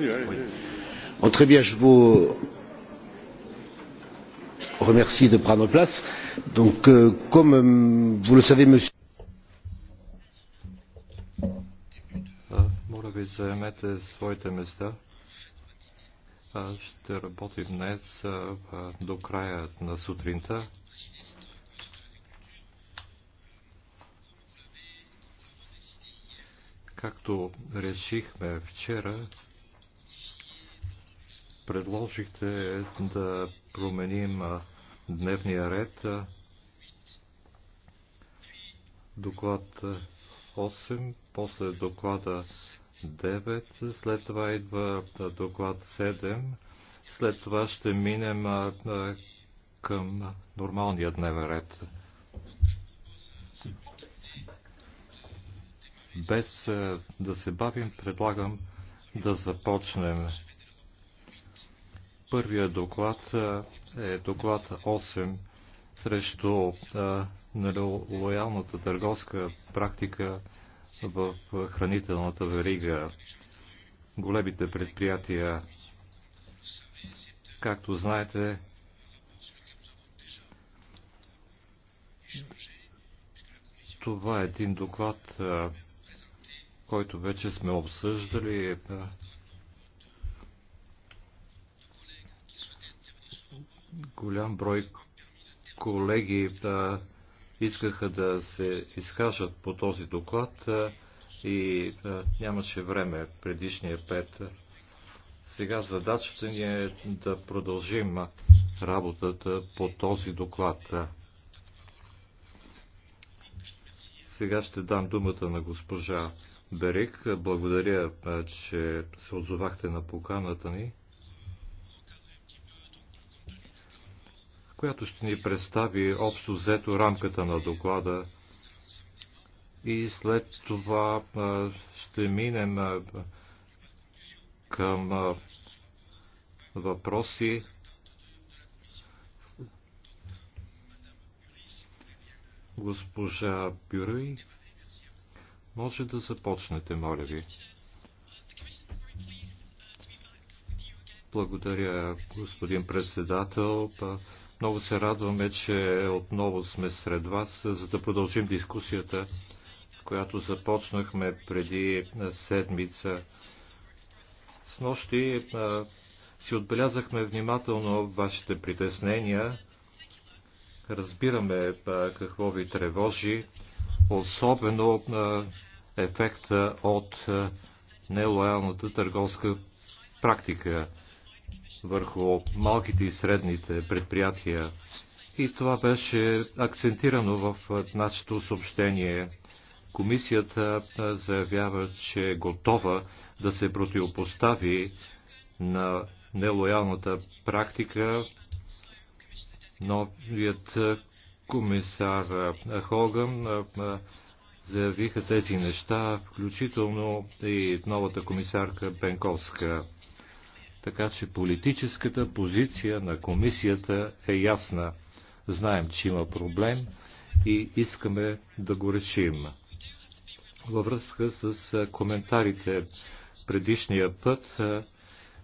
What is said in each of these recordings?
connu. Bon, très bien, je vous remercie de prendre place. Donc, euh, comme vous le savez, monsieur. Моля ви, заемете своите места. Ще работим днес до края на сутринта. Както решихме вчера, предложихте да променим дневния ред. Доклад 8, после доклада 9, след това идва доклад 7, след това ще минем към нормалния дневен ред. Без да се бавим, предлагам да започнем. Първия доклад е доклад 8 срещу нелоялната нали, търговска практика в хранителната верига. Големите предприятия, както знаете, това е един доклад, който вече сме обсъждали голям брой колеги да искаха да се изкажат по този доклад и нямаше време предишния пет. Сега задачата ни е да продължим работата по този доклад. Сега ще дам думата на госпожа Берик. Благодаря, че се отзовахте на поканата ни. която ще ни представи общо взето рамката на доклада и след това ще минем към въпроси. Госпожа Бюрой, може да започнете, моля ви. Благодаря, господин председател. Много се радваме, че отново сме сред вас, за да продължим дискусията, която започнахме преди седмица. С нощи си отбелязахме внимателно вашите притеснения. Разбираме какво ви тревожи, особено ефекта от нелоялната търговска практика върху малките и средните предприятия. И това беше акцентирано в нашето съобщение. Комисията заявява, че е готова да се противопостави на нелоялната практика. Новият комисар Хоган заявиха тези неща, включително и новата комисарка Пенковска. Така че политическата позиция на комисията е ясна. Знаем, че има проблем и искаме да го решим. Във връзка с коментарите предишния път,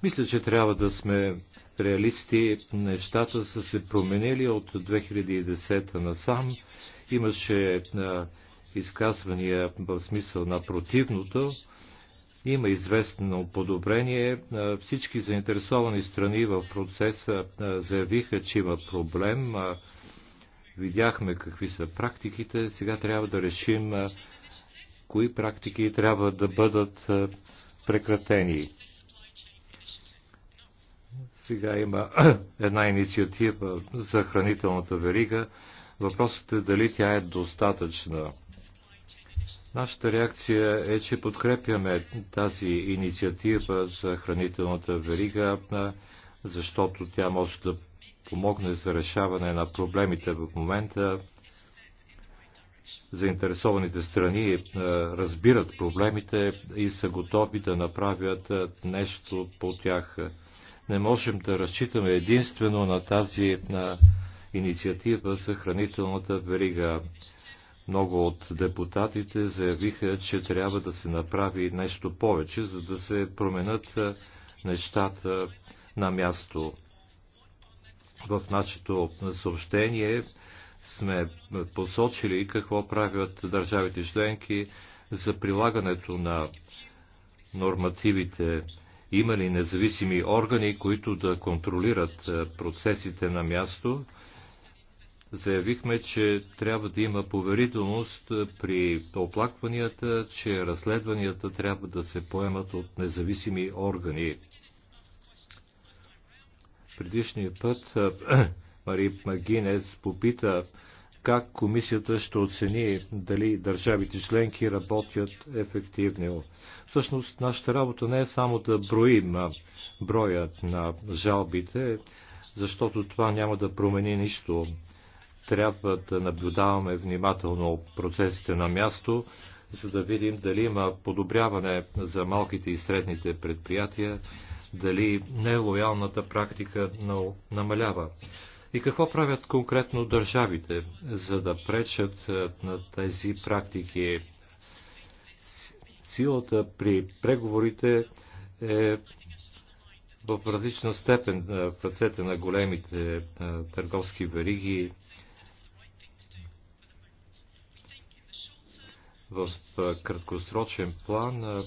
мисля, че трябва да сме реалисти. Нещата са се променили от 2010 насам. Имаше изказвания в смисъл на противното, има известно подобрение. Всички заинтересовани страни в процеса заявиха, че има проблем. Видяхме какви са практиките. Сега трябва да решим кои практики трябва да бъдат прекратени. Сега има една инициатива за хранителната верига. Въпросът е дали тя е достатъчна. Нашата реакция е, че подкрепяме тази инициатива за хранителната верига, защото тя може да помогне за решаване на проблемите в момента. Заинтересованите страни е, разбират проблемите и са готови да направят е, нещо по тях. Не можем да разчитаме единствено на тази е, инициатива за хранителната верига. Много от депутатите заявиха, че трябва да се направи нещо повече, за да се променят е, нещата на място. В нашето съобщение сме посочили какво правят държавите членки за прилагането на нормативите. Има ли независими органи, които да контролират е, процесите на място? заявихме, че трябва да има поверителност при оплакванията, че разследванията трябва да се поемат от независими органи. Предишния път Мари Магинес попита как комисията ще оцени дали държавите членки работят ефективно. Всъщност, нашата работа не е само да броим броят на жалбите, защото това няма да промени нищо трябва да наблюдаваме внимателно процесите на място, за да видим дали има подобряване за малките и средните предприятия, дали нелоялната практика намалява. И какво правят конкретно държавите, за да пречат е, на тези практики? Силата при преговорите е в различна степен е, в ръцете на големите е, търговски вериги в краткосрочен план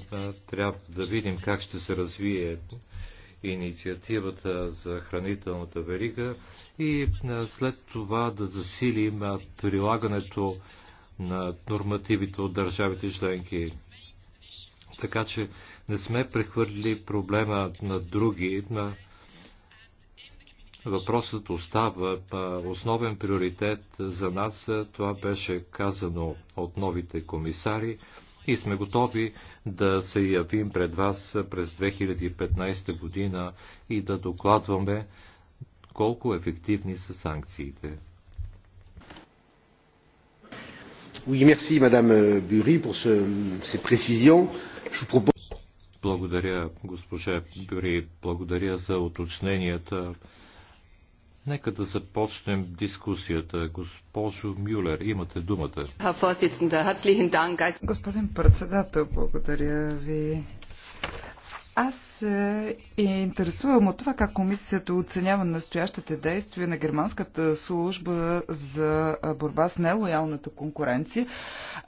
трябва да видим как ще се развие инициативата за хранителната верига и след това да засилим прилагането на нормативите от държавите членки. Така че не сме прехвърли проблема на други, на Въпросът остава основен приоритет за нас. Това беше казано от новите комисари и сме готови да се явим пред вас през 2015 година и да докладваме колко ефективни са санкциите. Oui, merci, Madame Burry, pour ce, ces précisions. Je propose... Благодаря, госпожа Бюри. Благодаря за уточненията. Нека да започнем дискусията. Госпожо Мюлер, имате думата. Господин председател, благодаря ви. Аз се е, интересувам от това как комисията оценява настоящите действия на германската служба за е, борба с нелоялната конкуренция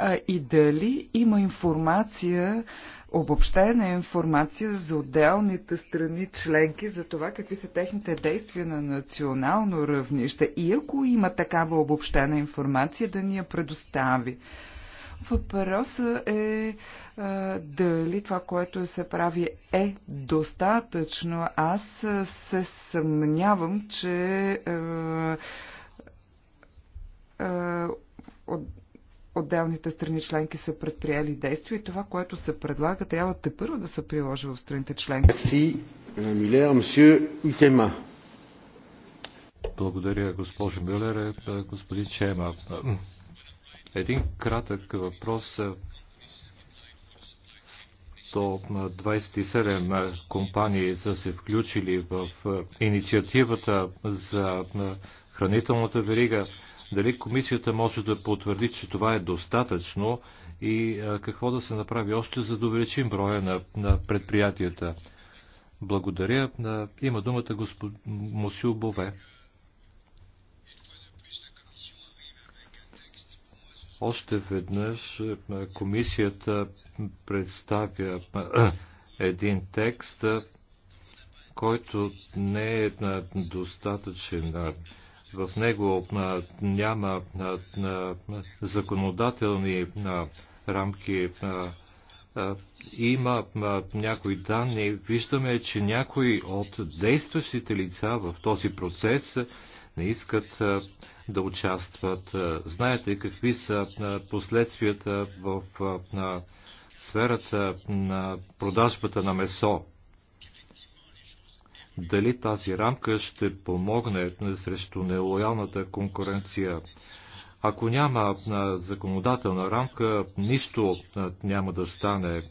е, и дали има информация обобщена информация за отделните страни членки за това какви са техните действия на национално равнище и ако има такава обобщена информация да ни я предостави. Въпросът е а, дали това, което се прави е достатъчно. Аз се съмнявам, че а, а, от отделните страни членки са предприели действия и това, което се предлага, трябва те първо да се приложи в страните членки. Е, Благодаря, госпожо Мюлер. Е, господин Чема, един кратък въпрос. 127 компании са се включили в е, инициативата за хранителната верига. Дали комисията може да потвърди, че това е достатъчно и какво да се направи още, за да увеличим броя на, на предприятията? Благодаря. Има думата господ... Мусю Бове. Още веднъж комисията представя един текст, който не е достатъчен. В него няма законодателни рамки. Има някои данни. Виждаме, че някои от действащите лица в този процес не искат да участват. Знаете какви са последствията в сферата на продажбата на месо дали тази рамка ще помогне срещу нелоялната конкуренция. Ако няма законодателна рамка, нищо няма да стане.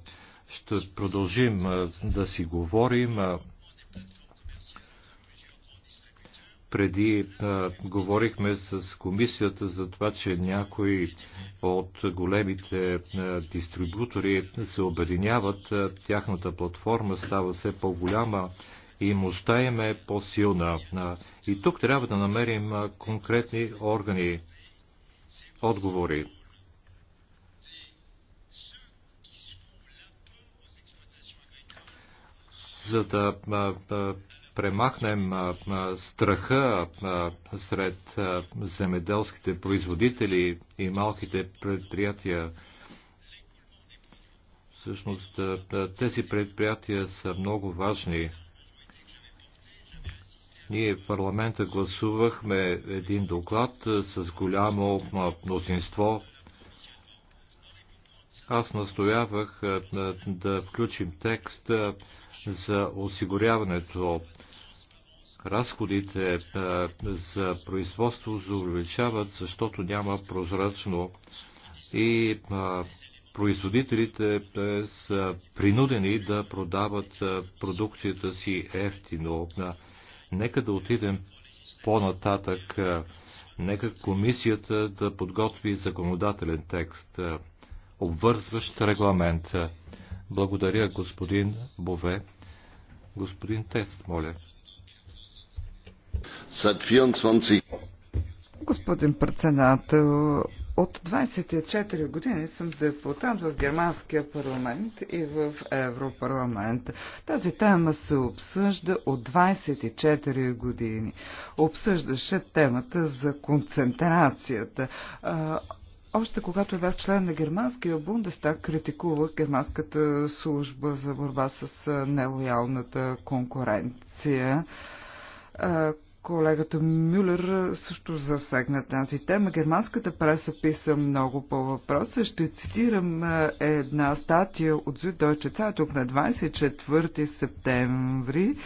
Ще продължим да си говорим. Преди а, говорихме с комисията за това, че някои от големите а, дистрибутори се обединяват. А, тяхната платформа става все по-голяма и мощта им е по-силна. И тук трябва да намерим конкретни органи, отговори. За да премахнем страха сред земеделските производители и малките предприятия, Всъщност тези предприятия са много важни. Ние в парламента гласувахме един доклад с голямо мнозинство. Аз настоявах да включим текст за осигуряването разходите за производство за увеличават, защото няма прозрачно и производителите са принудени да продават продукцията си ефтино. Нека да отидем по-нататък. Нека комисията да подготви законодателен текст, обвързващ регламент. Благодаря, господин Бове. Господин Тест, моля. Господин председател, от 24 години съм депутат в Германския парламент и в Европарламент. Тази тема се обсъжда от 24 години. Обсъждаше темата за концентрацията. Още когато е бях член на германския Бундестаг, критикувах германската служба за борба с нелоялната конкуренция, Колегата Мюлер също засегна тази тема. Германската преса писа много по въпроса. Ще цитирам е, една статия от Зюдойче Цайток на 24 септември.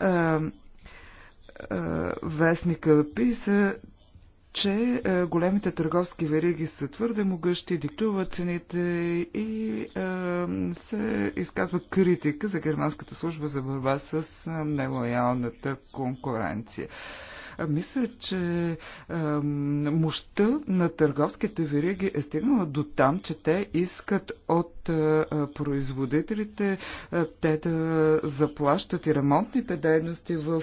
Е, е, вестника писа, че е, големите търговски вериги са твърде могъщи, диктуват цените и е, се изказва критика за Германската служба за борба с е, нелоялната конкуренция. Мисля, че е, мощта на търговските вериги е стигнала до там, че те искат от от производителите те да заплащат и ремонтните дейности в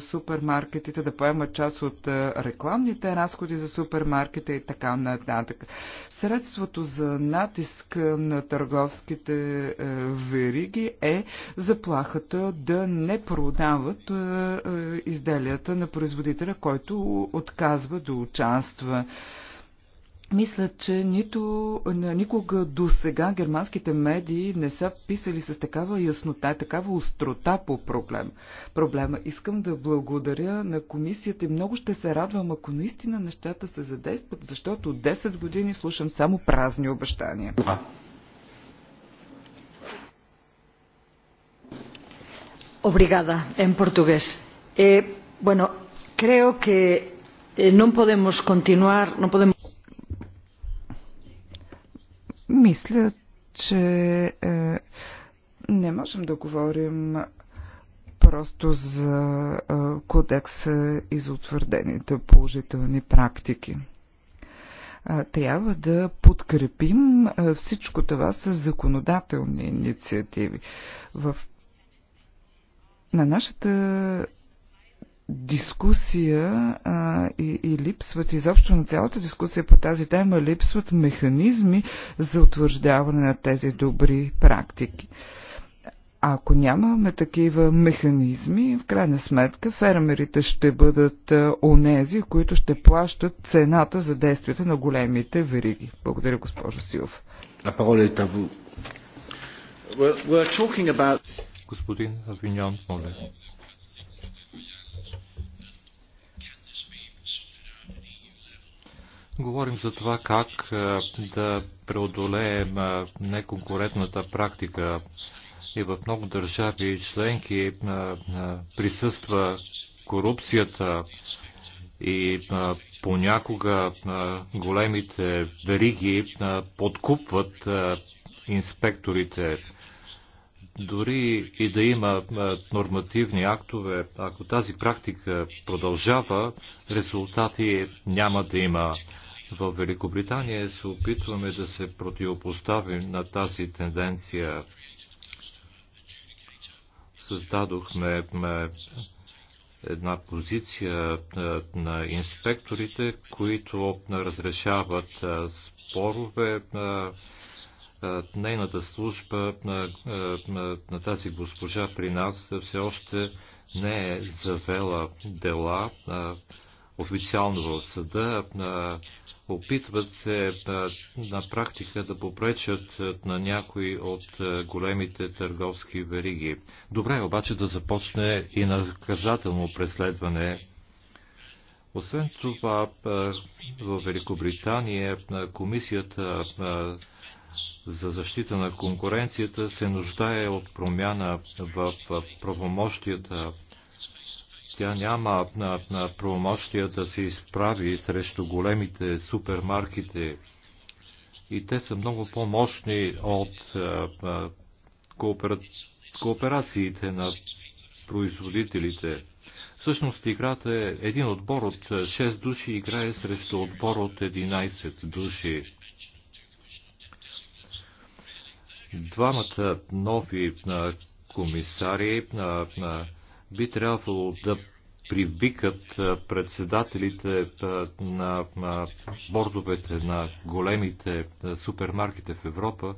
супермаркетите, да поемат част от рекламните разходи за супермаркета и така нататък. Средството за натиск на търговските вериги е заплахата да не продават изделията на производителя, който отказва да участва. Мисля, че нито никога до сега германските медии не са писали с такава яснота, такава острота по проблем. проблема. Искам да благодаря на комисията и много ще се радвам, ако наистина нещата се задействат, защото 10 години слушам само празни обещания. Обригада, en португес. Е, eh, bueno, creo que eh, podemos continuar, podemos... Мисля, че е, не можем да говорим просто за е, кодекса и за утвърдените положителни практики. Е, трябва да подкрепим е, всичко това с законодателни инициативи. В на нашата дискусия а, и, и липсват изобщо на цялата дискусия по тази тема липсват механизми за утвърждаване на тези добри практики. А ако нямаме такива механизми, в крайна сметка фермерите ще бъдат онези, които ще плащат цената за действията на големите вериги. Благодаря, госпожо Силов. Господин Авиньон, моля. Говорим за това как е, да преодолеем е, неконкурентната практика и в много държави и членки е, присъства корупцията и понякога големите вериги подкупват инспекторите. Дори и да има нормативни актове, ако тази практика продължава, резултати няма да има. В Великобритания се опитваме да се противопоставим на тази тенденция. Създадохме една позиция на инспекторите, които разрешават спорове. Нейната служба на тази госпожа при нас все още не е завела дела официално в съда, опитват се на практика да попречат на някои от големите търговски вериги. Добре е обаче да започне и наказателно преследване. Освен това, в Великобритания комисията за защита на конкуренцията се нуждае от промяна в правомощията тя няма на, на правомощия да се изправи срещу големите супермаркети и те са много по-мощни от а, коопера... кооперациите на производителите. Всъщност играта е един отбор от 6 души играе срещу отбор от 11 души. Двамата нови на комисари на на, би трябвало да привикат председателите на бордовете на големите супермаркети в Европа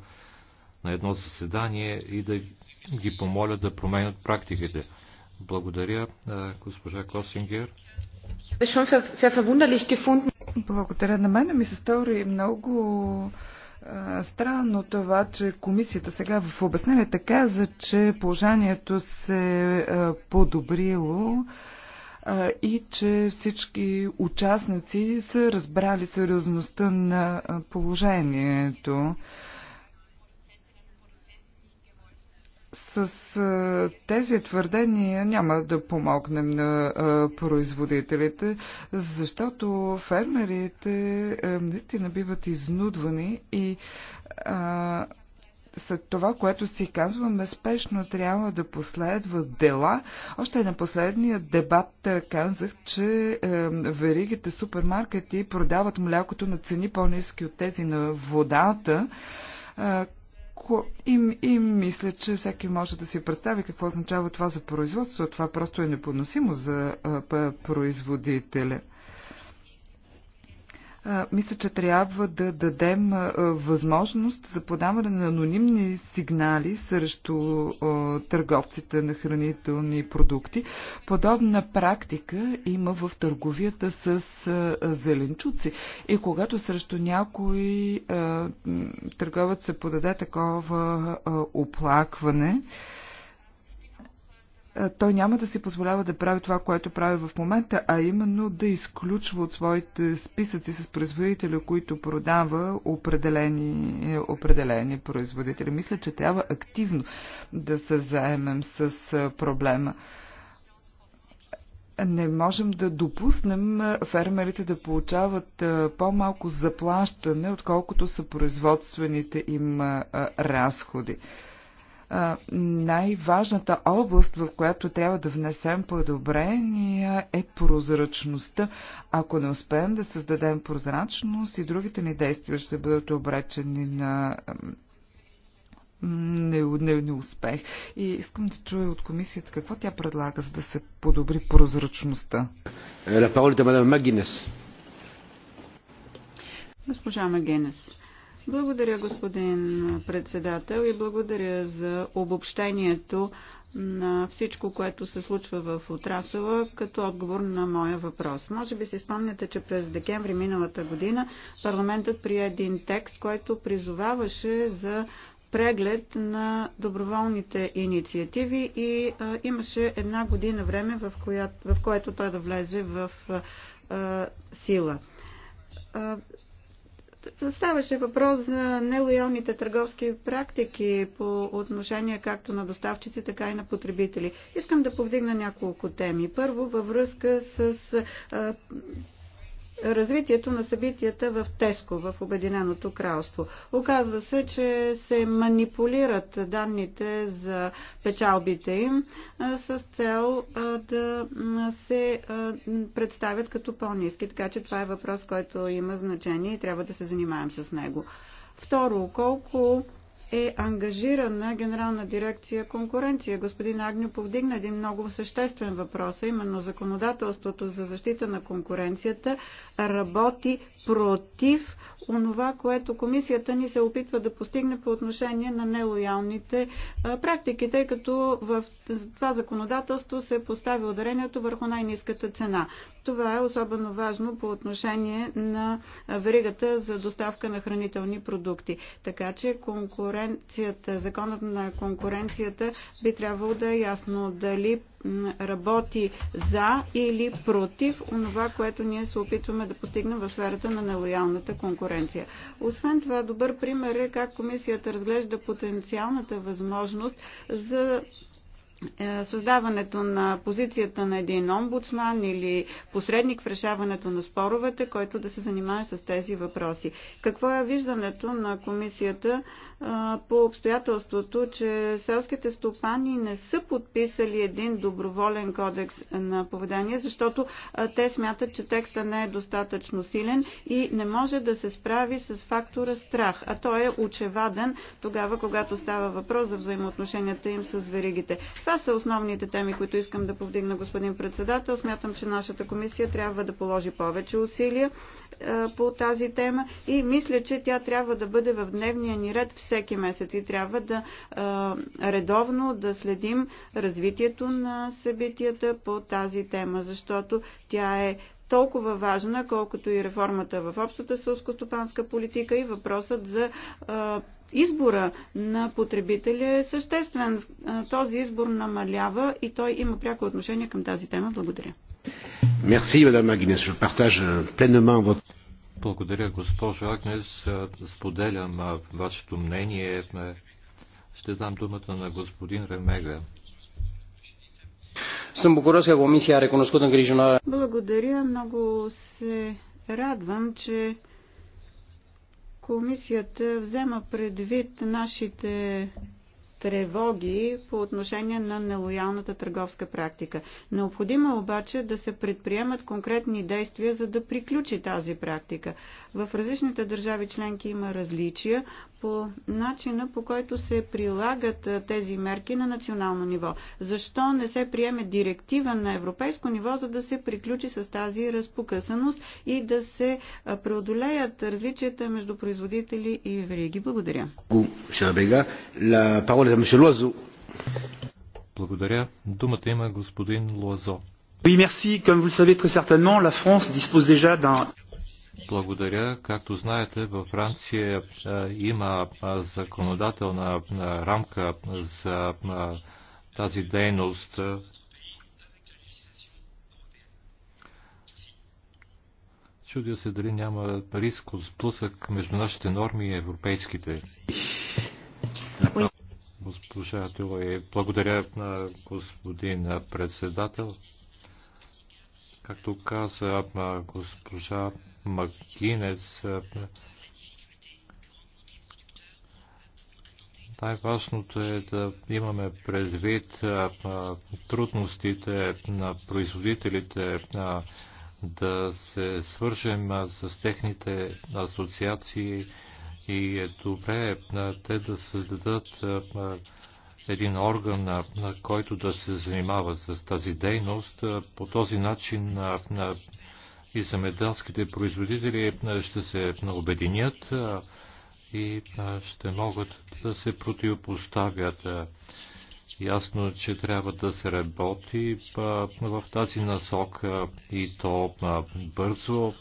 на едно заседание и да ги помоля да променят практиките. Благодаря, госпожа Косингер. Благодаря на мен. Ми се стори много Странно това, че комисията сега в обясненията каза, че положението се е подобрило и че всички участници са разбрали сериозността на положението. С а, тези твърдения няма да помогнем на а, производителите, защото фермерите а, наистина биват изнудвани и а, след това, което си казваме, спешно трябва да последват дела. Още на последния дебат казах, че е, веригите супермаркети продават млякото на цени по-низки от тези на водата и, и мисля, че всеки може да си представи какво означава това за производство. Това просто е непоносимо за производителя мисля, че трябва да дадем възможност за подаване на анонимни сигнали срещу търговците на хранителни продукти. Подобна практика има в търговията с зеленчуци. И когато срещу някой търговец се подаде такова оплакване, е, той няма да си позволява да прави това, което прави в момента, а именно да изключва от своите списъци с производители, които продава определени, е, определени производители. Мисля, че трябва активно да се заемем с е, проблема не можем да допуснем фермерите да получават по-малко заплащане, отколкото са производствените им разходи най-важната област, в която трябва да внесем подобрения е прозрачността. Ако не успеем да създадем прозрачност и другите ни действия ще бъдат обречени на неуспех. не, не успех. И искам да чуя от комисията какво тя предлага, за да се подобри прозрачността. Магинес. Госпожа Магинес. Благодаря, господин председател, и благодаря за обобщението на всичко, което се случва в отрасъла, като отговор на моя въпрос. Може би си спомняте, че през декември миналата година парламентът прие един текст, който призоваваше за преглед на доброволните инициативи и а, имаше една година време, в, коя, в което той да влезе в а, сила. Ставаше въпрос за нелоялните търговски практики по отношение както на доставчици, така и на потребители. Искам да повдигна няколко теми. Първо, във връзка с развитието на събитията в Теско, в Обединеното кралство. Оказва се, че се манипулират данните за печалбите им с цел да се представят като по-низки. Така че това е въпрос, който има значение и трябва да се занимаем с него. Второ, колко е ангажирана Генерална дирекция конкуренция. Господин Агню повдигна един много съществен въпрос, а именно законодателството за защита на конкуренцията работи против онова, което комисията ни се опитва да постигне по отношение на нелоялните практики, тъй като в това законодателство се поставя ударението върху най-низката цена. Това е особено важно по отношение на веригата за доставка на хранителни продукти. Така че конкуренцията конкуренцията, законът на конкуренцията би трябвало да е ясно дали работи за или против онова, което ние се опитваме да постигнем в сферата на нелоялната конкуренция. Освен това, добър пример е как комисията разглежда потенциалната възможност за е, създаването на позицията на един омбудсман или посредник в решаването на споровете, който да се занимае с тези въпроси. Какво е виждането на комисията по обстоятелството, че селските стопани не са подписали един доброволен кодекс на поведение, защото те смятат, че текста не е достатъчно силен и не може да се справи с фактора страх, а той е очеваден тогава, когато става въпрос за взаимоотношенията им с веригите. Това са основните теми, които искам да повдигна, господин председател. Смятам, че нашата комисия трябва да положи повече усилия е, по тази тема и мисля, че тя трябва да бъде в дневния ни ред всеки месец и трябва да е, редовно да следим развитието на събитията по тази тема, защото тя е толкова важна, колкото и реформата в общата сълскостопанска политика и въпросът за избора на потребителя е съществен. Този избор намалява и той има пряко отношение към тази тема. Благодаря. Merci, Агнес. Благодаря, госпожо Агнес. Споделям вашето мнение. Ще дам думата на господин Ремега. Съм bucuros că Comisia a recunoscut îngrijorarea. Благодаря, много се радвам, че Комисията взема предвид нашите тревоги по отношение на нелоялната търговска практика. Необходимо е обаче да се предприемат конкретни действия, за да приключи тази практика. В различните държави членки има различия по начина по който се прилагат тези мерки на национално ниво. Защо не се приеме директива на европейско ниво, за да се приключи с тази разпокъсаност и да се преодолеят различията между производители и вериги? Благодаря моля, est à monsieur Благодаря. Думата има господин Лозо. Oui, merci. Comme vous le savez très certainement, la France dispose déjà d'un благодаря. Както знаете, във Франция има законодателна рамка за тази дейност. Чудя се дали няма риск от сблъсък между нашите норми и европейските. Oui госпожа Дилой. Благодаря на господин председател. Както каза госпожа Макинец, най-важното е да имаме предвид трудностите на производителите, да се свържем с техните асоциации, и е добре те да създадат един орган, на който да се занимава с тази дейност. По този начин и земеделските производители ще се обединят и ще могат да се противопоставят. Ясно, че трябва да се работи в тази насока и то бързо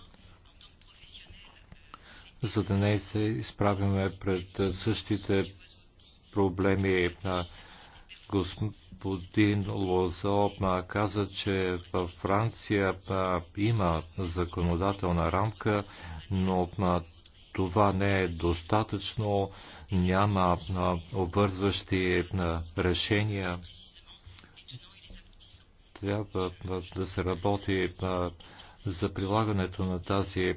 за да не се изправяме пред същите проблеми на господин Лозо каза, че във Франция има законодателна рамка, но това не е достатъчно, няма обвързващи решения. Трябва да се работи за прилагането на тази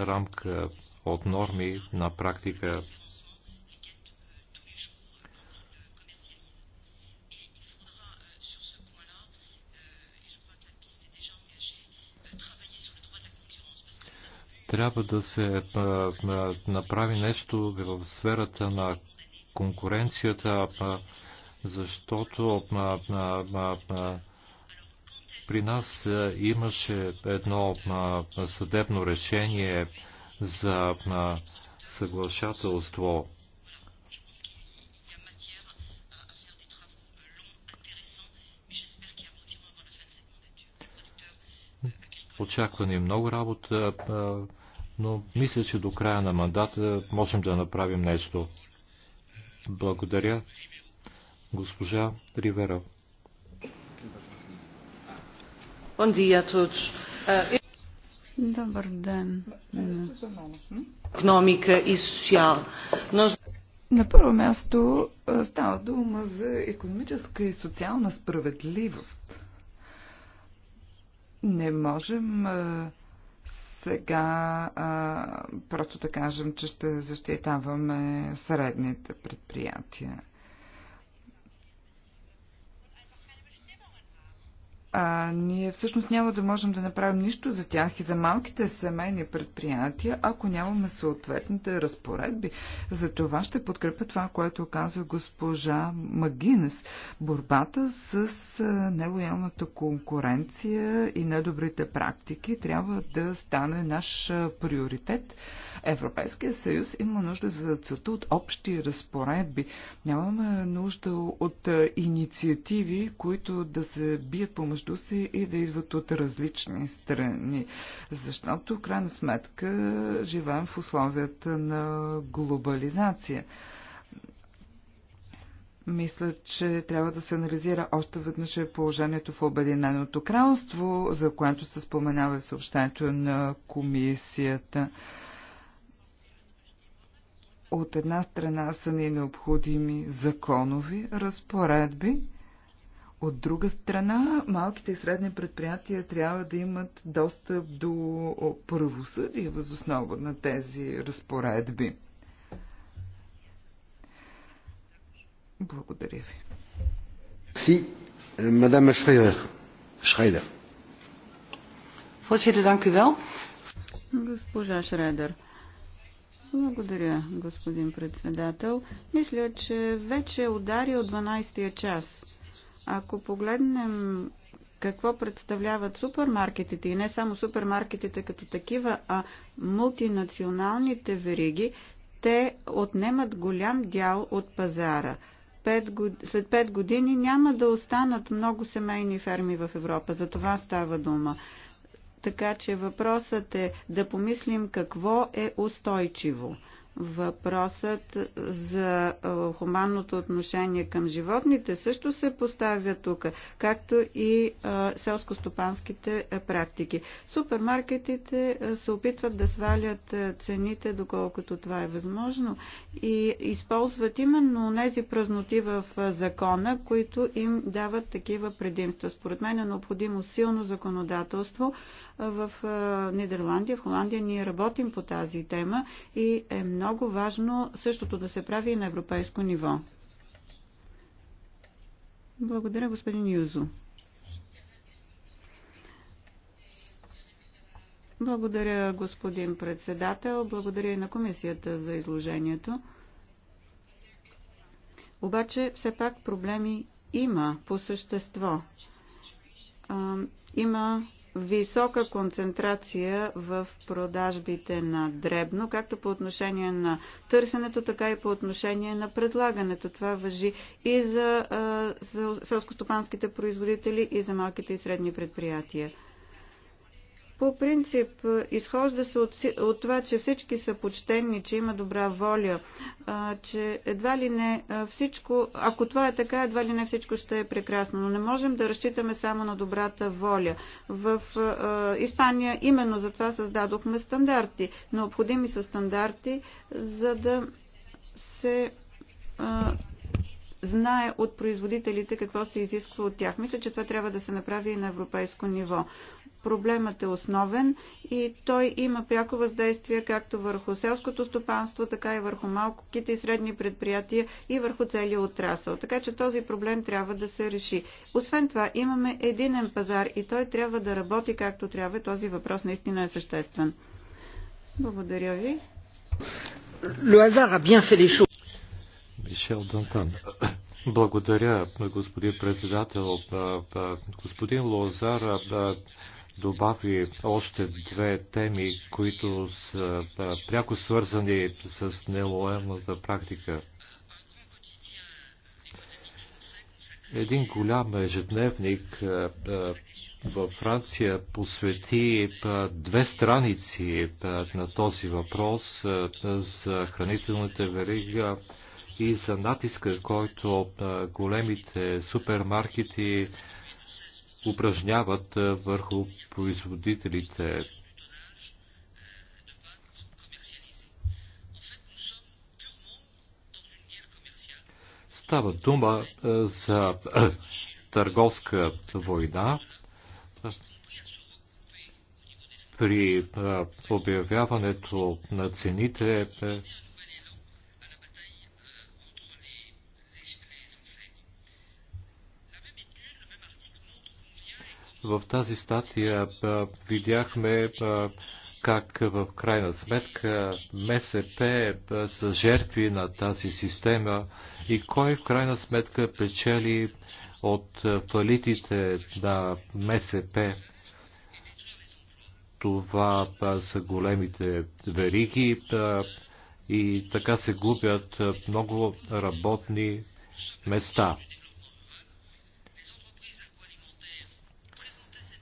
рамка от норми на практика трябва да се направи нещо в сферата на конкуренцията, защото при нас имаше едно съдебно решение за съглашателство. Очаква ни много работа, но мисля, че до края на мандата можем да направим нещо. Благодаря, госпожа Ривера. Bom dia a todos. Uh, Добър ден. Економика и социал. На първо място става дума за економическа и социална справедливост. Не можем сега а, просто да кажем, че ще защитаваме средните предприятия. а, ние всъщност няма да можем да направим нищо за тях и за малките семейни предприятия, ако нямаме съответните разпоредби. За това ще подкрепя това, което каза госпожа Магинес. Борбата с нелоялната конкуренция и недобрите практики трябва да стане наш приоритет. Европейския съюз има нужда за целта от общи разпоредби. Нямаме нужда от инициативи, които да се бият помежду помежду си и да идват от различни страни. Защото, в крайна сметка, живеем в условията на глобализация. Мисля, че трябва да се анализира още веднъж е положението в Обединеното кралство, за което се споменава в съобщението на комисията. От една страна са ни необходими законови разпоредби, от друга страна, малките и средни предприятия трябва да имат достъп до правосъдие възоснова на тези разпоредби. Благодаря ви. Си, е, мадам Шрайдер. Фосите, Voorzitter, dank Госпожа Шрайдер. Благодаря, господин председател. Мисля, че вече удари от 12-я час. Ако погледнем какво представляват супермаркетите и не само супермаркетите като такива, а мултинационалните вериги, те отнемат голям дял от пазара. Пет, след пет години няма да останат много семейни ферми в Европа. За това става дума. Така че въпросът е да помислим какво е устойчиво. Въпросът за хуманното отношение към животните също се поставя тук, както и селско-стопанските практики. Супермаркетите се опитват да свалят цените, доколкото това е възможно, и използват именно тези празноти в закона, които им дават такива предимства. Според мен е необходимо силно законодателство. В Нидерландия, в Холандия ние работим по тази тема и е много много важно същото да се прави и на европейско ниво. Благодаря, господин Юзо. Благодаря, господин председател. Благодаря и на комисията за изложението. Обаче, все пак проблеми има по същество. има висока концентрация в продажбите на дребно, както по отношение на търсенето, така и по отношение на предлагането. Това въжи и за, за селскостопанските производители, и за малките и средни предприятия. По принцип, изхожда се от, от това, че всички са почтени, че има добра воля, а, че едва ли не всичко, ако това е така, едва ли не всичко ще е прекрасно, но не можем да разчитаме само на добрата воля. В а, Испания именно за това създадохме стандарти. Необходими са стандарти, за да се а, знае от производителите какво се изисква от тях. Мисля, че това трябва да се направи и на европейско ниво. Проблемът е основен и той има пряко въздействие както върху селското стопанство, така и върху малките и средни предприятия и върху целия отрасъл. Така че този проблем трябва да се реши. Освен това, имаме единен пазар и той трябва да работи както трябва. Този въпрос наистина е съществен. Благодаря ви. Le hasard a bien fait les choses. Мишел Дантан. Благодаря, господин председател. Господин Лозар добави още две теми, които са пряко свързани с нелоемната практика. Един голям ежедневник във Франция посвети две страници на този въпрос за хранителната верига и за натиска, който големите супермаркети упражняват върху производителите. Става дума за търговска война при обявяването на цените В тази статия видяхме как в крайна сметка МСП са жертви на тази система и кой в крайна сметка печели от фалитите на МСП. Това са големите вериги и така се губят много работни места.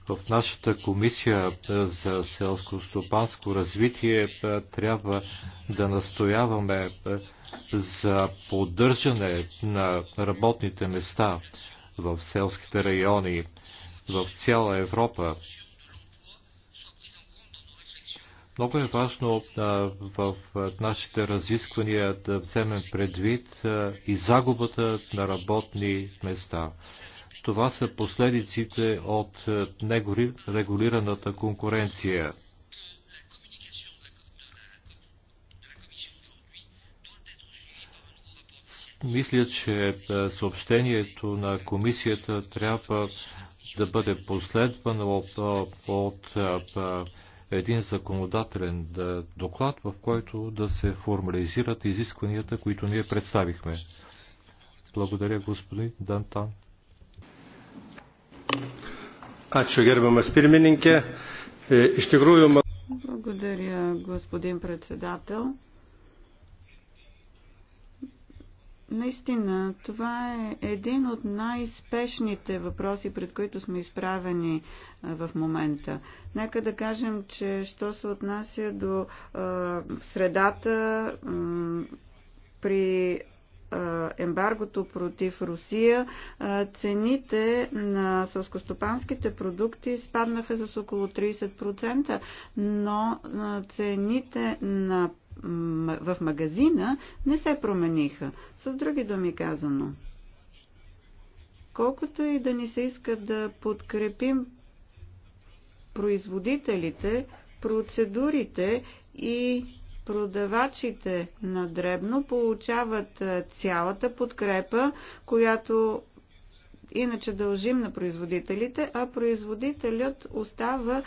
в нашата комисия е, за селско-стопанско развитие е, трябва да настояваме е, за поддържане на работните места в селските райони в цяла Европа. Много е важно в нашите разисквания да вземем предвид и загубата на работни места. Това са последиците от е, нерегулираната конкуренция. Мисля, че е, съобщението на комисията трябва да бъде последвано от, от, от е, един законодателен доклад, в който да се формализират изискванията, които ние представихме. Благодаря, господин Дантан. Ačiū gerbiamas pirmininkė. E, iš tikrųjų, Благодаря, господин председател. Наистина, това е един от най-спешните въпроси, пред които сме изправени е, в момента. Нека да кажем, че що се отнася до а, е, средата а, при ембаргото против Русия, цените на сълскостопанските продукти спаднаха с около 30%, но цените на, в магазина не се промениха. С други думи казано, колкото и да ни се иска да подкрепим производителите, процедурите и Продавачите на дребно получават е, цялата подкрепа, която иначе дължим на производителите, а производителят остава е,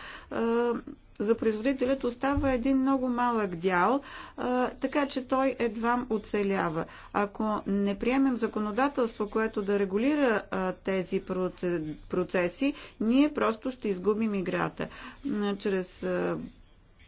за производителят остава един много малък дял, е, така че той едва оцелява. Ако не приемем законодателство, което да регулира тези процеси, ние просто ще изгубим играта. чрез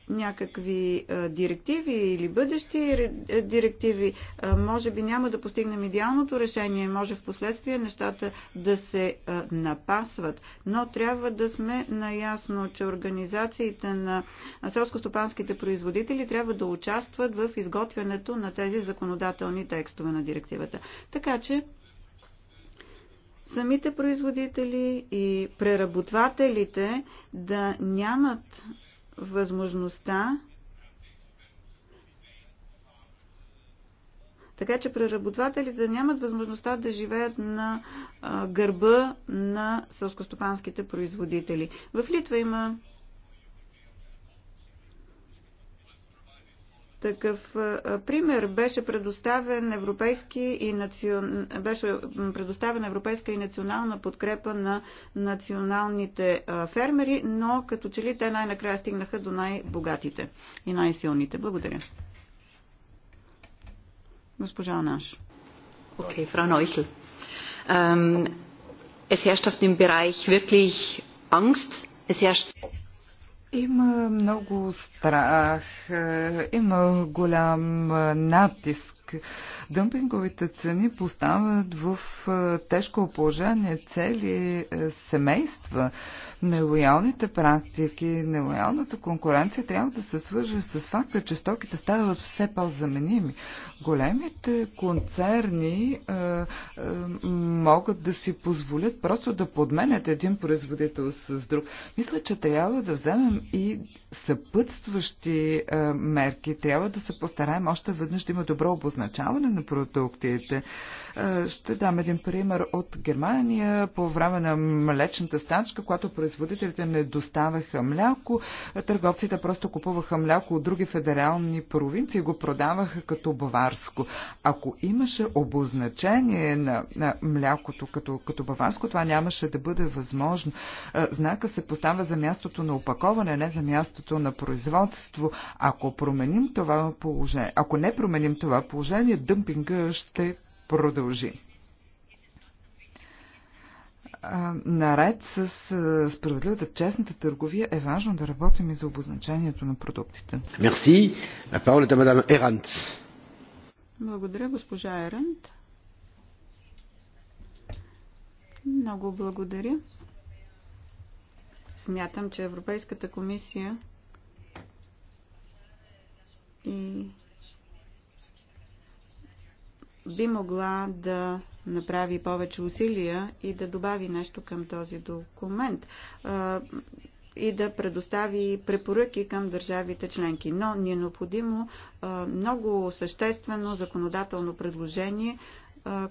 някакви директиви или бъдещи директиви, може би няма да постигнем идеалното решение, може в последствие нещата да се напасват, но трябва да сме наясно, че организациите на селскостопанските производители трябва да участват в изготвянето на тези законодателни текстове на директивата. Така че самите производители и преработвателите да нямат възможността Така че преработвателите нямат възможността да живеят на а, гърба на сълскостопанските производители. В Литва има Такъв пример беше предоставен, европейски и национ... беше предоставена европейска и национална подкрепа на националните фермери, но като че ли те най-накрая стигнаха до най-богатите и най-силните. Благодаря. Госпожа Анаш. Окей, okay, фрау Нойхл. Um, es herrscht auf dem Bereich wirklich Angst. Es herrscht има много страх, е, има голям е, натиск Дъмпинговите цени поставят в тежко положение цели е, семейства. Нелоялните практики, нелоялната конкуренция трябва да се свържа с факта, че стоките стават все по-заменими. Големите концерни е, е, могат да си позволят просто да подменят един производител с друг. Мисля, че трябва да вземем и съпътстващи е, мерки. Трябва да се постараем още веднъж да има добро обознаване обозначаване на продуктите. Е, ще дам един пример от Германия по време на млечната стачка, когато производителите не доставяха мляко. Търговците просто купуваха мляко от други федерални провинции и го продаваха като баварско. Ако имаше обозначение на, на млякото като, като баварско, това нямаше да бъде възможно. Е, знака се поставя за мястото на опаковане, не за мястото на производство. Ако променим това положение, ако не променим това положение, съжаление, дъмпинга ще продължи. Наред с справедливата, честната търговия е важно да работим и за обозначението на продуктите. Мерси. Паулата мадам Ерант. Благодаря, госпожа Ерант. Много благодаря. Смятам, че Европейската комисия и би могла да направи повече усилия и да добави нещо към този документ и да предостави препоръки към държавите членки. Но ни е необходимо много съществено законодателно предложение,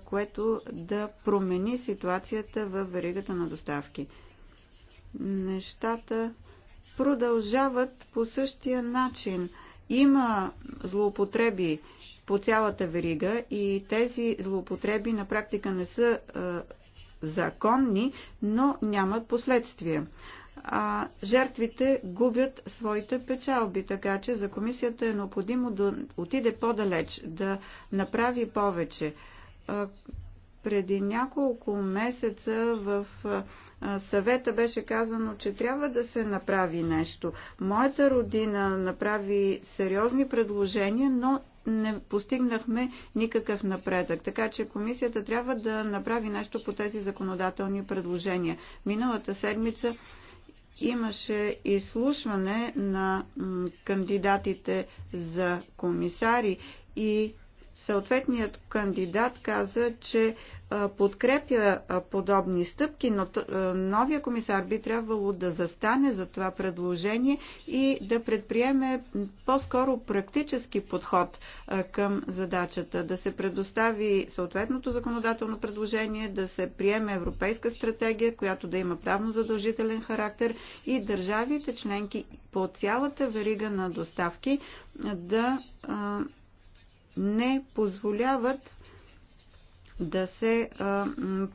което да промени ситуацията в веригата на доставки. Нещата продължават по същия начин – има злоупотреби по цялата верига и тези злоупотреби на практика не са законни, но нямат последствия. А жертвите губят своите печалби, така че за комисията е необходимо да отиде по-далеч, да направи повече. Преди няколко месеца в съвета беше казано, че трябва да се направи нещо. Моята родина направи сериозни предложения, но не постигнахме никакъв напредък. Така че комисията трябва да направи нещо по тези законодателни предложения. Миналата седмица имаше изслушване на кандидатите за комисари и Съответният кандидат каза, че подкрепя подобни стъпки, но новия комисар би трябвало да застане за това предложение и да предприеме по-скоро практически подход към задачата, да се предостави съответното законодателно предложение, да се приеме европейска стратегия, която да има правно задължителен характер и държавите членки по цялата верига на доставки да не позволяват да се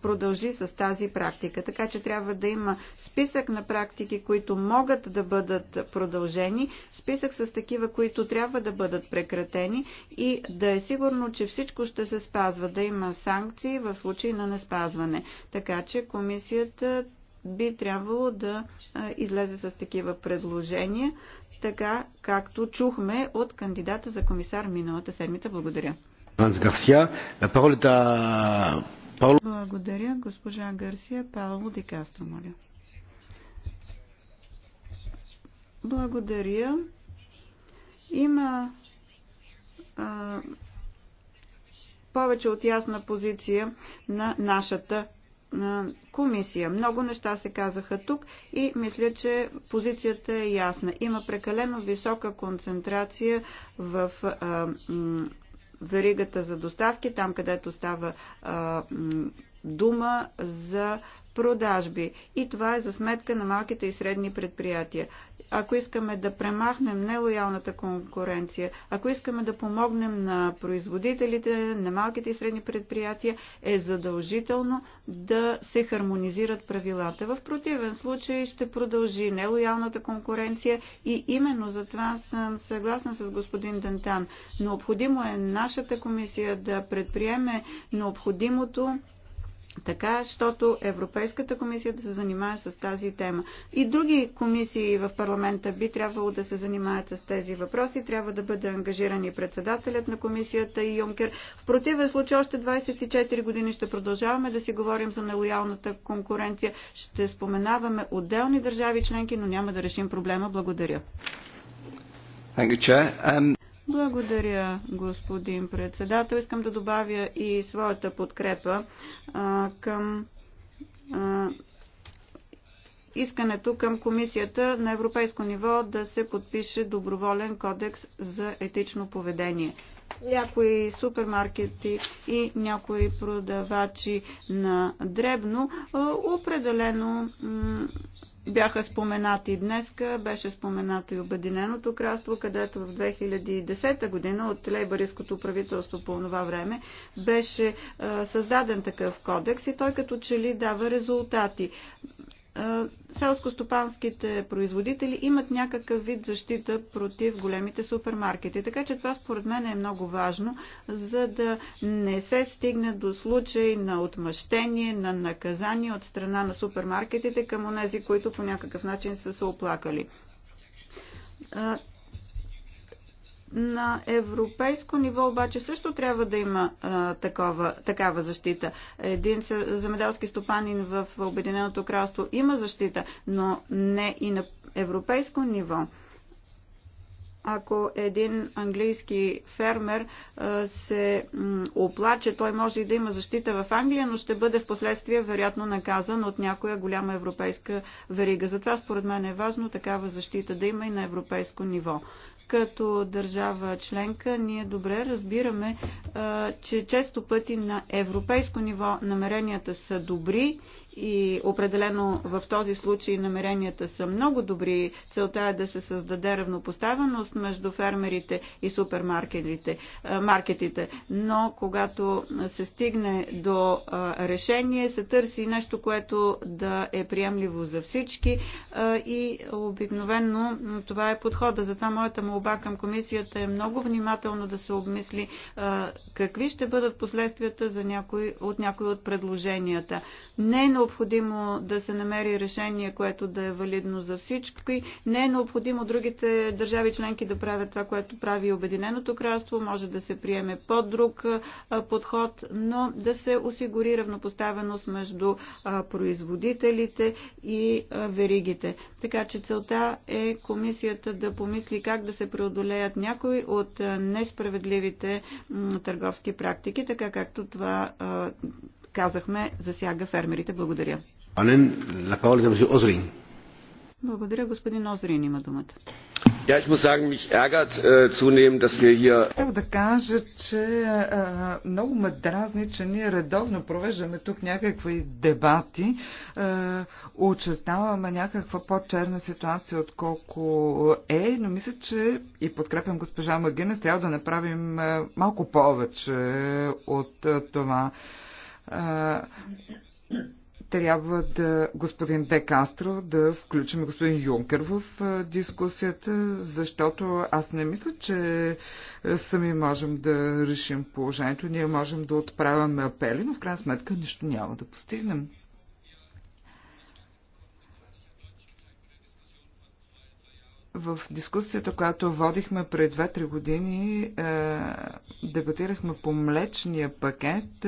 продължи с тази практика. Така че трябва да има списък на практики, които могат да бъдат продължени, списък с такива, които трябва да бъдат прекратени и да е сигурно, че всичко ще се спазва, да има санкции в случай на неспазване. Така че комисията би трябвало да излезе с такива предложения, така както чухме от кандидата за комисар миналата седмица. Благодаря. Благодаря, госпожа Гарсия. Пауло Дикастро, моля. Благодаря. Има а, повече от ясна позиция на нашата комисия. Много неща се казаха тук и мисля, че позицията е ясна. Има прекалено висока концентрация в веригата за доставки, там където става дума за продажби. И това е за сметка на малките и средни предприятия. Ако искаме да премахнем нелоялната конкуренция, ако искаме да помогнем на производителите, на малките и средни предприятия, е задължително да се хармонизират правилата. В противен случай ще продължи нелоялната конкуренция и именно за това съм съгласна с господин Дантан. Необходимо е нашата комисия да предприеме необходимото така, защото Европейската комисия да се занимае с тази тема. И други комисии в парламента би трябвало да се занимаят с тези въпроси. Трябва да бъде ангажиран и председателят на комисията и Юнкер. В противен случай още 24 години ще продължаваме да си говорим за нелоялната конкуренция. Ще споменаваме отделни държави членки, но няма да решим проблема. Благодаря. Um, благодаря, господин председател. Искам да добавя и своята подкрепа а, към а, искането към комисията на европейско ниво да се подпише доброволен кодекс за етично поведение. Някои супермаркети и някои продавачи на дребно определено бяха споменати днес, беше споменато и Обединеното кралство, където в 2010 година от Лейбариското правителство по това време беше създаден такъв кодекс и той като че ли дава резултати селскостопанските производители имат някакъв вид защита против големите супермаркети. Така че това според мен е много важно, за да не се стигне до случай на отмъщение, на наказание от страна на супермаркетите към онези, които по някакъв начин са се оплакали на европейско ниво обаче също трябва да има а, такова, такава защита. Един замеделски стопанин в Обединеното кралство има защита, но не и на европейско ниво. Ако един английски фермер а, се м, оплаче, той може и да има защита в Англия, но ще бъде в последствие вероятно наказан от някоя голяма европейска верига. Затова според мен е важно такава защита да има и на европейско ниво като държава членка, ние добре разбираме, че често пъти на европейско ниво намеренията са добри и определено в този случай намеренията са много добри. Целта е да се създаде равнопоставеност между фермерите и супермаркетите. Маркетите. Но когато се стигне до решение, се търси нещо, което да е приемливо за всички и обикновенно това е подхода. Затова моята молба към комисията е много внимателно да се обмисли какви ще бъдат последствията за някой, от някои от предложенията. Не е необходимо да се намери решение, което да е валидно за всички. Не е необходимо другите държави членки да правят това, което прави Обединеното кралство. Може да се приеме по-друг подход, но да се осигури равнопоставеност между производителите и веригите. Така че целта е комисията да помисли как да се преодолеят някои от несправедливите търговски практики, така както това казахме, засяга фермерите. Благодаря. Благодаря, господин Озрин има думата. Ja, ich muss sagen, mich ärgert äh, zunehmend, dass wir hier. Трябва да кажа, че а, много ме дразни, че ние редовно провеждаме тук някакви дебати, а, очертаваме някаква по-черна ситуация, отколко е, но мисля, че и подкрепям госпожа Магинес, трябва да направим а, малко повече от а, това трябва да господин Де Кастро да включим господин Юнкер в дискусията, защото аз не мисля, че сами можем да решим положението. Ние можем да отправяме апели, но в крайна сметка нищо няма да постигнем. В дискусията, която водихме пред 2-3 години, е, дебатирахме по млечния пакет.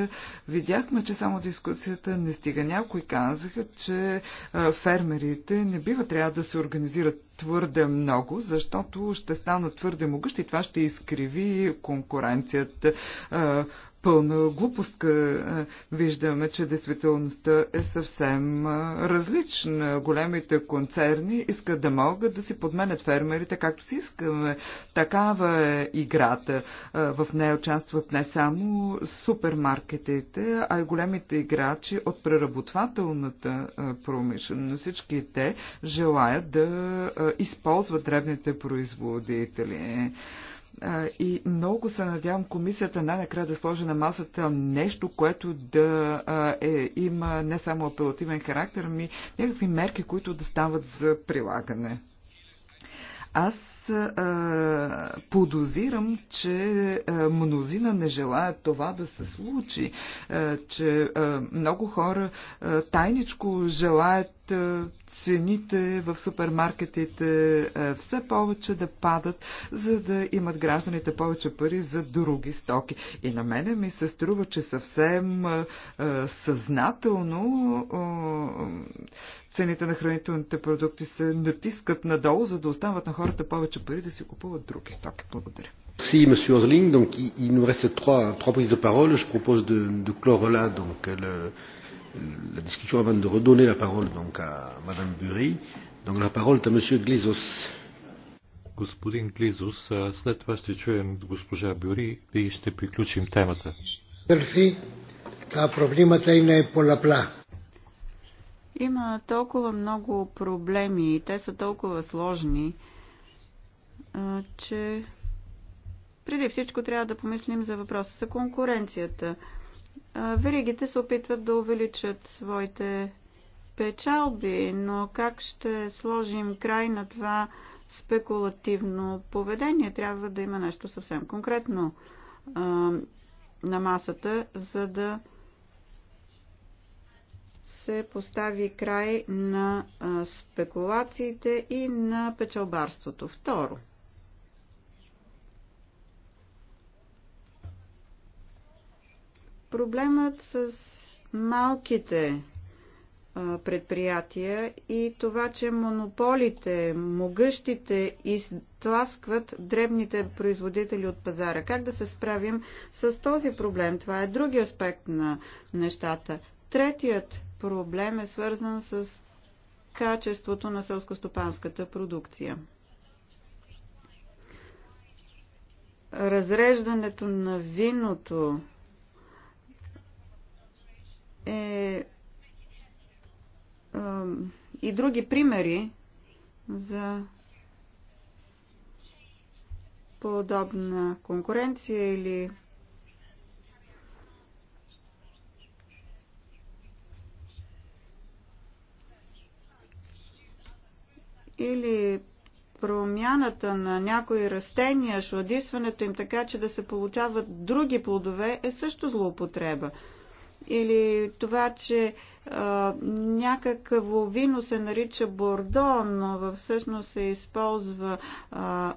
Видяхме, че само дискусията не стига. Някои казаха, че е, фермерите не бива трябва да се организират твърде много, защото ще станат твърде могъщи и това ще изкриви конкуренцията. Е, пълна глупостка. Е, виждаме, че действителността е съвсем е, различна. Големите концерни искат да могат да си подменят фермерите както си искаме. Такава е играта. Е, в нея участват не само супермаркетите, а и големите играчи от преработвателната промишленост. Всички те желаят да използват древните производители. И много се надявам комисията най-накрая да сложи на масата нещо, което да е, има не само апелативен характер, ми някакви мерки, които да стават за прилагане. Аз а, подозирам, че а, мнозина не желаят това да се случи, а, че а, много хора а, тайничко желаят а, цените в супермаркетите а, все повече да падат, за да имат гражданите повече пари за други стоки. И на мене ми се струва, че съвсем а, съзнателно а, цените на хранителните продукти се натискат надолу, за да остават на хората повече повече пари да си купуват други стоки. Благодаря. Merci, Monsieur Osling. Donc, il nous reste trois, trois prises de parole. Je propose de, de clore là donc, le, la discussion avant de redonner la parole donc, à Madame Bury. Donc, la parole est à Monsieur Glizos. Господин Глизос, след това ще чуем госпожа Бюри и ще приключим темата. Има толкова много проблеми и те са толкова сложни, че преди всичко трябва да помислим за въпроса за конкуренцията. Веригите се опитват да увеличат своите печалби, но как ще сложим край на това спекулативно поведение? Трябва да има нещо съвсем конкретно а, на масата, за да се постави край на а, спекулациите и на печалбарството. Второ, Проблемът с малките предприятия и това, че монополите, могъщите изтласкват дребните производители от пазара. Как да се справим с този проблем? Това е други аспект на нещата. Третият проблем е свързан с качеството на селскостопанската продукция. Разреждането на виното е и други примери за подобна конкуренция или или промяната на някои растения, шладисването им така, че да се получават други плодове, е също злоупотреба или това, че а, някакво вино се нарича бордо, но всъщност се използва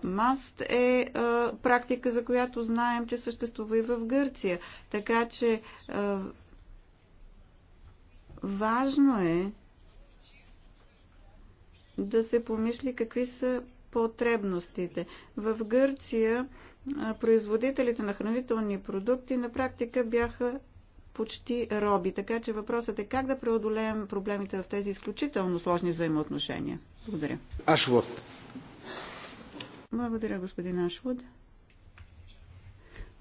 маст, е а, практика, за която знаем, че съществува и в Гърция. Така че а, важно е да се помисли какви са потребностите. В Гърция производителите на хранителни продукти на практика бяха почти роби. Така че въпросът е как да преодолеем проблемите в тези изключително сложни взаимоотношения. Благодаря. Ашвуд. Благодаря, господин Ашвуд.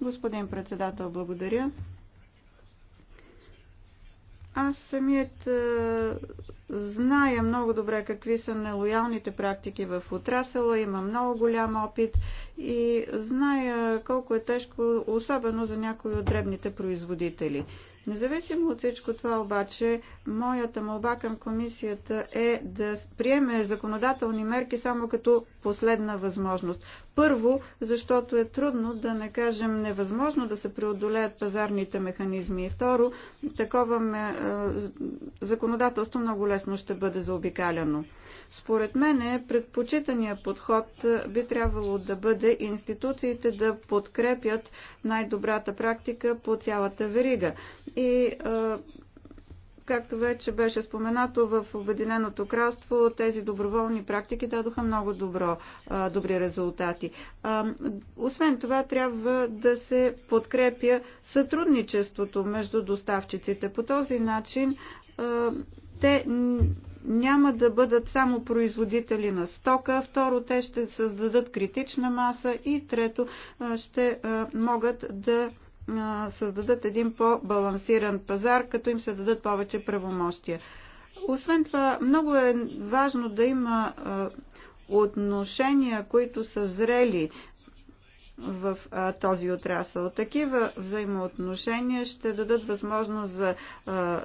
Господин председател, благодаря. Аз самият а, е, зная много добре какви са нелоялните практики в отрасъла, има много голям опит и зная колко е тежко, особено за някои от дребните производители. Независимо от всичко това обаче, моята молба към комисията е да приеме законодателни мерки само като последна възможност. Първо, защото е трудно да не кажем невъзможно да се преодолеят пазарните механизми. И второ, такова ме, е, законодателство много лесно ще бъде заобикаляно. Според мен предпочитания подход е, би трябвало да бъде институциите да подкрепят най-добрата практика по цялата верига. И както вече беше споменато в Обединеното кралство, тези доброволни практики дадоха много добро, добри резултати. Освен това, трябва да се подкрепя сътрудничеството между доставчиците. По този начин те няма да бъдат само производители на стока, второ, те ще създадат критична маса и трето, ще могат да създадат един по-балансиран пазар, като им се дадат повече правомощия. Освен това, много е важно да има отношения, които са зрели в а, този отрасъл. Такива взаимоотношения ще дадат възможност за а,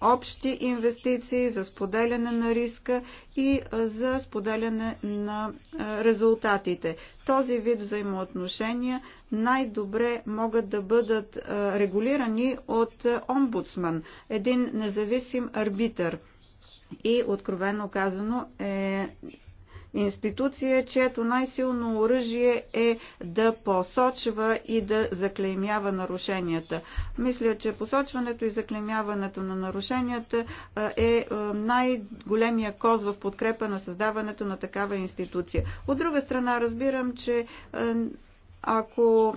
общи инвестиции, за споделяне на риска и за споделяне на резултатите. Този вид взаимоотношения най-добре могат да бъдат регулирани от омбудсман, един независим арбитър. И откровено казано е институция, чието най-силно оръжие е да посочва и да заклеймява нарушенията. Мисля, че посочването и заклеймяването на нарушенията е най-големия коз в подкрепа на създаването на такава институция. От друга страна, разбирам, че ако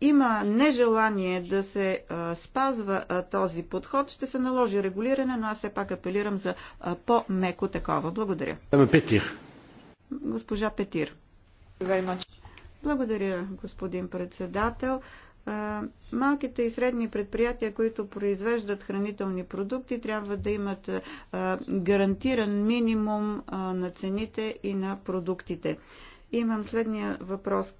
има нежелание да се спазва този подход, ще се наложи регулиране, но аз все пак апелирам за по-меко такова. Благодаря. Петир. Госпожа Петир. Благодаря, господин председател. Малките и средни предприятия, които произвеждат хранителни продукти, трябва да имат гарантиран минимум на цените и на продуктите. Имам следния въпрос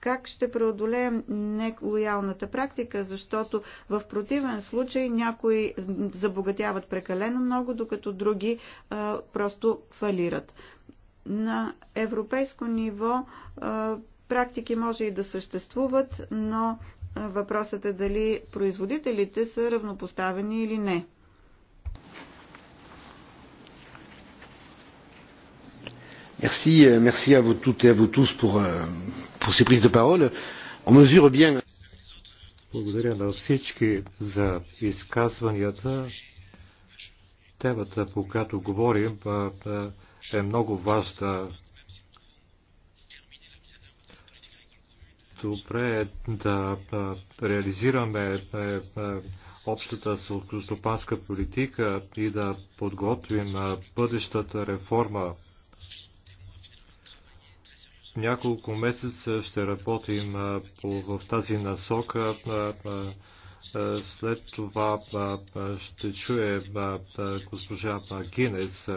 как ще преодолеем нелоялната практика, защото в противен случай някои забогатяват прекалено много, докато други а, просто фалират. На европейско ниво а, практики може и да съществуват, но въпросът е дали производителите са равнопоставени или не. Euh, merci, à vous toutes et à vous tous pour, euh, pour ces prises de parole. On mesure bien. Благодаря на всички за изказванията. Темата, по която говорим, е много важна. Добре е да реализираме общата селскостопанска политика и да подготвим бъдещата реформа няколко месеца ще работим в тази насока. След това ще чуе госпожа Гинес.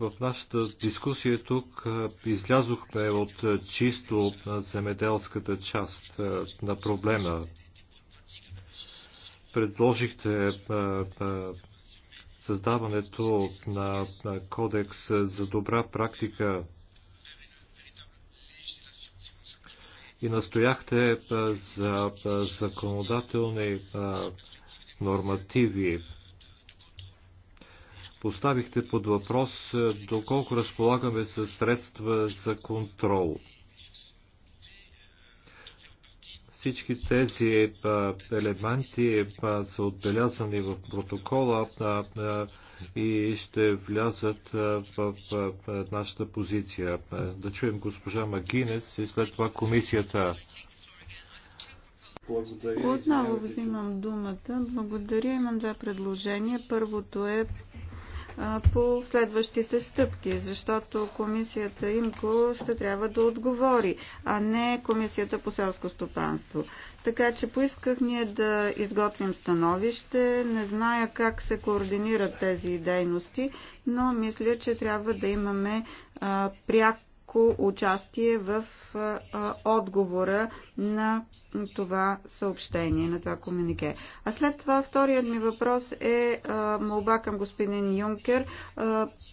В нашата дискусия тук излязохме от чисто земеделската част на проблема. Предложихте създаването на, на кодекс за добра практика и настояхте за законодателни нормативи. Поставихте под въпрос доколко разполагаме със средства за контрол. Всички тези елементи са отбелязани в протокола и ще влязат в нашата позиция. Да чуем госпожа Магинес и след това комисията. Отново взимам думата. Благодаря. Имам два предложения. Първото е по следващите стъпки, защото комисията ИМКО ще трябва да отговори, а не комисията по селско стопанство. Така че поисках ние да изготвим становище. Не зная как се координират тези дейности, но мисля, че трябва да имаме пряк пряко участие в отговора на това съобщение, на това комунике. А след това вторият ми въпрос е молба към господин Юнкер.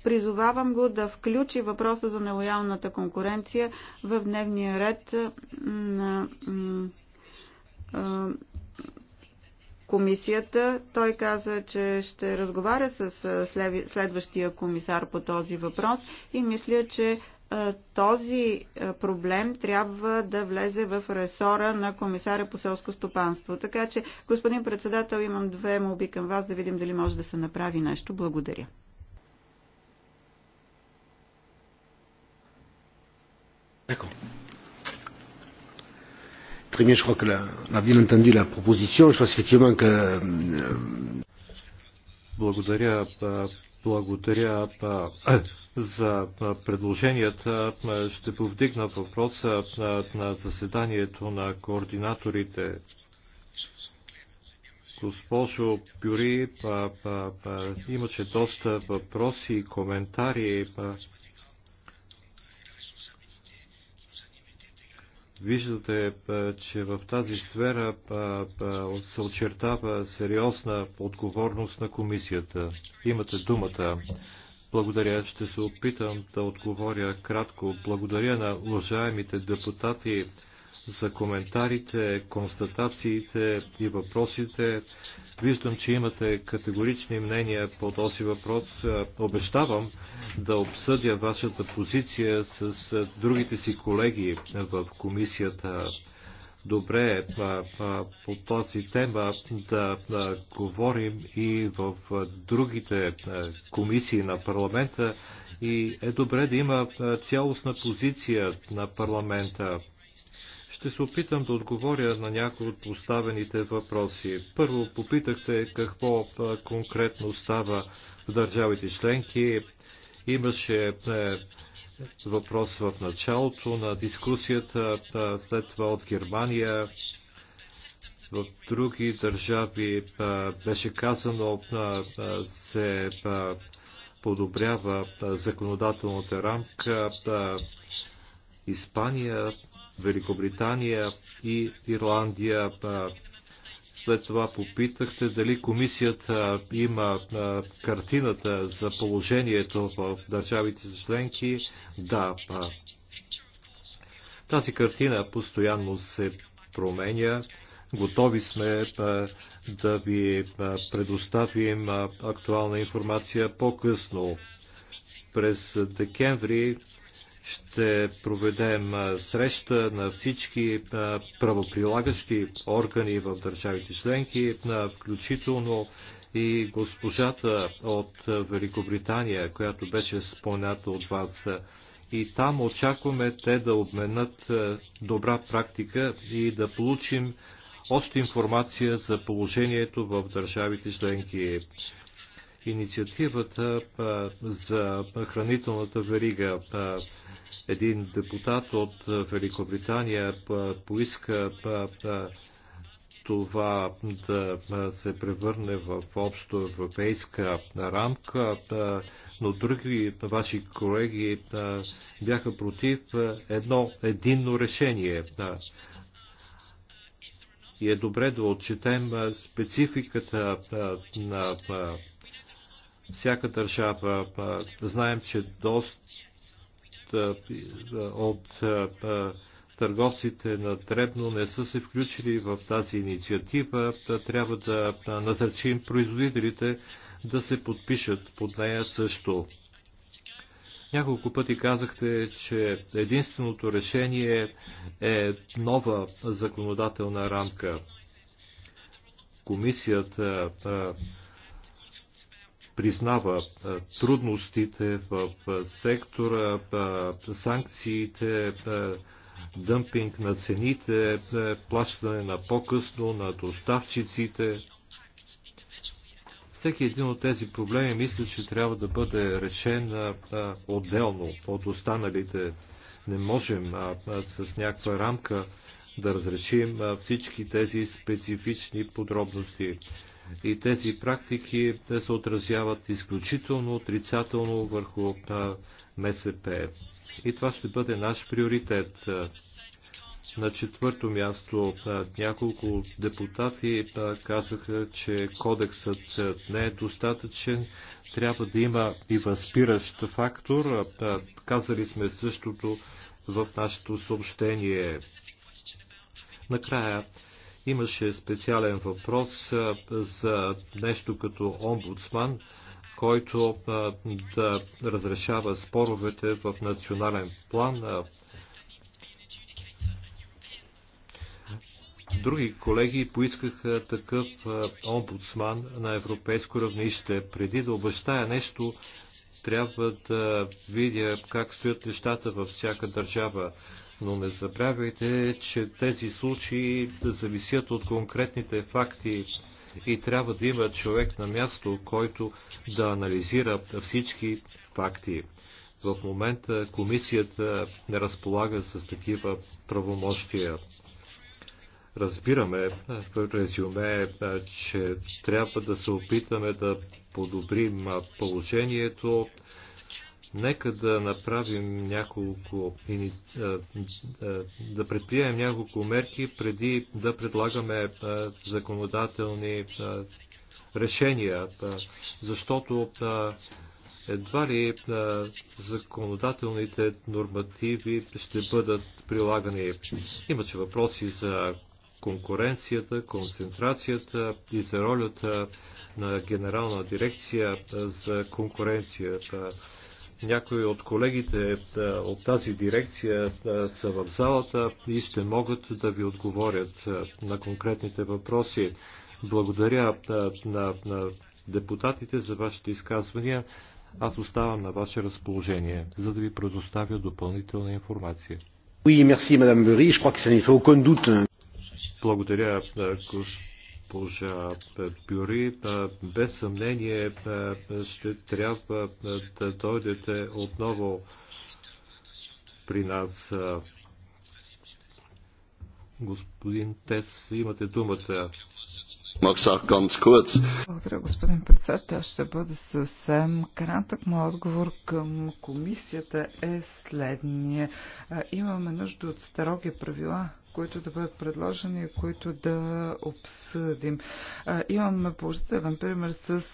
Призовавам го да включи въпроса за нелоялната конкуренция в дневния ред на комисията. Той каза, че ще разговаря с следващия комисар по този въпрос и мисля, че е, този е, проблем трябва да влезе в ресора на комисаря по селско стопанство. Така че, господин председател, имам две моби към вас да видим дали може да се направи нещо. Благодаря. D'accord. je crois que la, a bien entendu la proposition. Je pense effectivement que. Euh, Благодаря. Благодаря за предложенията. Ще повдигна въпроса на заседанието на координаторите. Госпожо Бюри, имаше доста въпроси и коментари Виждате, че в тази сфера се очертава сериозна отговорност на комисията. Имате думата. Благодаря. Ще се опитам да отговоря кратко. Благодаря на уважаемите депутати за коментарите, констатациите и въпросите. Виждам, че имате категорични мнения по този въпрос. Обещавам да обсъдя вашата позиция с другите си колеги в комисията. Добре е, по тази тема да говорим и в другите комисии на парламента и е добре да има цялостна позиция на парламента ще се опитам да отговоря на някои от поставените въпроси. Първо попитахте какво конкретно става в държавите членки. Имаше е, въпрос в началото на дискусията, след това от Германия. В други държави беше казано, се подобрява законодателната рамка. Испания Великобритания и Ирландия. След това попитахте дали комисията има картината за положението в държавите членки. Да. Тази картина постоянно се променя. Готови сме да ви предоставим актуална информация по-късно. През декември ще проведем среща на всички правоприлагащи органи в държавите членки, включително и госпожата от Великобритания, която беше спомената от вас. И там очакваме те да обменят добра практика и да получим още информация за положението в държавите членки инициативата за хранителната верига. Един депутат от Великобритания поиска това да се превърне в общо европейска рамка, но други ваши колеги бяха против едно единно решение. И е добре да отчетем спецификата на всяка държава. Знаем, че доста от търговците на Дребно не са се включили в тази инициатива. Трябва да насърчим производителите да се подпишат под нея също. Няколко пъти казахте, че единственото решение е нова законодателна рамка. Комисията признава трудностите в сектора, санкциите, дъмпинг на цените, плащане на по-късно на доставчиците. Всеки един от тези проблеми мисля, че трябва да бъде решен отделно от останалите. Не можем с някаква рамка да разрешим всички тези специфични подробности и тези практики те се отразяват изключително отрицателно върху МСП. И това ще бъде наш приоритет. На четвърто място няколко депутати казаха, че кодексът не е достатъчен. Трябва да има и възпиращ фактор. Казали сме същото в нашето съобщение. Накрая, Имаше специален въпрос за нещо като омбудсман, който да разрешава споровете в национален план. Други колеги поискаха такъв омбудсман на европейско равнище. Преди да обещая нещо, трябва да видя как стоят нещата във всяка държава но не забравяйте, че тези случаи да зависят от конкретните факти и трябва да има човек на място, който да анализира всички факти. В момента комисията не разполага с такива правомощия. Разбираме в резюме, че трябва да се опитаме да подобрим положението, Нека да направим няколко, да предприемем няколко мерки преди да предлагаме законодателни решения, защото едва ли законодателните нормативи ще бъдат прилагани. Имаше въпроси за конкуренцията, концентрацията и за ролята на Генерална дирекция за конкуренцията. Някои от колегите от тази дирекция са в залата и ще могат да ви отговорят на конкретните въпроси. Благодаря на, на депутатите за вашите изказвания. Аз оставам на ваше разположение, за да ви предоставя допълнителна информация. Благодаря, госпожо госпожа Бюри. Без съмнение ще трябва да дойдете отново при нас. Господин Тес, имате думата. Благодаря, господин председател. Ще бъде съвсем кратък. Моят отговор към комисията е следния. Имаме нужда от строги правила които да бъдат предложени и които да обсъдим. Имаме положителен пример с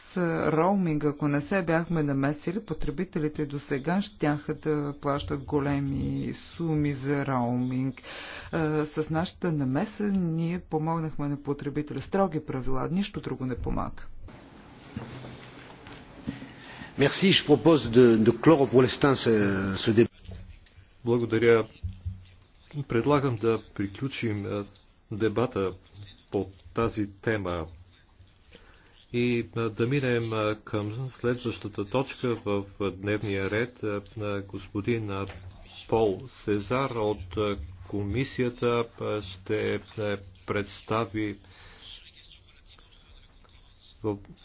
роуминг. Ако не се бяхме намесили, потребителите до сега щяха да плащат големи суми за роуминг. С нашата намеса ние помогнахме на потребителя. Строги правила, нищо друго не помага. Merci, je propose de, de clore pour l'instant ce, ce débat. Благодаря. Предлагам да приключим е, дебата по тази тема и е, да минем е, към следващата точка в дневния ред на господин Пол Сезар от комисията ще представи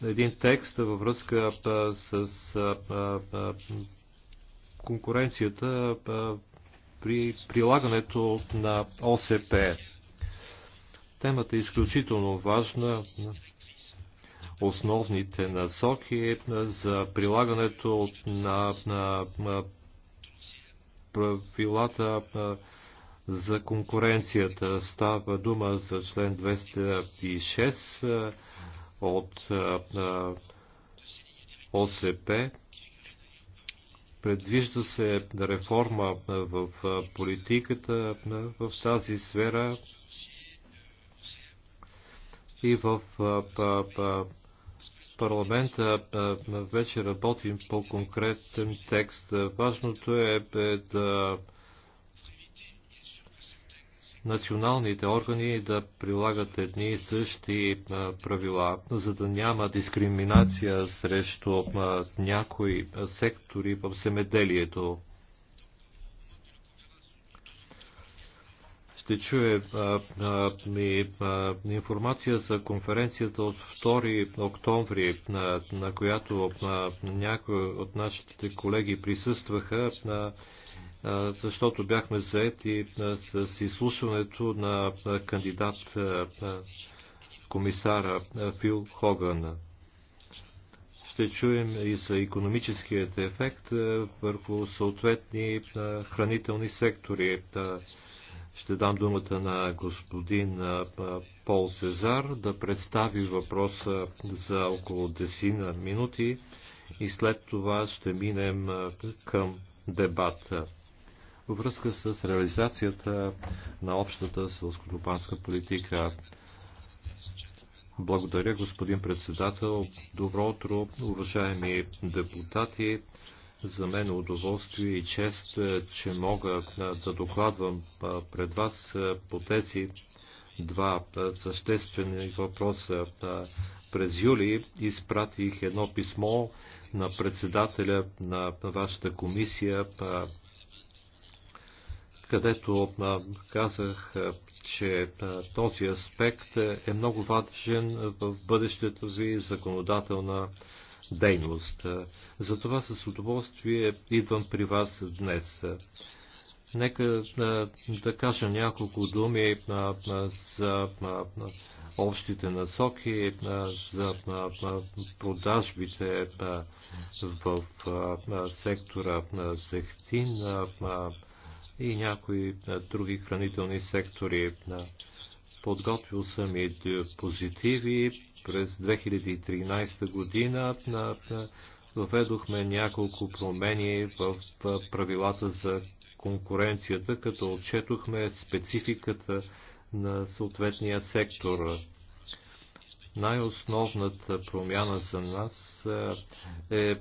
един текст във връзка с конкуренцията при прилагането на ОСП. Темата е изключително важна. Основните насоки за прилагането на, на, на правилата за конкуренцията става дума за член 206 от ОСП Предвижда се реформа в политиката в тази сфера и в парламента вече работим по конкретен текст. Важното е, е да националните органи да прилагат едни и същи правила, за да няма дискриминация срещу някои сектори в семеделието. ще чуе а, а, ми, а, информация за конференцията от 2 октомври, на, на която а, някои от нашите колеги присъстваха. А, защото бяхме заети с изслушването на кандидат комисара Фил Хоган. Ще чуем и за економическият ефект върху съответни хранителни сектори. Ще дам думата на господин Пол Сезар да представи въпроса за около 10 минути и след това ще минем към дебата във връзка с реализацията на общата селскостопанска политика. Благодаря, господин председател. Добро утро, уважаеми депутати. За мен е удоволствие и чест, че мога да докладвам пред вас по тези два съществени въпроса. През юли изпратих едно писмо на председателя на вашата комисия където казах, че този аспект е много важен в бъдещето ви законодателна дейност. Затова с удоволствие идвам при вас днес. Нека да кажа няколко думи за общите насоки за продажбите в сектора на зехтин и някои други хранителни сектори. Подготвил съм и позитиви през 2013 година. Въведохме няколко промени в правилата за конкуренцията, като отчетохме спецификата на съответния сектор. Най-основната промяна за нас е, е, е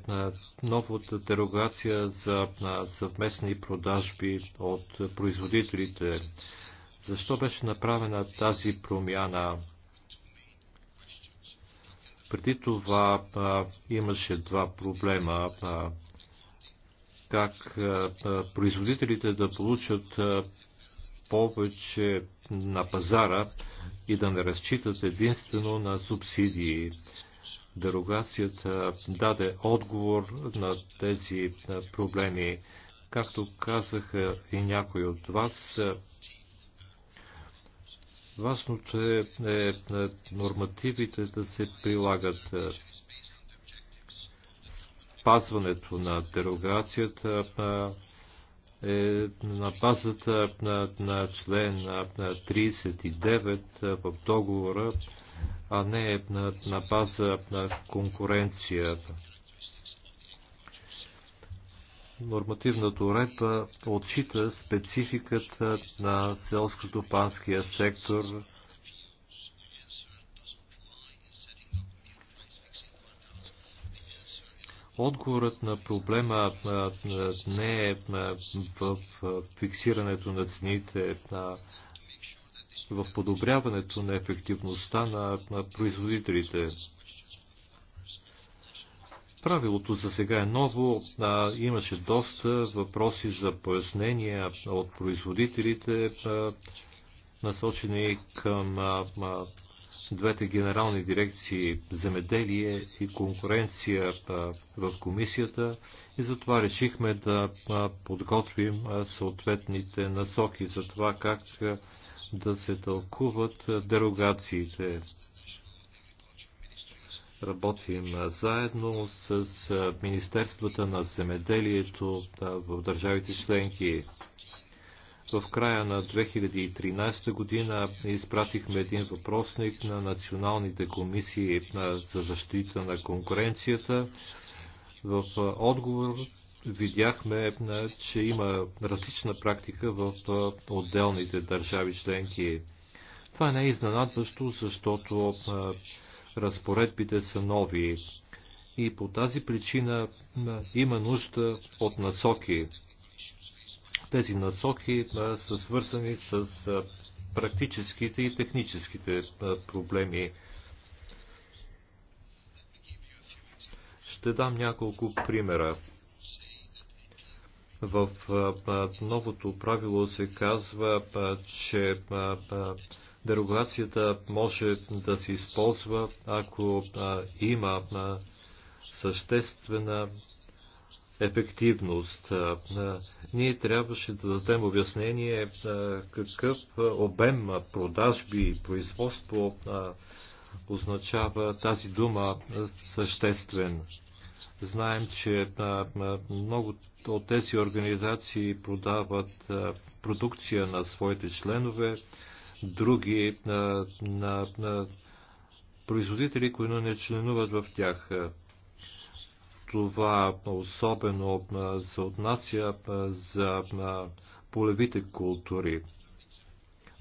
новата дерогация за е, съвместни продажби от производителите. Защо беше направена тази промяна? Преди това а, имаше два проблема. А, как а, производителите да получат а, повече на пазара и да не разчитат единствено на субсидии. Дерогацията даде отговор на тези проблеми. Както казаха и някои от вас, важното е, е, е нормативите да се прилагат спазването на дерогацията е на базата на, на член на 39 в договора, а не на, на база на конкуренцията. Нормативната уредба отчита спецификата на селско-стопанския сектор, Отговорът на проблема не е в фиксирането на цените, а в подобряването на ефективността на производителите. Правилото за сега е ново. А, имаше доста въпроси за пояснения от производителите, насочени към двете генерални дирекции земеделие и конкуренция в комисията и затова решихме да подготвим съответните насоки за това как да се тълкуват дерогациите. Работим заедно с Министерствата на земеделието в държавите членки. В края на 2013 година изпратихме един въпросник на националните комисии за защита на конкуренцията. В отговор видяхме, че има различна практика в отделните държави членки. Това не е изненадващо, защото разпоредбите са нови и по тази причина има нужда от насоки тези насоки са свързани с практическите и техническите проблеми. Ще дам няколко примера. В новото правило се казва, че дерогацията може да се използва, ако има съществена ефективност. Ние трябваше да дадем обяснение какъв обем продажби и производство означава тази дума съществен. Знаем, че много от тези организации продават продукция на своите членове, други на, на, на производители, които не членуват в тях. Това особено се отнася за полевите култури.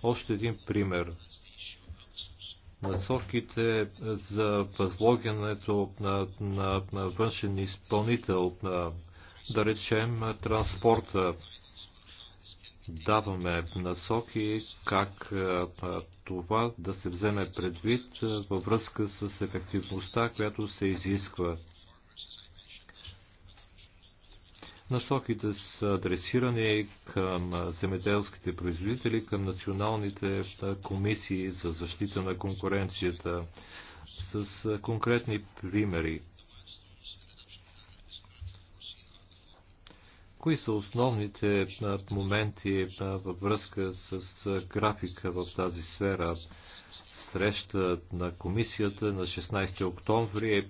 Още един пример. Насоките за възлогянето на, на, на външен изпълнител, на, да речем транспорта, даваме насоки как това да се вземе предвид във връзка с ефективността, която се изисква. Насоките са адресирани към земеделските производители, към националните комисии за защита на конкуренцията с конкретни примери. Кои са основните моменти във връзка с графика в тази сфера? среща на комисията на 16 октомври е,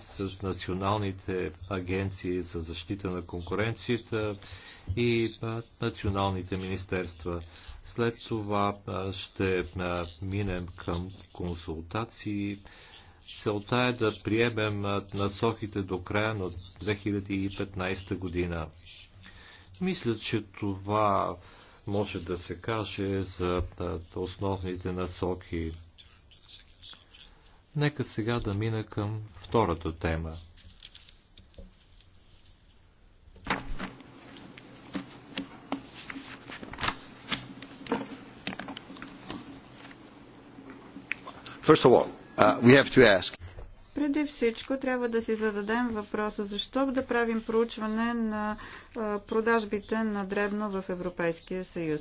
с националните агенции за защита на конкуренцията и националните министерства. След това ще минем към консултации. Целта е да приемем насоките до края на 2015 година. Мисля, че това може да се каже за основните насоки. Нека сега да мина към втората тема. First of all, uh, we have to ask. Преди всичко трябва да си зададем въпроса защо да правим проучване на продажбите на дребно в Европейския съюз.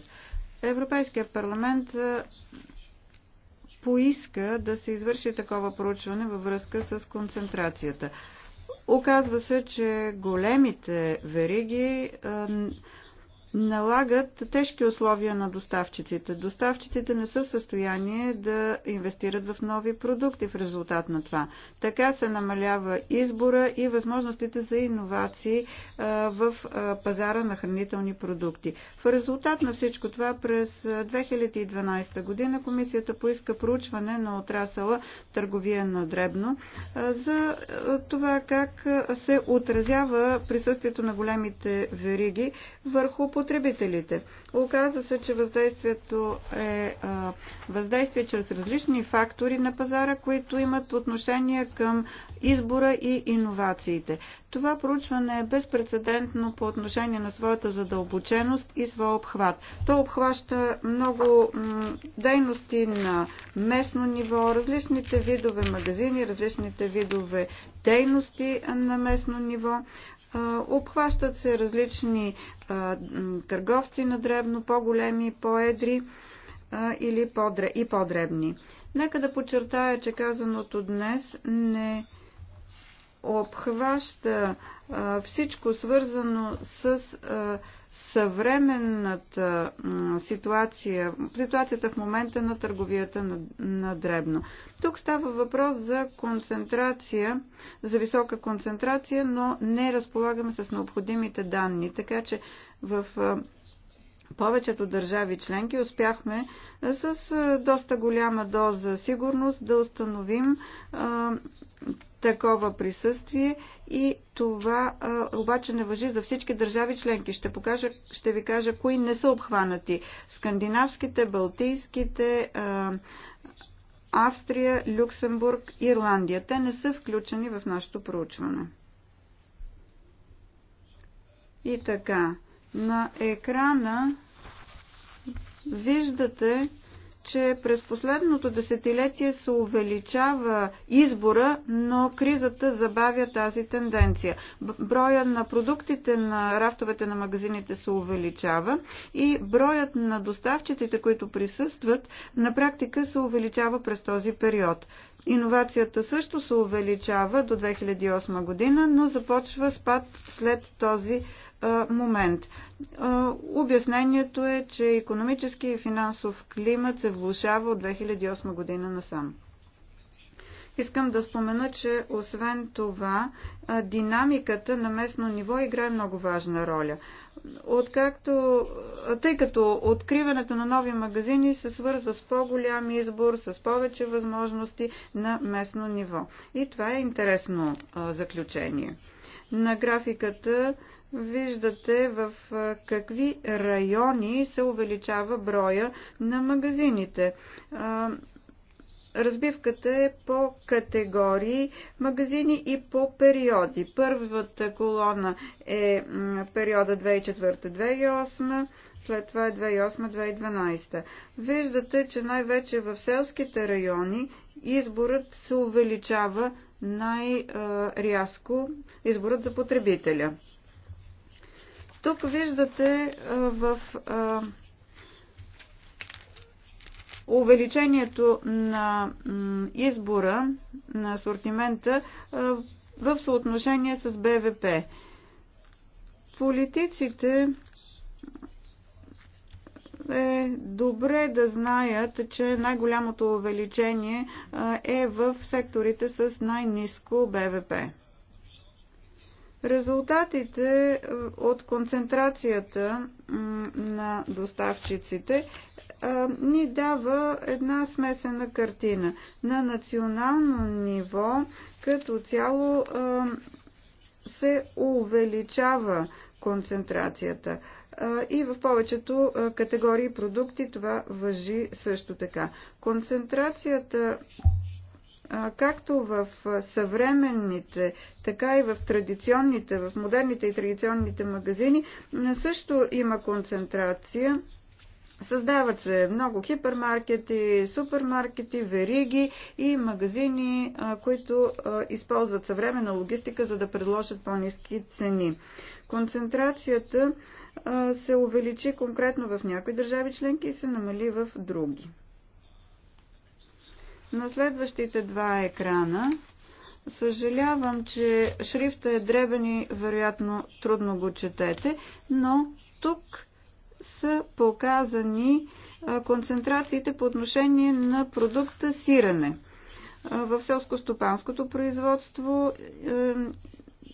Европейския парламент поиска да се извърши такова проучване във връзка с концентрацията. Оказва се, че големите вериги налагат тежки условия на доставчиците. Доставчиците не са в състояние да инвестират в нови продукти в резултат на това. Така се намалява избора и възможностите за иновации в пазара на хранителни продукти. В резултат на всичко това през 2012 година комисията поиска проучване на отрасъла търговия на дребно за това как се отразява присъствието на големите вериги върху потребителите. Оказва се, че въздействието е а, въздействие чрез различни фактори на пазара, които имат отношение към избора и иновациите. Това проучване е безпредседентно по отношение на своята задълбоченост и своя обхват. То обхваща много дейности на местно ниво, различните видове магазини, различните видове дейности на местно ниво. Обхващат се различни търговци на дребно, по-големи, по-едри или по и по-дребни. Нека да подчертая, че казаното днес не обхваща всичко свързано с съвременната ситуация, ситуацията в момента на търговията на, на дребно. Тук става въпрос за концентрация, за висока концентрация, но не разполагаме с необходимите данни, така че в повечето държави членки успяхме с доста голяма доза сигурност да установим а, такова присъствие и това а, обаче не въжи за всички държави членки. Ще, покажа, ще ви кажа кои не са обхванати. Скандинавските, Балтийските, а, Австрия, Люксембург, Ирландия. Те не са включени в нашето проучване. И така. На екрана виждате, че през последното десетилетие се увеличава избора, но кризата забавя тази тенденция. Броя на продуктите на рафтовете на магазините се увеличава и броят на доставчиците, които присъстват, на практика се увеличава през този период. Иновацията също се увеличава до 2008 година, но започва спад след този период момент. Обяснението е, че економически и финансов климат се влушава от 2008 година насам. Искам да спомена, че освен това, динамиката на местно ниво играе много важна роля. Откакто, тъй като откриването на нови магазини се свързва с по-голям избор, с повече възможности на местно ниво. И това е интересно заключение. На графиката виждате в какви райони се увеличава броя на магазините. Разбивката е по категории магазини и по периоди. Първата колона е периода 2004-2008, след това е 2008-2012. Виждате, че най-вече в селските райони изборът се увеличава най-рязко, изборът за потребителя. Тук виждате в увеличението на избора на асортимента в съотношение с БВП. Политиците е добре да знаят, че най-голямото увеличение е в секторите с най-низко БВП. Резултатите е, от концентрацията на доставчиците е, ни дава една смесена картина. На национално ниво като цяло е, се увеличава концентрацията. И в повечето категории продукти това въжи също така. Концентрацията както в съвременните, така и в традиционните, в модерните и традиционните магазини, също има концентрация. Създават се много хипермаркети, супермаркети, вериги и магазини, които използват съвременна логистика, за да предложат по-низки цени. Концентрацията се увеличи конкретно в някои държави членки и се намали в други. На следващите два екрана съжалявам, че шрифта е дребен и вероятно трудно го четете, но тук са показани концентрациите по отношение на продукта сирене. В селско-стопанското производство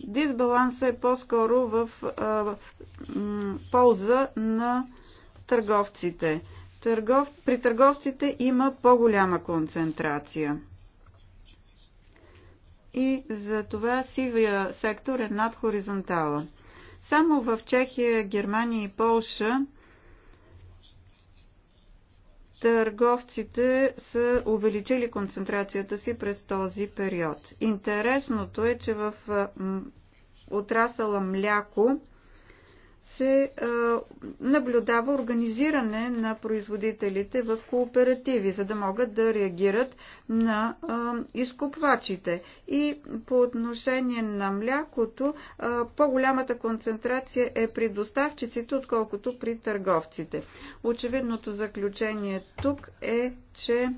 дисбаланса е по-скоро в полза на търговците търгов... при търговците има по-голяма концентрация. И за това сивия сектор е над хоризонтала. Само в Чехия, Германия и Полша търговците са увеличили концентрацията си през този период. Интересното е, че в отрасъла мляко се наблюдава организиране на производителите в кооперативи, за да могат да реагират на изкупвачите. И по отношение на млякото, по-голямата концентрация е при доставчиците, отколкото при търговците. Очевидното заключение тук е, че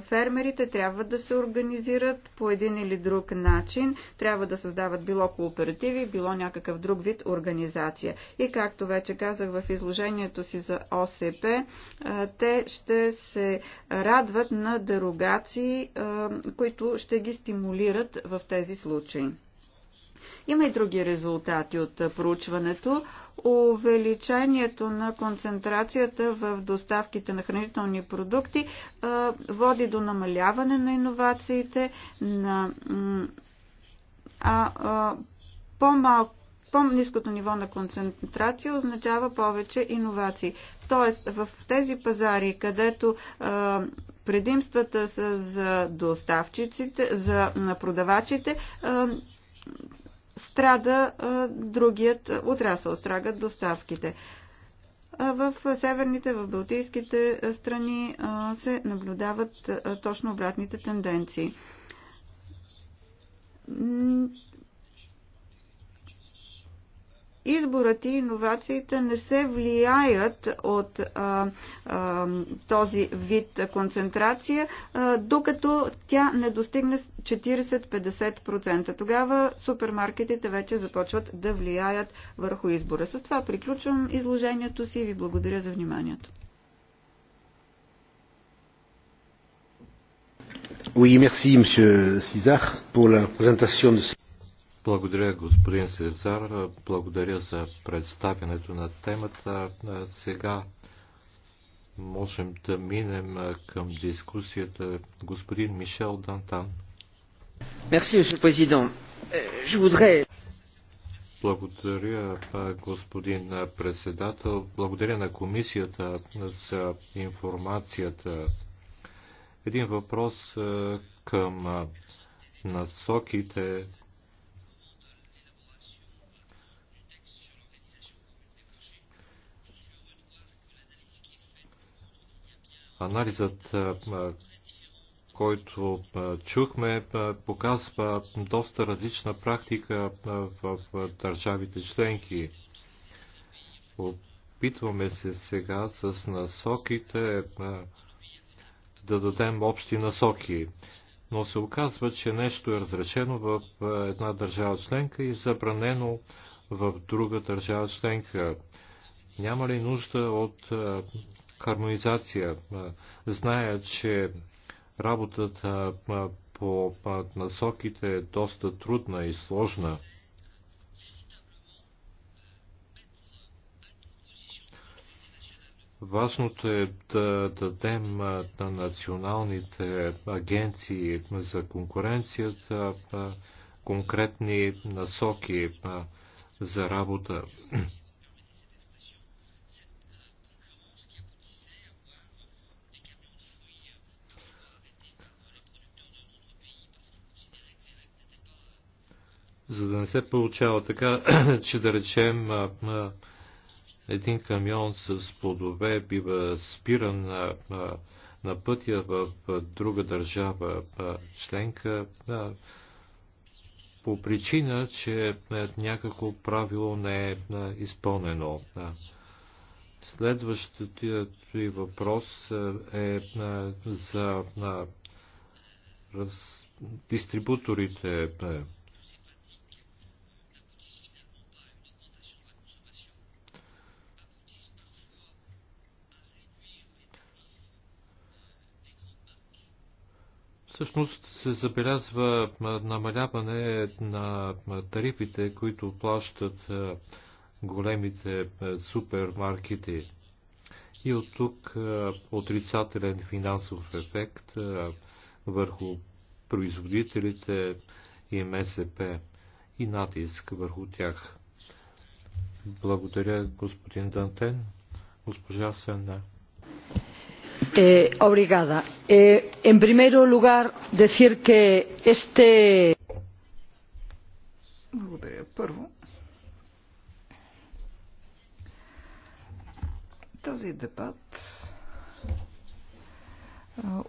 фермерите трябва да се организират по един или друг начин, трябва да създават било кооперативи, било някакъв друг вид организация. И както вече казах в изложението си за ОСП, те ще се радват на дерогации, които ще ги стимулират в тези случаи. Има и други резултати от проучването. Увеличението на концентрацията в доставките на хранителни продукти води до намаляване на иновациите, на а, а, по-малко по-низкото ниво на концентрация означава повече иновации. Тоест, в тези пазари, където е, предимствата са за доставчиците, за продавачите, е, страда другият отрасъл, страдат доставките. В северните, в балтийските страни се наблюдават точно обратните тенденции изборът и иновациите не се влияят от а, а, този вид концентрация, а, докато тя не достигне 40-50%. Тогава супермаркетите вече започват да влияят върху избора. С това приключвам изложението си и ви благодаря за вниманието. Oui, merci, Monsieur Cizard, pour la présentation de благодаря, господин Сезар. Благодаря за представянето на темата. Сега можем да минем към дискусията. Господин Мишел Дантан. Мерси, президент. Благодаря, господин председател. Благодаря на комисията за информацията. Един въпрос е, към насоките Анализът, който чухме, показва доста различна практика в държавите членки. Опитваме се сега с насоките да дадем общи насоки. Но се оказва, че нещо е разрешено в една държава членка и забранено в друга държава членка. Няма ли нужда от хармонизация. Знаят, че работата по насоките е доста трудна и сложна. Важното е да дадем на националните агенции за конкуренцията конкретни насоки за работа. за да не се получава така, че да речем един камион с плодове бива спиран на, на пътя в друга държава членка по причина, че някакво правило не е изпълнено. Следващият ви въпрос е за дистрибуторите Всъщност се забелязва намаляване на тарифите, които плащат е, големите супермаркети. И от тук е, отрицателен финансов ефект е, върху производителите и МСП и натиск върху тях. Благодаря, господин Дантен. Госпожа Сенна. Eh, eh, en primer lugar decir que este debate дебат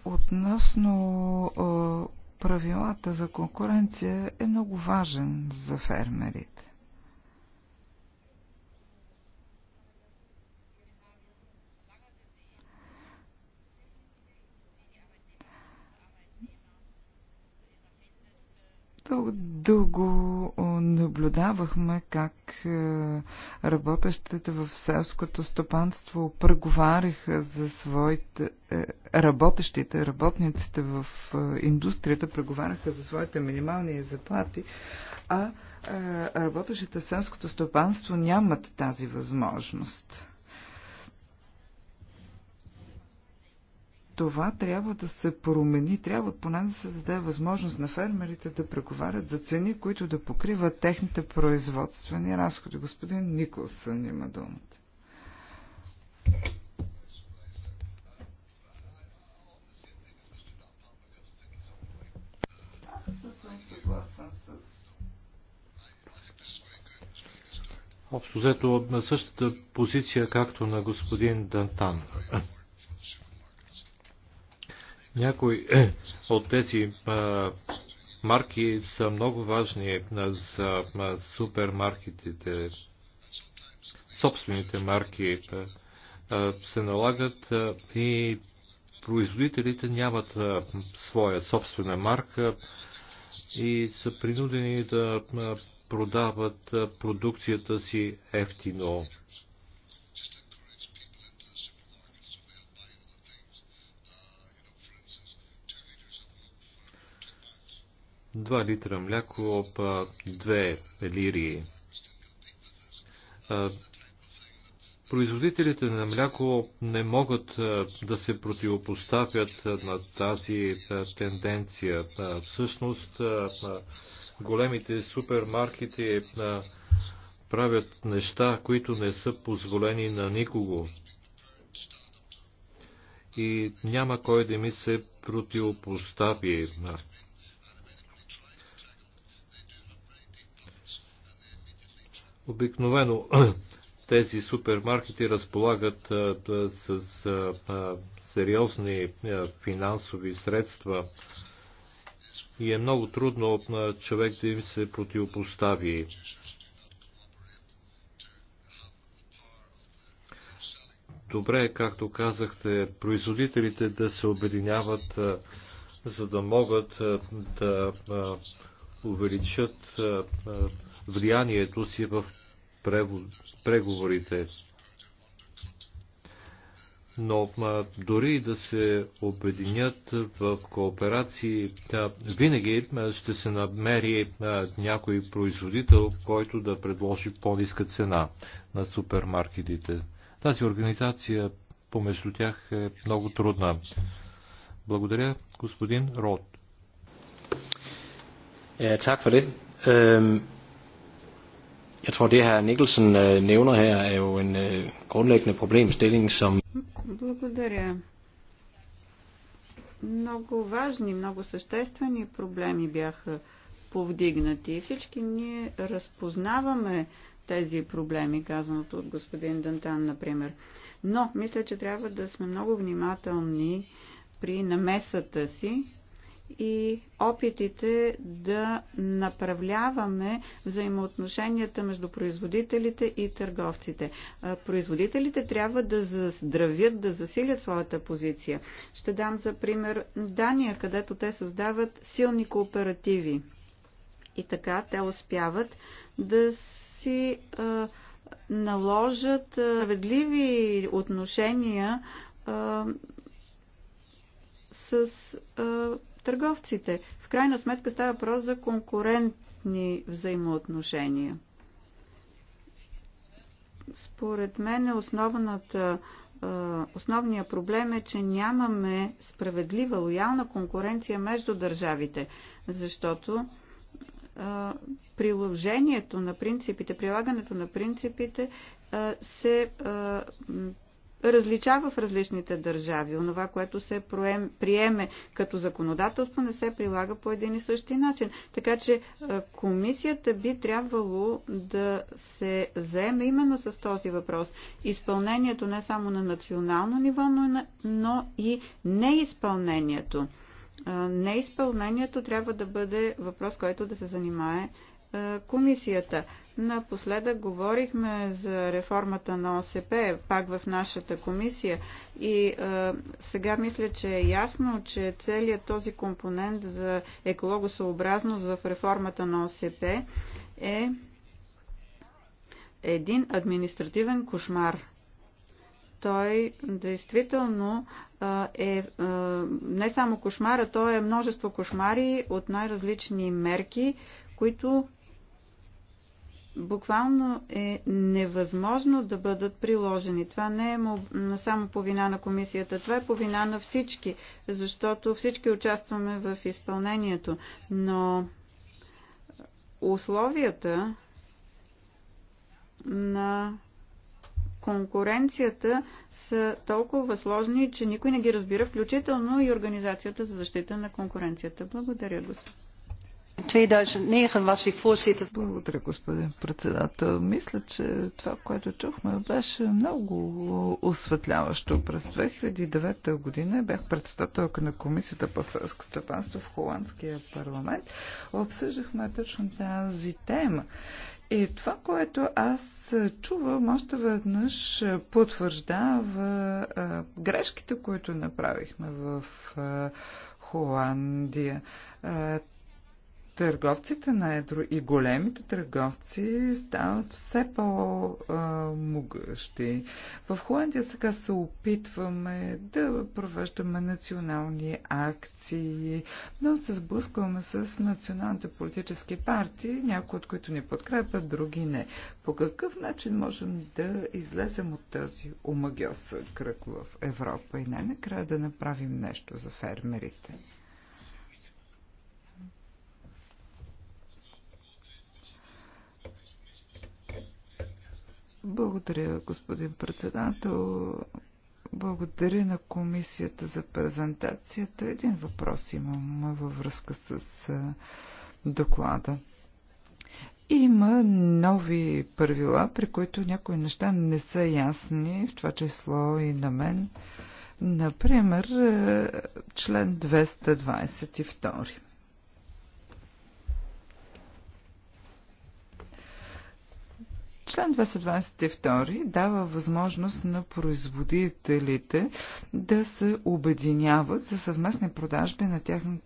относно правилата за конкуренция е много важен за фермерите. Дълго наблюдавахме как работещите в селското стопанство преговаряха за своите е, работещите, работниците в индустрията преговаряха за своите минимални заплати, а работещите в селското стопанство нямат тази възможност. Това трябва да се промени, трябва поне да се даде възможност на фермерите да преговарят за цени, които да покриват техните производствени разходи. Господин Николсън има думата. Общо взето на същата позиция, както на господин Дантан. Някои от тези марки са много важни за супермаркетите. Собствените марки се налагат и производителите нямат своя собствена марка и са принудени да продават продукцията си ефтино. 2 литра мляко об 2 лири. Производителите на мляко не могат да се противопоставят на тази тенденция. Всъщност, големите супермаркети правят неща, които не са позволени на никого. И няма кой да ми се противопостави. Обикновено тези супермаркети разполагат с сериозни финансови средства и е много трудно човек да им се противопостави. Добре както казахте, производителите да се обединяват, за да могат да увеличат влиянието си в преговорите. Но ма, дори да се обединят в кооперации, да, винаги ще се намери а, някой производител, който да предложи по-ниска цена на супермаркетите. Тази организация помежду тях е много трудна. Благодаря, господин Род. Ja, е, for det. Jeg tror, det her Nikkelsen øh, nævner her, er jo en øh, grundlæggende problemstilling, som... Благодаря. Много важни, много съществени проблеми бяха повдигнати. Всички ние разпознаваме тези проблеми, казаното от господин Дантан, например. Но, мисля, че трябва да сме много внимателни при намесата си и опитите да направляваме взаимоотношенията между производителите и търговците. Производителите трябва да заздравят, да засилят своята позиция. Ще дам за пример Дания, където те създават силни кооперативи. И така те успяват да си а, наложат справедливи отношения а, с а, търговците. В крайна сметка става въпрос за конкурентни взаимоотношения. Според мен основната основният проблем е, че нямаме справедлива, лоялна конкуренция между държавите, защото приложението на принципите, прилагането на принципите се различава в различните държави. Онова, което се приеме като законодателство, не се прилага по един и същи начин. Така че е, комисията би трябвало да се заеме именно с този въпрос. Изпълнението не само на национално ниво, но и неизпълнението. Е, неизпълнението трябва да бъде въпрос, който да се занимае е, комисията. Напоследък говорихме за реформата на ОСП, пак в нашата комисия. И а, е, сега мисля, че е ясно, че целият този компонент за екологосъобразност в реформата на ОСП е един административен кошмар. Той действително е, е не само кошмара, той е множество кошмари от най-различни мерки, които буквално е невъзможно да бъдат приложени. Това не е само по вина на комисията, това е по вина на всички, защото всички участваме в изпълнението. Но условията на конкуренцията са толкова сложни, че никой не ги разбира, включително и Организацията за защита на конкуренцията. Благодаря, господин. Благодаря, господин председател. Мисля, че това, което чухме, беше много осветляващо. През 2009 година бях председателка на Комисията по селско стопанство в Холандския парламент. Обсъждахме точно тази тема. И това, което аз чувам, още веднъж потвърждава грешките, които направихме в Холандия Търговците на едро и големите търговци стават все по-могъщи. В Холандия сега се опитваме да провеждаме национални акции, но се сблъскваме с националните политически партии, някои от които ни подкрепят, други не. По какъв начин можем да излезем от тази омагиоса кръг в Европа и най-накрая да направим нещо за фермерите? Благодаря, господин председател. Благодаря на комисията за презентацията. Един въпрос имам във връзка с доклада. Има нови правила, при които някои неща не са ясни, в това число и на мен. Например, член 222. Член 222 дава възможност на производителите да се обединяват за съвместни продажби на тяхната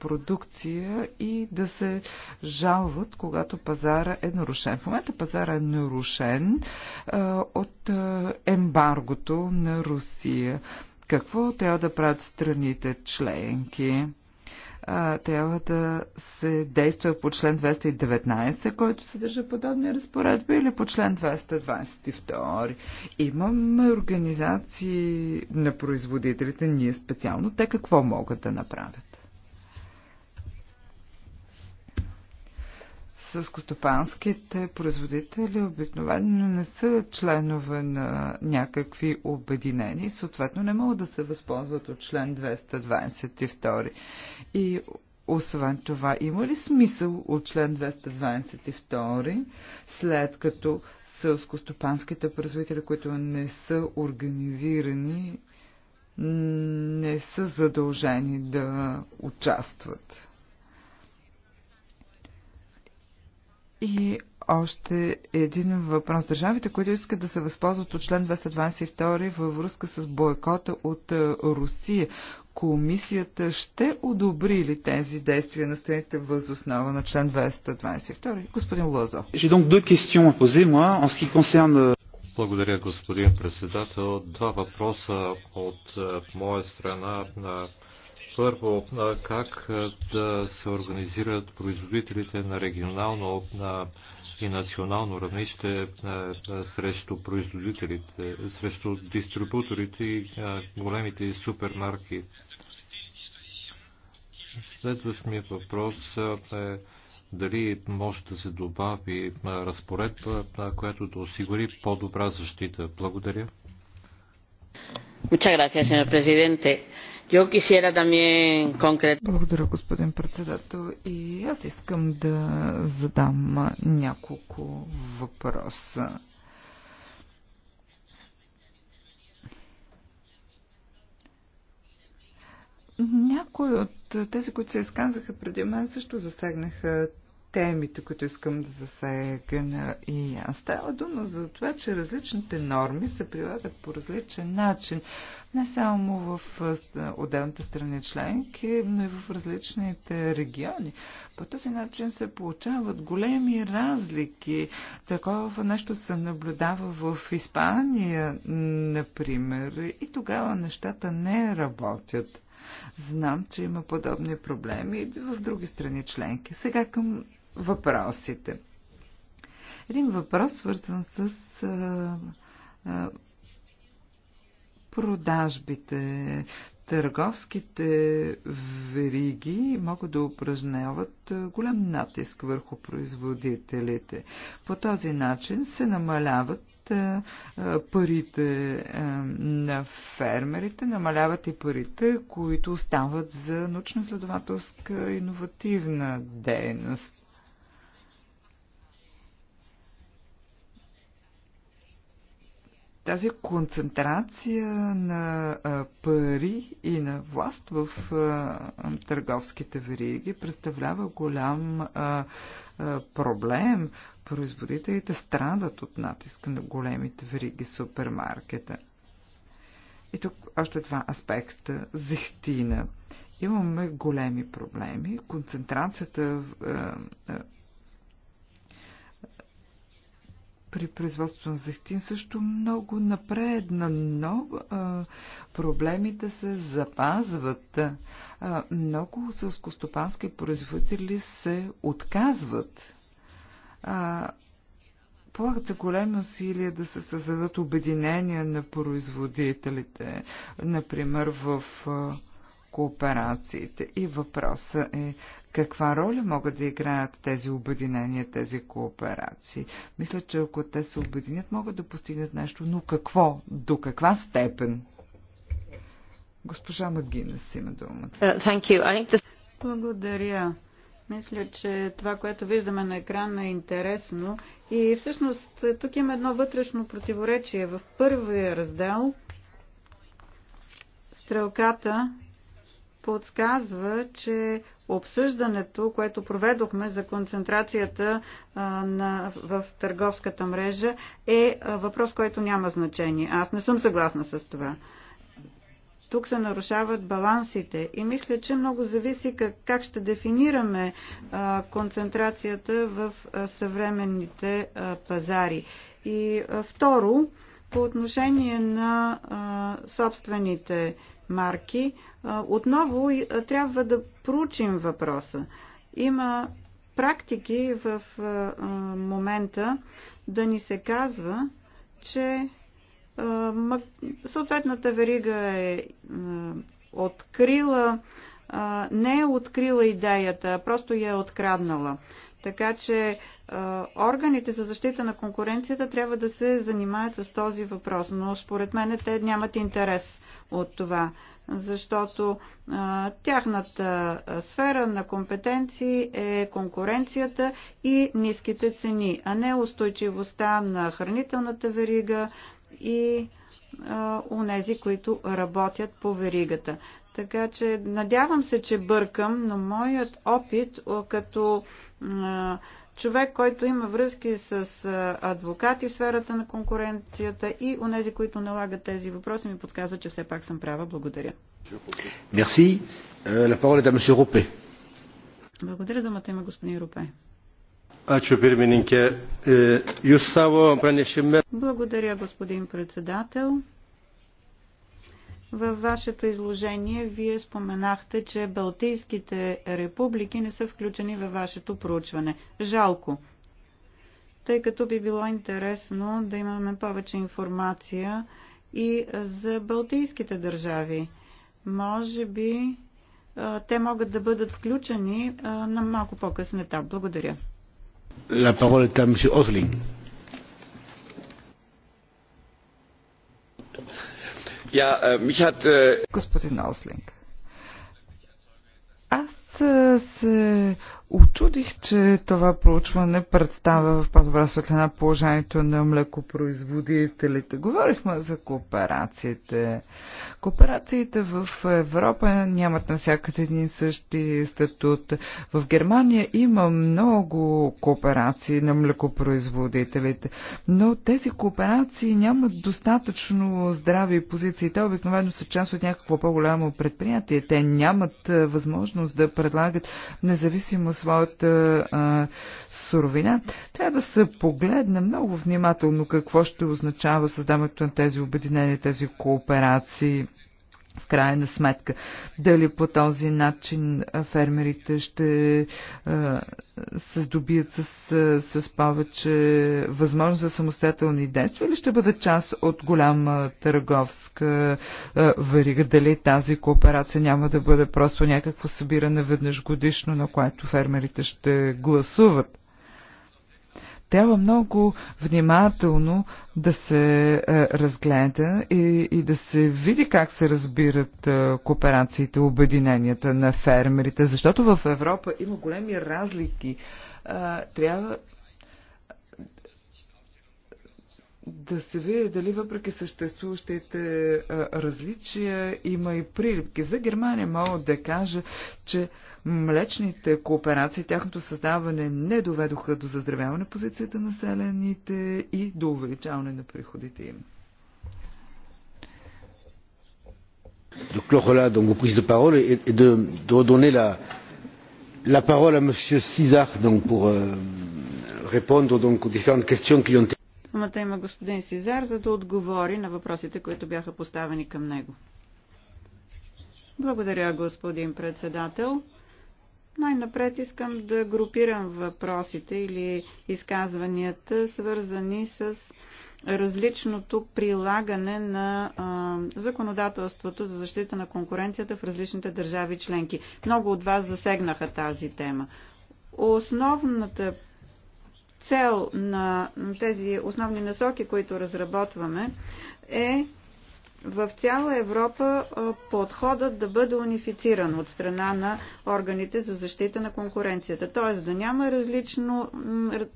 продукция и да се жалват, когато пазара е нарушен. В момента пазара е нарушен от ембаргото на Русия. Какво трябва да правят страните членки? а, трябва да се действа по член 219, който съдържа подобни разпоредби, или по член 222. Имаме организации на производителите, ние специално, те какво могат да направят? Съскостопанските производители обикновено не са членове на някакви обединени, съответно не могат да се възползват от член 222. И освен това, има ли смисъл от член 222, след като сълскостопанските производители, които не са организирани, не са задължени да участват? И още един въпрос. Държавите, които искат да се възползват от член 222 във връзка с бойкота от е, Русия, комисията ще одобри ли тези действия на страните въз основа на член 222? Господин Лозо. Благодаря, господин председател. Два въпроса от е, моя страна. на първо, как да се организират производителите на регионално и национално равнище срещу производителите, срещу дистрибуторите и големите супермарки. Следващ ми въпрос е дали може да се добави разпоредба, която да осигури по-добра защита. Благодаря. Muchas gracias, señor presidente. Благодаря, господин председател. И аз искам да задам няколко въпроса. Някои от тези, които се изказаха преди мен, също засегнаха темите, които искам да засегна и аз. Става дума за това, че различните норми се прилагат по различен начин, не само в отделните страни членки, но и в различните региони. По този начин се получават големи разлики. Такова нещо се наблюдава в Испания, например, и тогава нещата не работят. Знам, че има подобни проблеми и в други страни членки. Сега към въпросите. Един въпрос, свързан с а, а, продажбите. Търговските вериги могат да упражняват голям натиск върху производителите. По този начин се намаляват парите на фермерите, намаляват и парите, които остават за научно-следователска иновативна дейност. Тази концентрация на пари и на власт в търговските вериги представлява голям проблем. Производителите страдат от натиска на големите вериги супермаркета. И тук още два аспекта. Зехтина. Имаме големи проблеми. Концентрацията при производството на зехтин също много напредна, но а, проблемите се запазват. А, много сълскостопански производители се отказват. А, полагат за големи усилия да се създадат обединения на производителите, например в кооперациите. И въпросът е каква роля могат да играят тези обединения, тези кооперации? Мисля, че ако те се обединят, могат да постигнат нещо, но какво? До каква степен? Госпожа Магинес има думата. Uh, this... Благодаря. Мисля, че това, което виждаме на екрана е интересно. И всъщност тук има едно вътрешно противоречие. В първия раздел стрелката подсказва, че обсъждането, което проведохме за концентрацията а, на, в търговската мрежа, е въпрос, който няма значение. Аз не съм съгласна с това. Тук се нарушават балансите и мисля, че много зависи как, как ще дефинираме а, концентрацията в а, съвременните а, пазари. И а, второ, по отношение на а, собствените марки, отново трябва да проучим въпроса. Има практики в момента да ни се казва, че съответната верига е открила, не е открила идеята, просто я е откраднала. Така че органите за защита на конкуренцията трябва да се занимаят с този въпрос, но според мен те нямат интерес от това, защото тяхната сфера на компетенции е конкуренцията и ниските цени, а не устойчивостта на хранителната верига и унези, които работят по веригата. Така че надявам се, че бъркам, но моят опит като човек, който има връзки с адвокати в сферата на конкуренцията и нези, които налагат тези въпроси, ми подсказва, че все пак съм права. Благодаря. Мерси. La parole est à monsieur Ропе. Благодаря думата има господин Рупе. Ačiū pirmininkė. Е, jūs savo pranešime. Благодаря, господин председател. Във вашето изложение вие споменахте, че Балтийските републики не са включени във вашето проучване. Жалко, тъй като би било интересно да имаме повече информация и за Балтийските държави. Може би те могат да бъдат включени на малко по-късен етап. Благодаря. La parole est à M. Osling. Äh, äh, Господин Ослинг, аз се Очудих, че това проучване представя в по-добра светлина положението на млекопроизводителите. Говорихме за кооперациите. Кооперациите в Европа нямат навсякъде един същи статут. В Германия има много кооперации на млекопроизводителите, но тези кооперации нямат достатъчно здрави позиции. Те обикновено са част от някакво по-голямо предприятие. Те нямат възможност да предлагат независимост своята а, суровина. Трябва да се погледне много внимателно какво ще означава създаването на тези обединения, тези кооперации в крайна сметка. Дали по този начин фермерите ще се здобият с, с повече възможност за самостоятелни действия или ще бъдат част от голяма търговска варига? Дали тази кооперация няма да бъде просто някакво събиране веднъж годишно, на което фермерите ще гласуват? трябва много внимателно да се е, разгледа и, и да се види как се разбират е, кооперациите, обединенията на фермерите, защото в Европа има големи разлики. Е, трябва да се види дали въпреки съществуващите различия има и прилипки. За Германия мога да кажа, че млечните кооперации, тяхното създаване не доведоха до заздравяване позицията на населените и до увеличаване на приходите им. de clore donc de parole et de redonner la parole à pour euh, répondre aux différentes questions qui ont été Думата има господин Сизар, за да отговори на въпросите, които бяха поставени към него. Благодаря, господин председател. Най-напред искам да групирам въпросите или изказванията, свързани с различното прилагане на а, законодателството за защита на конкуренцията в различните държави членки. Много от вас засегнаха тази тема. Основната цел на тези основни насоки, които разработваме, е в цяла Европа подходът да бъде унифициран от страна на органите за защита на конкуренцията. Т.е. да няма различно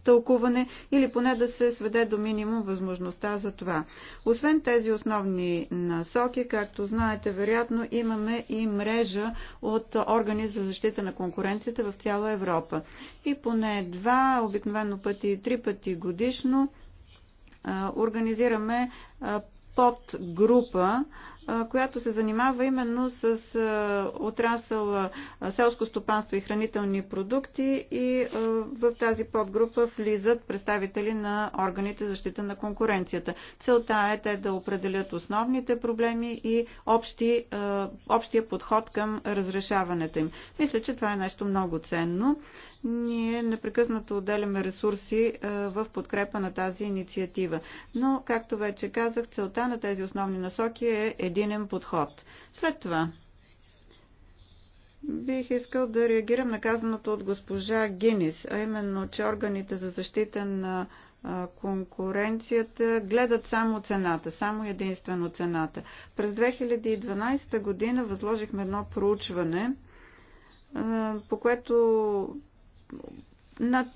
тълкуване или поне да се сведе до минимум възможността за това. Освен тези основни насоки, както знаете, вероятно имаме и мрежа от органи за защита на конкуренцията в цяла Европа. И поне два, обикновено пъти и три пъти годишно организираме подгрупа, която се занимава именно с отрасъл селско стопанство и хранителни продукти и в тази подгрупа влизат представители на органите защита на конкуренцията. Целта е те да определят основните проблеми и общи, общия подход към разрешаването им. Мисля, че това е нещо много ценно. Ние непрекъснато отделяме ресурси е, в подкрепа на тази инициатива. Но, както вече казах, целта на тези основни насоки е единен подход. След това, Бих искал да реагирам на казаното от госпожа Гинис, а именно, че органите за защита на е, конкуренцията гледат само цената, само единствено цената. През 2012 година възложихме едно проучване, е, по което над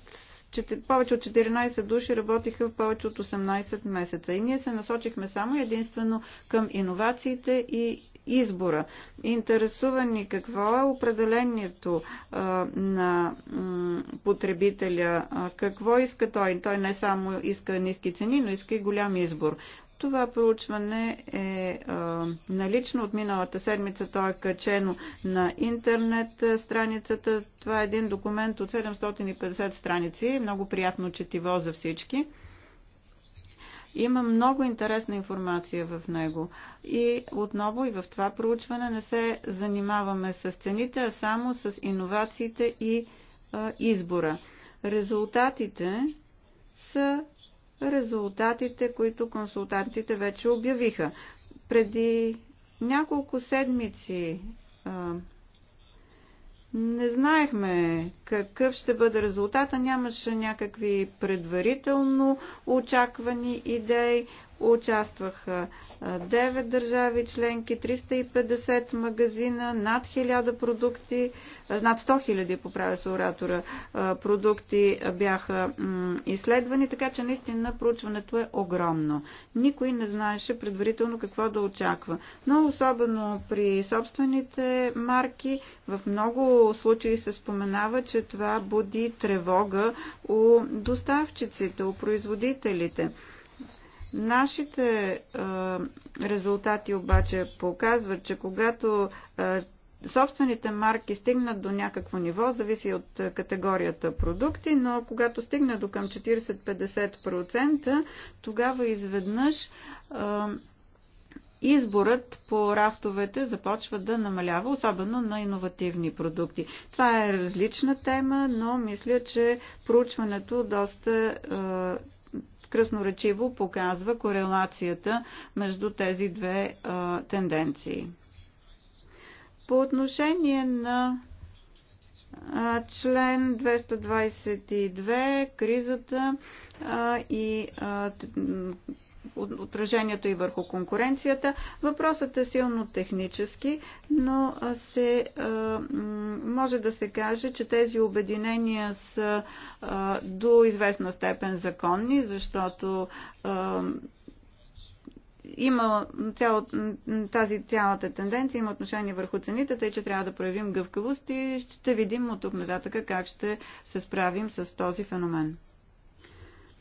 повече от 14 души работиха в повече от 18 месеца. И ние се насочихме само единствено към иновациите и избора. Интересувани какво е определението а, на м, потребителя, а, какво иска той. Той не само иска ниски цени, но иска и голям избор. Това проучване е а, налично от миналата седмица. То е качено на интернет страницата. Това е един документ от 750 страници. Много приятно четиво за всички. Има много интересна информация в него. И отново и в това проучване не се занимаваме с цените, а само с иновациите и а, избора. Резултатите са резултатите, които консултантите вече обявиха. Преди няколко седмици а, не знаехме какъв ще бъде резултата, нямаше някакви предварително очаквани идеи. Участваха 9 държави членки, 350 магазина, над 1000 продукти, над 100 000, поправя се оратора, продукти бяха изследвани, така че наистина проучването е огромно. Никой не знаеше предварително какво да очаква. Но особено при собствените марки, в много случаи се споменава, че това буди тревога у доставчиците, у производителите. Нашите а, резултати обаче показват, че когато а, собствените марки стигнат до някакво ниво, зависи от категорията продукти, но когато стигна до към 40-50%, тогава изведнъж а, изборът по рафтовете започва да намалява, особено на иновативни продукти. Това е различна тема, но мисля, че проучването доста кръсноречиво показва корелацията между тези две а, тенденции. По отношение на а, член 222, кризата а, и а, отражението и върху конкуренцията. Въпросът е силно технически, но се, може да се каже, че тези обединения са до известна степен законни, защото има цяло, тази цялата тенденция, има отношение върху цените, тъй че трябва да проявим гъвкавост и ще видим от тук нататък как ще се справим с този феномен.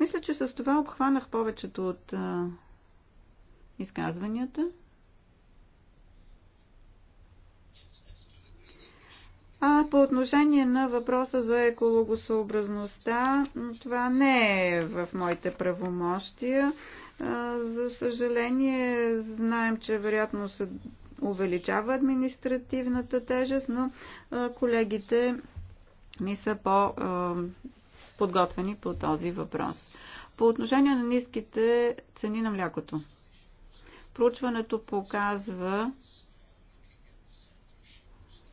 Мисля, че с това обхванах повечето от а, изказванията. А по отношение на въпроса за екологосъобразността, това не е в моите правомощия. За съжаление, знаем, че вероятно се увеличава административната тежест, но колегите ми са по подготвени по този въпрос. По отношение на ниските цени на млякото. Проучването показва,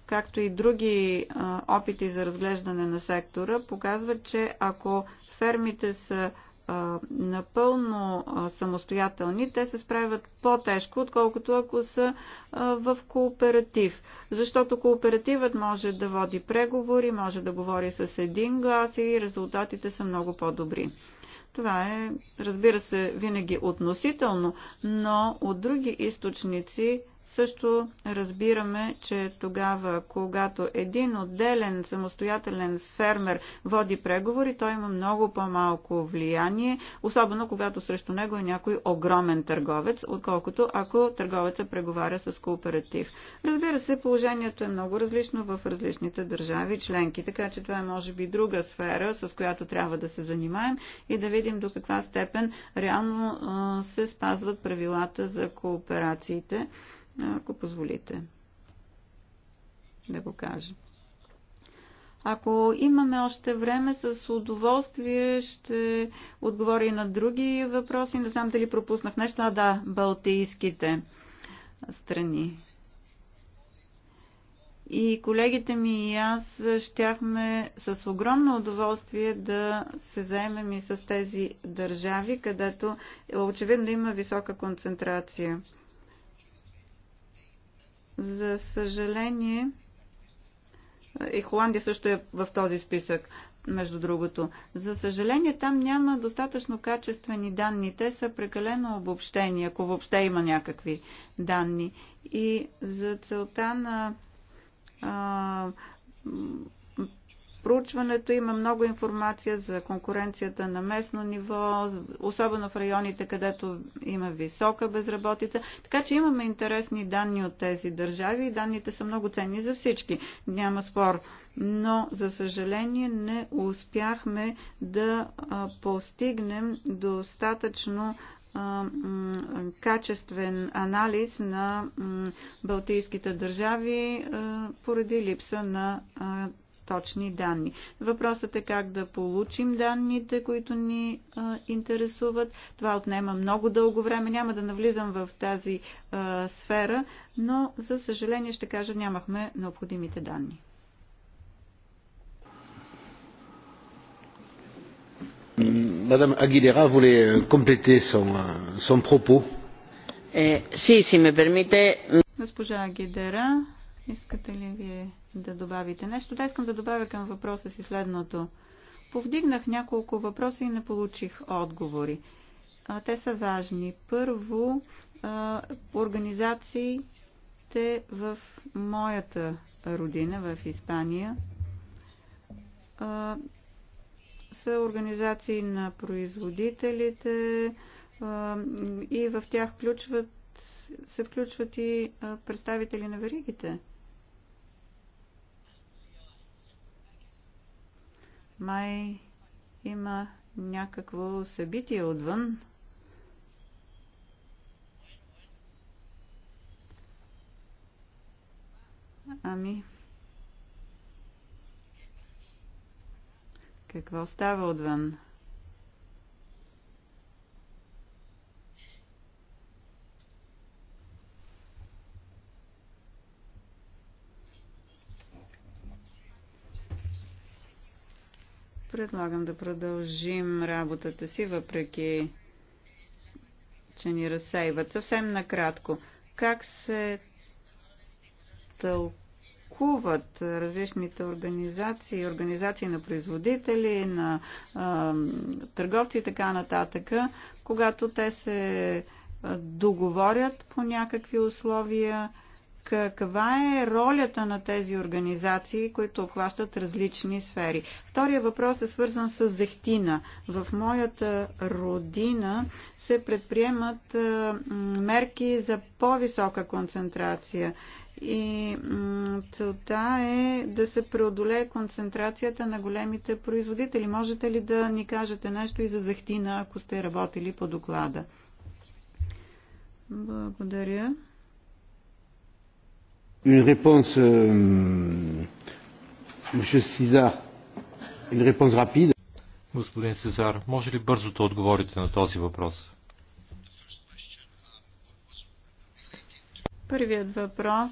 както и други опити за разглеждане на сектора, показва, че ако фермите са напълно самостоятелни, те се справят по-тежко, отколкото ако са в кооператив. Защото кооперативът може да води преговори, може да говори с един глас и резултатите са много по-добри. Това е, разбира се, винаги относително, но от други източници също разбираме, че тогава, когато един отделен самостоятелен фермер води преговори, той има много по-малко влияние, особено когато срещу него е някой огромен търговец, отколкото ако търговецът преговаря с кооператив. Разбира се, положението е много различно в различните държави членки, така че това е може би друга сфера, с която трябва да се занимаем и да видим до каква степен реално се спазват правилата за кооперациите ако позволите да го кажа. Ако имаме още време, с удоволствие ще отговоря и на други въпроси. Не знам дали пропуснах нещо. А, да, балтийските страни. И колегите ми и аз щяхме с огромно удоволствие да се заемем и с тези държави, където е очевидно има висока концентрация. За съжаление, и Холандия също е в този списък, между другото. За съжаление, там няма достатъчно качествени данни. Те са прекалено обобщени, ако въобще има някакви данни. И за целта на а, проучването има много информация за конкуренцията на местно ниво, особено в районите, където има висока безработица. Така че имаме интересни данни от тези държави и данните са много ценни за всички. Няма спор. Но, за съжаление, не успяхме да постигнем достатъчно качествен анализ на балтийските държави поради липса на точни данни. Въпросът е как да получим данните, които ни а, интересуват. Това отнема много дълго време. Няма да навлизам в тази а, сфера, но за съжаление ще кажа, нямахме необходимите данни. Мадам Агилера, воле euh, compléter сон пропо? Си, си ме пермите. Госпожа Агидера, Искате ли вие да добавите нещо? Да, искам да добавя към въпроса си следното. Повдигнах няколко въпроса и не получих отговори. А, те са важни. Първо, а, организациите в моята родина, в Испания, а, са организации на производителите а, и в тях включват, се включват и а, представители на веригите. Май има някакво събитие отвън. Ами, какво става отвън? Предлагам да продължим работата си, въпреки че ни разсейват. Съвсем накратко. Как се тълкуват различните организации, организации на производители, на а, търговци и така нататък, когато те се договорят по някакви условия каква е ролята на тези организации, които обхващат различни сфери. Втория въпрос е свързан с зехтина. В моята родина се предприемат мерки за по-висока концентрация. И целта е да се преодолее концентрацията на големите производители. Можете ли да ни кажете нещо и за зехтина, ако сте работили по доклада? Благодаря une réponse, euh, Monsieur César, une réponse rapide. Господин Сезар, може ли бързо да отговорите на този въпрос? Първият въпрос,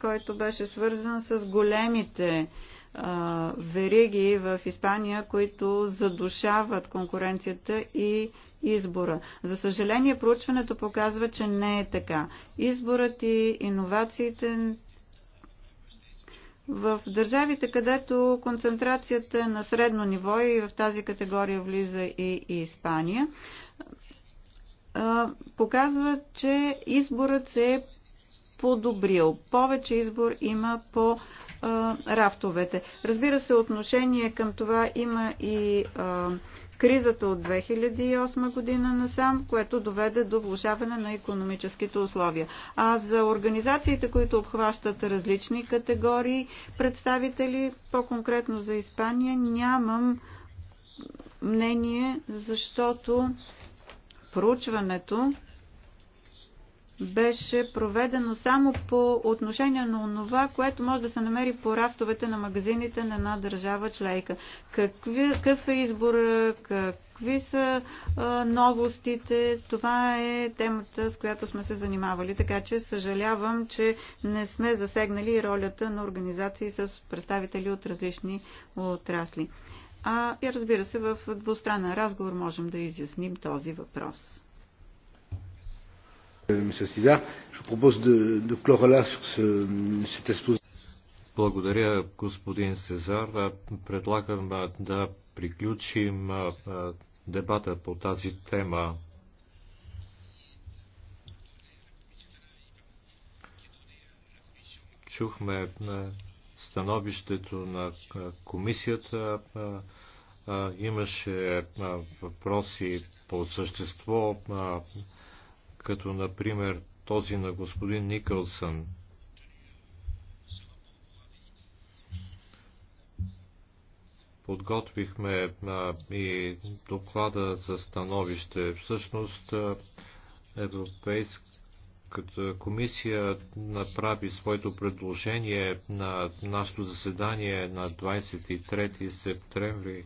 който беше свързан с големите а, вериги в Испания, които задушават конкуренцията и избора. За съжаление, проучването показва, че не е така. Изборът и иновациите в държавите, където концентрацията е на средно ниво и в тази категория влиза и, и Испания, показват, че изборът се е подобрил. Повече избор има по а, рафтовете. Разбира се, отношение към това има и а, кризата от 2008 година насам, което доведе до влушаване на економическите условия. А за организациите, които обхващат различни категории представители, по-конкретно за Испания, нямам мнение, защото проучването беше проведено само по отношение на това, което може да се намери по рафтовете на магазините на една държава члейка. Какви, какъв е избор, какви са а, новостите, това е темата, с която сме се занимавали. Така че съжалявам, че не сме засегнали ролята на организации с представители от различни отрасли. А, и разбира се, в двустранен разговор можем да изясним този въпрос. Благодаря, господин Сезар. Предлагам да приключим дебата по тази тема. Чухме становището на комисията. Имаше въпроси по същество като например този на господин Никълсън. Подготвихме и доклада за становище. Всъщност Европейската комисия направи своето предложение на нашето заседание на 23 септември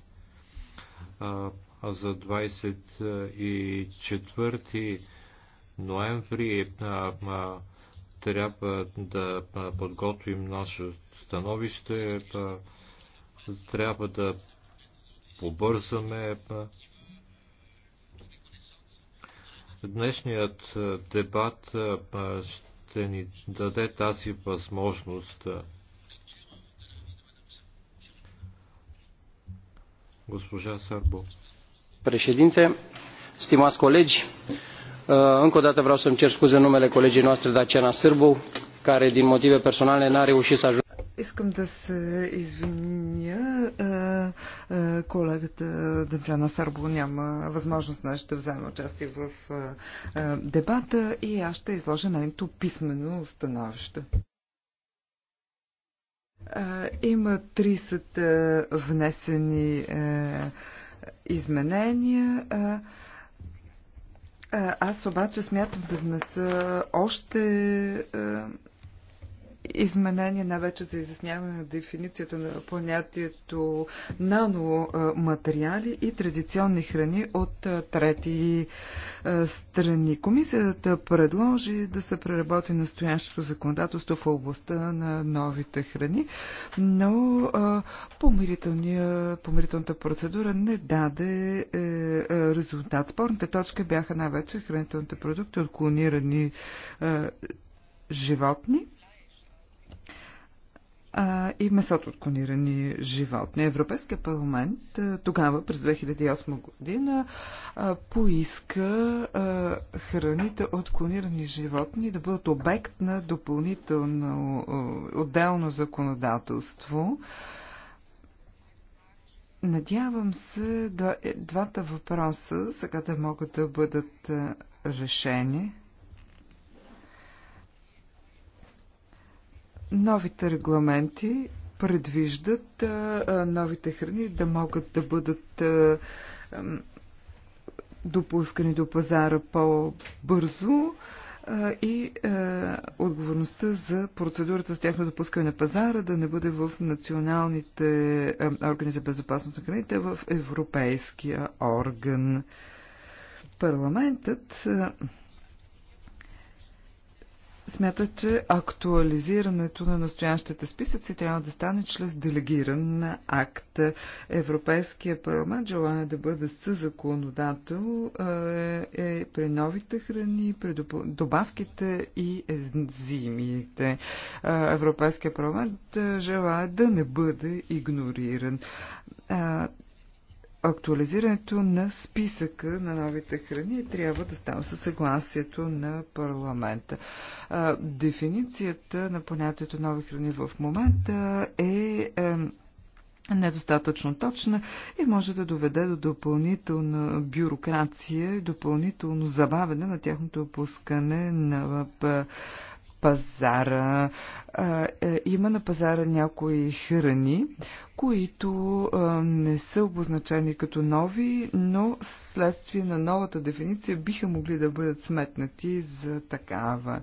а за 24 ноември е, трябва да подготвим наше становище, трябва да побързаме. Днешният дебат ще ни даде тази възможност. Госпожа Сарбо. Președinte, stimați colegi, Uh, încă o dată vreau să îmi cer scuze în numele colegii noastre, Daciana Sârbu, care din motive personale n-a reușit să ajungă. Искам да се извиня. Uh, uh, колегата Дъмчана Сарбо няма възможност днес да вземе участие в дебата и аз ще изложа нейното писмено становище. Има 30 внесени изменения. Е, аз обаче смятам да внеса още е, изменение на вече за изясняване на дефиницията на понятието наноматериали и традиционни храни от трети страни. Комисията предложи да се преработи настоящото законодателство в областта на новите храни, но помирителната процедура не даде е, е, резултат. Спорните точки бяха най-вече хранителните продукти от клонирани животни а, и месото от клонирани животни. Европейския парламент а, тогава, през 2008 година, а, поиска а, храните от клонирани животни да бъдат обект на допълнително а, отделно законодателство. Надявам се е, двата въпроса сега да могат да бъдат решени. Новите регламенти предвиждат а, новите храни да могат да бъдат а, допускани до пазара по-бързо и а, отговорността за процедурата с тяхно допускане на пазара да не бъде в националните а, органи за безопасност на храните, а в европейския орган. Парламентът А, смята, че актуализирането на настоящите списъци трябва да стане чрез делегиран на акт. Европейския парламент желая да бъде съзаконодател е, е, при новите храни, при добавките и ензимите. Европейския парламент желая да не бъде игнориран актуализирането на списъка на новите храни трябва да става със съгласието на парламента. Дефиницията на понятието нови храни в момента е, е недостатъчно точна и може да доведе до допълнителна бюрокрация и допълнително забавене на тяхното опускане на пазара. Е, има на пазара някои храни, които не са обозначени като нови, но следствие на новата дефиниция биха могли да бъдат сметнати за такава.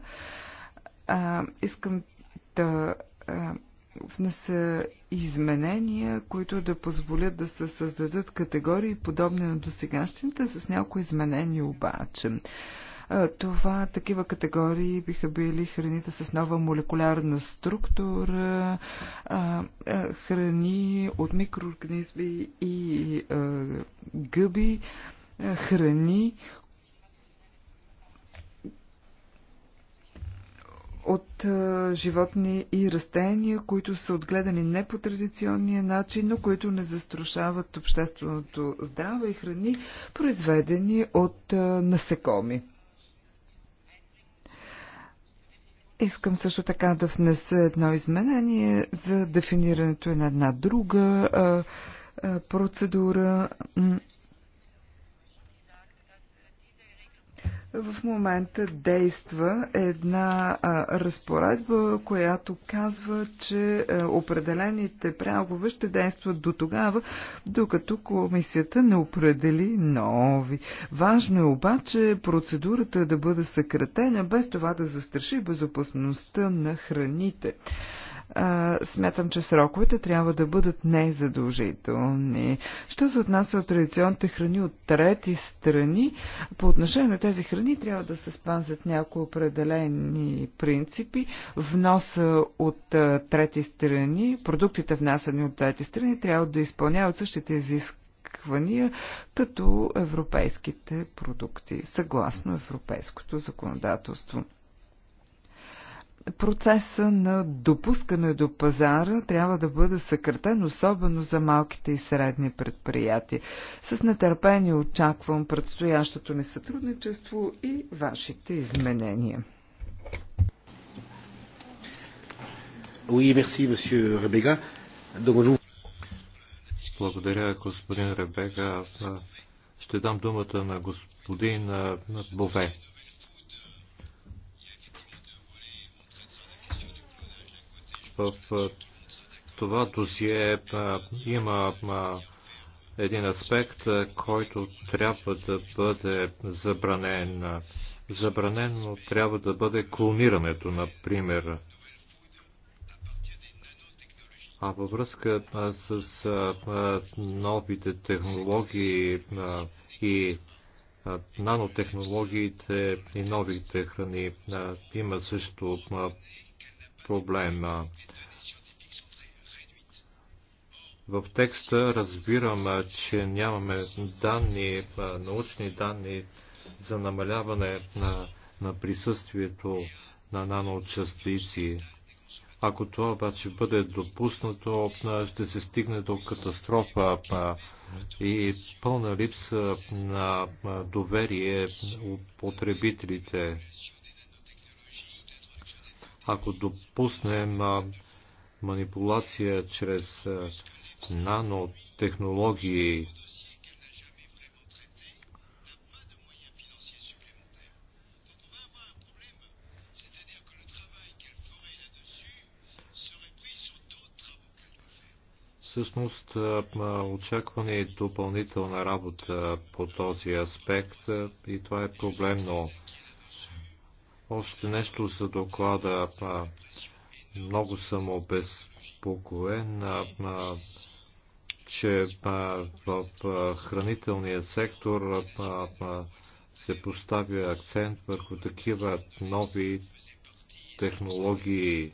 Искам да внеса изменения, които да позволят да се създадат категории, подобни на досегащите, с някои изменения обаче. Това такива категории биха били храните с нова молекулярна структура, храни от микроорганизми и гъби, храни, от животни и растения, които са отгледани не по традиционния начин, но които не застрашават общественото здраве и храни, произведени от насекоми. Искам също така да внеса едно изменение за дефинирането на една друга процедура В момента действа една а, разпоредба, която казва, че а, определените прагове ще действат до тогава, докато комисията не определи нови. Важно е обаче процедурата да бъде съкратена, без това да застраши безопасността на храните а, смятам, че сроковете трябва да бъдат незадължителни. Що се отнася от традиционните храни от трети страни, по отношение на тези храни трябва да се спазят някои определени принципи. Вноса от а, трети страни, продуктите внасяни от трети страни трябва да изпълняват същите изисквания като европейските продукти, съгласно европейското законодателство процеса на допускане до пазара трябва да бъде съкратен, особено за малките и средни предприятия. С нетърпение очаквам предстоящото ни сътрудничество и вашите изменения. Oui, merci, Благодаря, господин Ребега. Ще дам думата на господин Бове. в това досие има един аспект, който трябва да бъде забранен. Забранено трябва да бъде клонирането, например. А във връзка с новите технологии и нанотехнологиите и новите храни има също проблема. В текста разбирам, че нямаме данни, научни данни за намаляване на, на присъствието на наночастици. Ако това обаче бъде допуснато, ще се стигне до катастрофа и пълна липса на доверие у потребителите. Ако допуснем манипулация чрез нанотехнологии, Всъщност очакване и допълнителна работа по този аспект и това е проблемно още нещо за доклада. Много съм обезпокоен, че в хранителния сектор се поставя акцент върху такива нови технологии.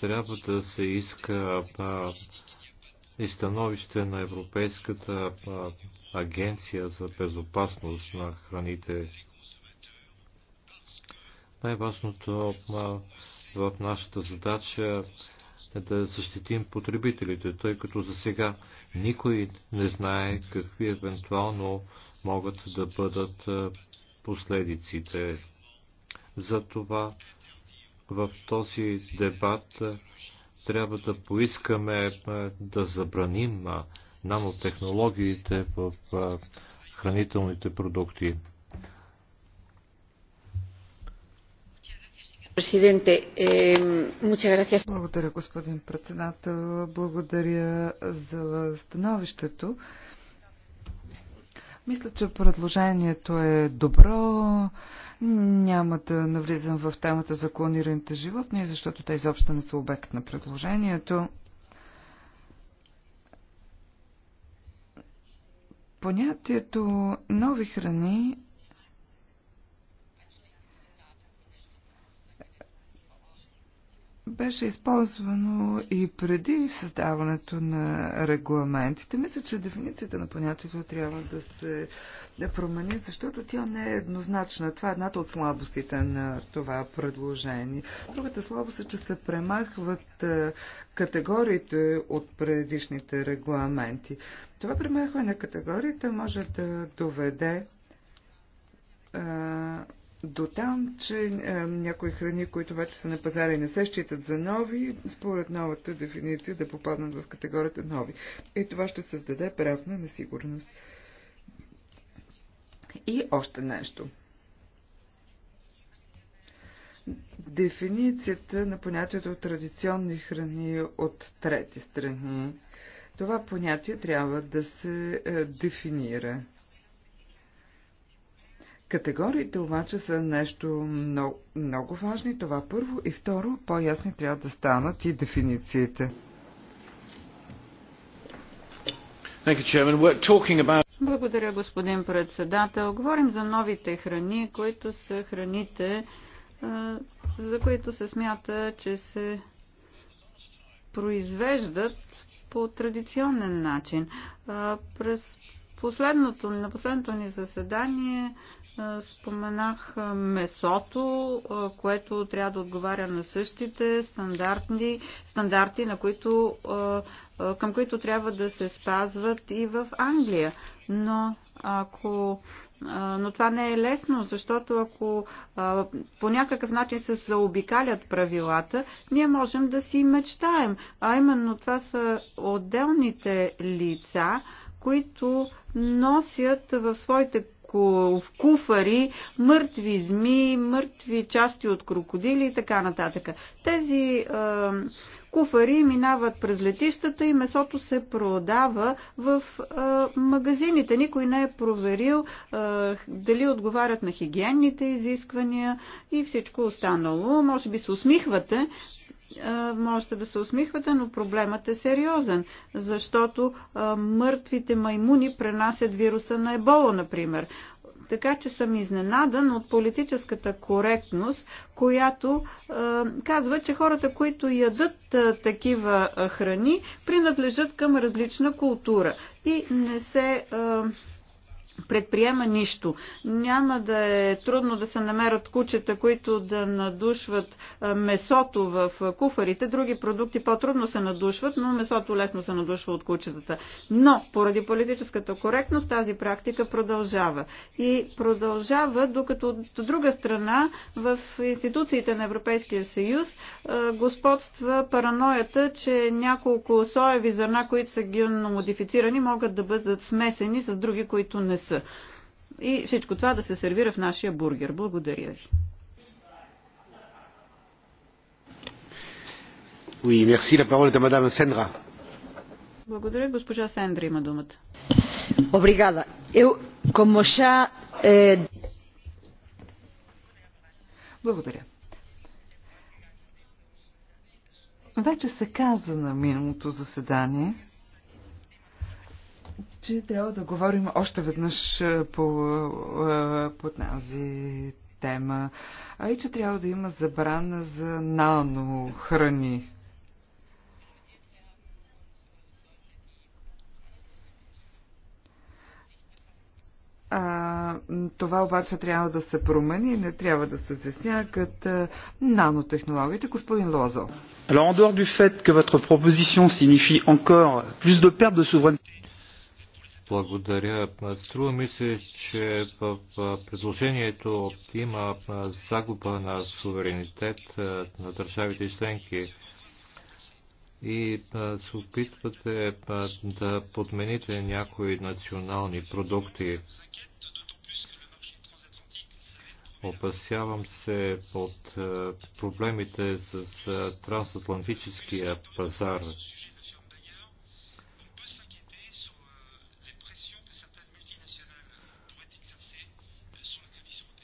Трябва да се иска и становище на Европейската агенция за безопасност на храните. Най-важното в нашата задача е да защитим потребителите, тъй като за сега никой не знае какви евентуално могат да бъдат последиците. Затова в този дебат трябва да поискаме да забраним нанотехнологиите в хранителните продукти. Е, Благодаря, господин председател. Благодаря за становището. Мисля, че предложението е добро. Няма да навлизам в темата за клонираните животни, защото те изобщо не са обект на предложението. Понятието нови храни беше използвано и преди създаването на регламентите. Мисля, че дефиницията на понятието трябва да се промени, защото тя не е еднозначна. Това е едната от слабостите на това предложение. Другата слабост е, че се премахват категориите от предишните регламенти. Това премахване на категориите може да доведе до там, че е, някои храни, които вече са на пазара и не се считат за нови, според новата дефиниция да попаднат в категорията нови. И това ще създаде правна несигурност. И още нещо. Дефиницията на понятието традиционни храни от трети страни. Това понятие трябва да се е, дефинира. Категориите обаче са нещо много, много важни, това първо. И второ, по-ясни трябва да станат и дефинициите. Благодаря, господин председател. Говорим за новите храни, които са храните, за които се смята, че се произвеждат по традиционен начин. През последното, на последното ни заседание Споменах месото, което трябва да отговаря на същите стандартни, стандарти, на които, към които трябва да се спазват и в Англия. Но ако но това не е лесно, защото ако а, по някакъв начин се заобикалят правилата, ние можем да си мечтаем. А именно това са отделните лица, които носят в своите в куфари, мъртви зми, мъртви части от крокодили и така нататък. Тези е, куфари минават през летищата и месото се продава в е, магазините. Никой не е проверил е, дали отговарят на хигиенните изисквания и всичко останало. Може би се усмихвате, можете да се усмихвате, но проблемът е сериозен, защото мъртвите маймуни пренасят вируса на ебола, например. Така че съм изненадан от политическата коректност, която е, казва, че хората, които ядат е, такива храни, принадлежат към различна култура и не се. Е, предприема нищо. Няма да е трудно да се намерят кучета, които да надушват месото в куфарите. Други продукти по-трудно се надушват, но месото лесно се надушва от кучетата. Но, поради политическата коректност, тази практика продължава. И продължава, докато от друга страна в институциите на Европейския съюз господства параноята, че няколко соеви зърна, които са генно модифицирани, могат да бъдат смесени с други, които не са съюз. И всичко това да се сервира в нашия бургер. Благодаря ви. Oui, merci. La parole est à Madame Sendra. Благодаря. Госпожа Сендра има думата. Обригада. Eu, como já, eh... Благодаря. Вече се каза на миналото заседание, че трябва да говорим още веднъж е, по, е, по тази тема, а и че трябва да има забрана за нанохрани. А, това обаче трябва да се промени, не трябва да се засягат е, нанотехнологиите. Господин Лозов. Alors, en dehors du fait que votre proposition signifie encore plus de perte de souveraineté... Благодаря. Струва ми се, че в предложението има загуба на суверенитет на държавите членки и се опитвате да подмените някои национални продукти. Опасявам се от проблемите с трансатлантическия пазар.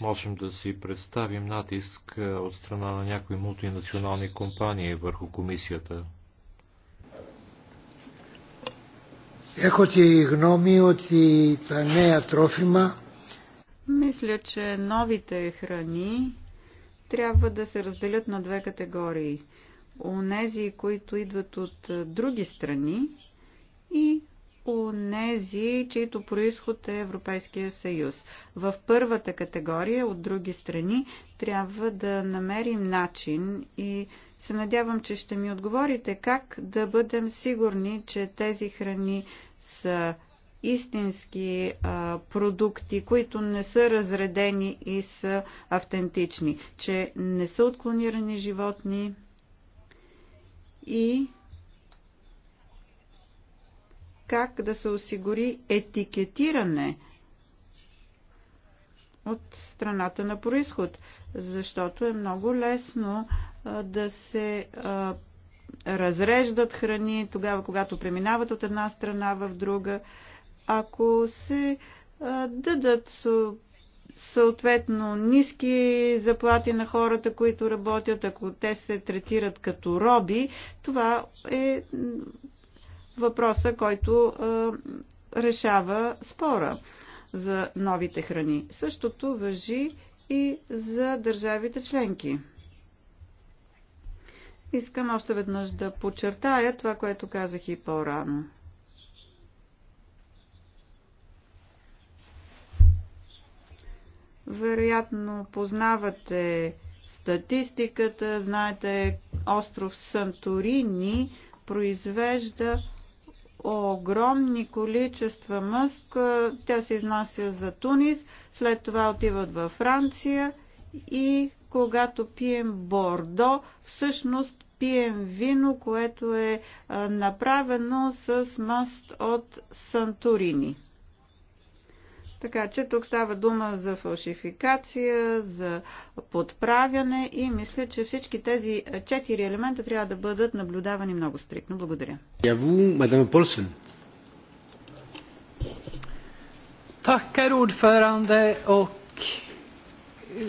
Можем да си представим натиск е, от страна на някои мултинационални компании върху комисията. Έχω и гноми от и νέα трофима. мисля, че новите храни трябва да се разделят на две категории. Онези, които идват от е, други страни и онези, чието происход е Европейския съюз. В първата категория от други страни трябва да намерим начин и се надявам, че ще ми отговорите как да бъдем сигурни, че тези храни са истински а, продукти, които не са разредени и са автентични, че не са отклонирани животни и как да се осигури етикетиране от страната на происход, защото е много лесно да се разреждат храни тогава, когато преминават от една страна в друга, ако се дадат съответно ниски заплати на хората, които работят, ако те се третират като роби, това е въпроса, който решава спора за новите храни. Същото въжи и за държавите членки. Искам още веднъж да подчертая това, което казах и по-рано. Вероятно познавате статистиката, знаете остров Санторини произвежда огромни количества мъск. Тя се изнася за Тунис, след това отиват във Франция и когато пием бордо, всъщност пием вино, което е направено с маст от Санторини. Така че тук става дума за фалшификация, за подправяне и мисля, че всички тези четири елемента трябва да бъдат наблюдавани много стрикно. Благодаря. Яву, мадам Полсен.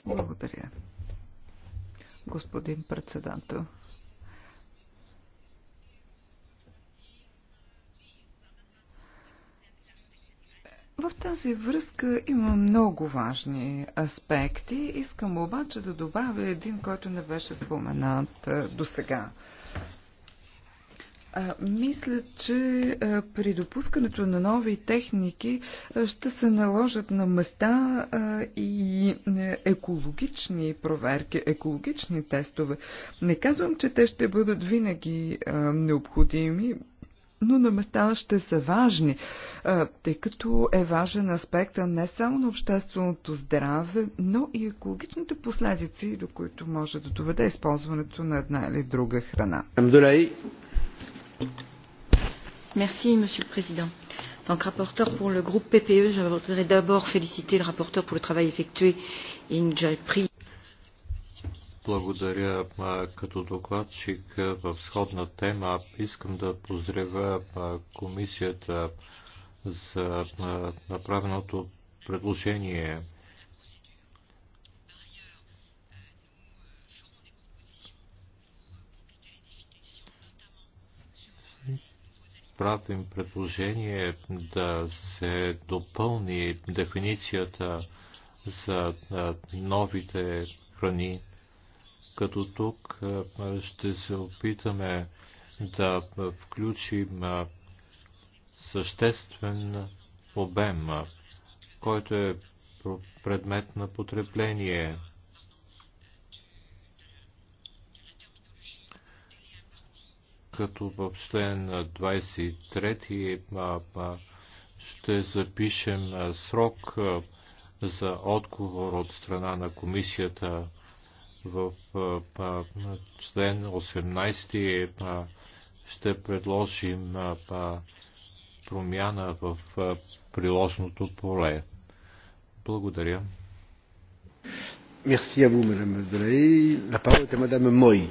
Благодаря. Господин председател. В тази връзка има много важни аспекти. Искам обаче да добавя един, който не беше споменат до сега. Мисля, че при допускането на нови техники ще се наложат на места и екологични проверки, екологични тестове. Не казвам, че те ще бъдат винаги необходими но на места ще са важни, тъй като е важен аспект не само на общественото здраве, но и екологичните последици, до които може да доведе използването на една или друга храна. Merci, Monsieur le Président. En tant que rapporteur pour le groupe PPE, je voudrais d'abord féliciter le rapporteur pour le travail effectué et une pris благодаря като докладчик в сходна тема. Искам да поздравя комисията за направеното предложение. Правим предложение да се допълни дефиницията за новите храни като тук ще се опитаме да включим съществен обем, който е предмет на потребление. Като в член 23 ще запишем срок за отговор от страна на комисията в член 18 ще предложим промяна в приложното поле. Благодаря. Merci à vous, Madame Delay. La parole est à Madame Moy.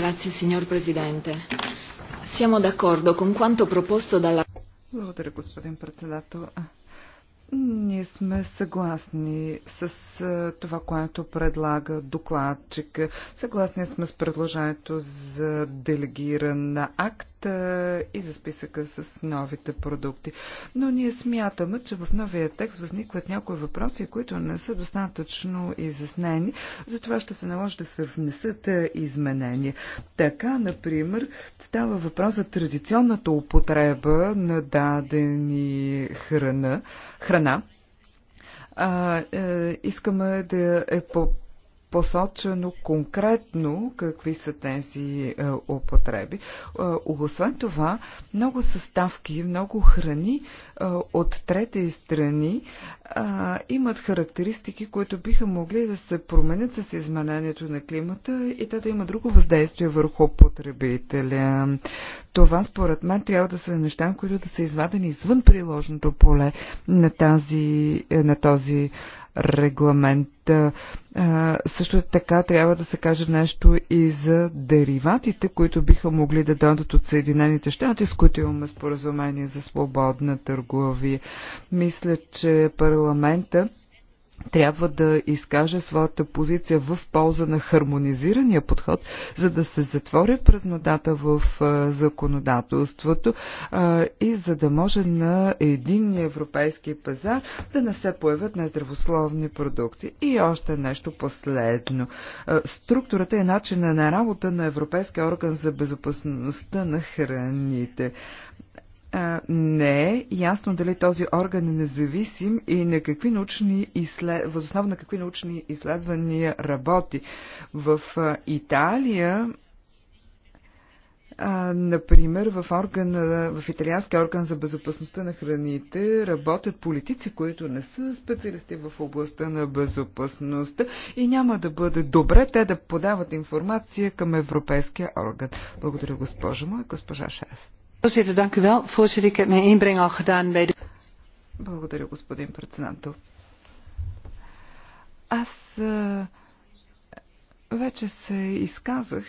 Grazie, signor Presidente. Siamo d'accordo con quanto proposto dalla... Благодаря, господин председател. Ние сме съгласни с това, което предлага докладчик. Съгласни сме с предложението за делегиран акт е, и за списъка с новите продукти. Но ние смятаме, че в новия текст възникват някои въпроси, които не са достатъчно изяснени, затова ще се наложи да се внесат е, изменения. Така, например, става въпрос за традиционната употреба на дадени храна, храна а, е, искаме да е по посочено конкретно какви са тези е, употреби. Е, освен това, много съставки, много храни е, от трети страни е, имат характеристики, които биха могли да се променят с изменението на климата и те да има друго въздействие върху потребителя. Това, според мен, трябва да са неща, които да са извадени извън приложното поле на, тази, е, на този регламент. Също така трябва да се каже нещо и за дериватите, които биха могли да дадат от Съединените щати, с които имаме споразумение за свободна търговия. Мисля, че парламента трябва да изкаже своята позиция в полза на хармонизирания подход, за да се затвори празнодата в законодателството и за да може на един европейски пазар да не се появят нездравословни продукти. И още нещо последно. Структурата и начина на работа на Европейския орган за безопасността на храните не е ясно дали този орган е независим и на какви научни изслед... възоснова на какви научни изследвания работи. В Италия, а, например, в, органа, в Италианския орган за безопасността на храните работят политици, които не са специалисти в областта на безопасността и няма да бъде добре те да подават информация към Европейския орган. Благодаря, госпожа моя, госпожа Шеф. Благодаря, господин председател. Аз е, вече се изказах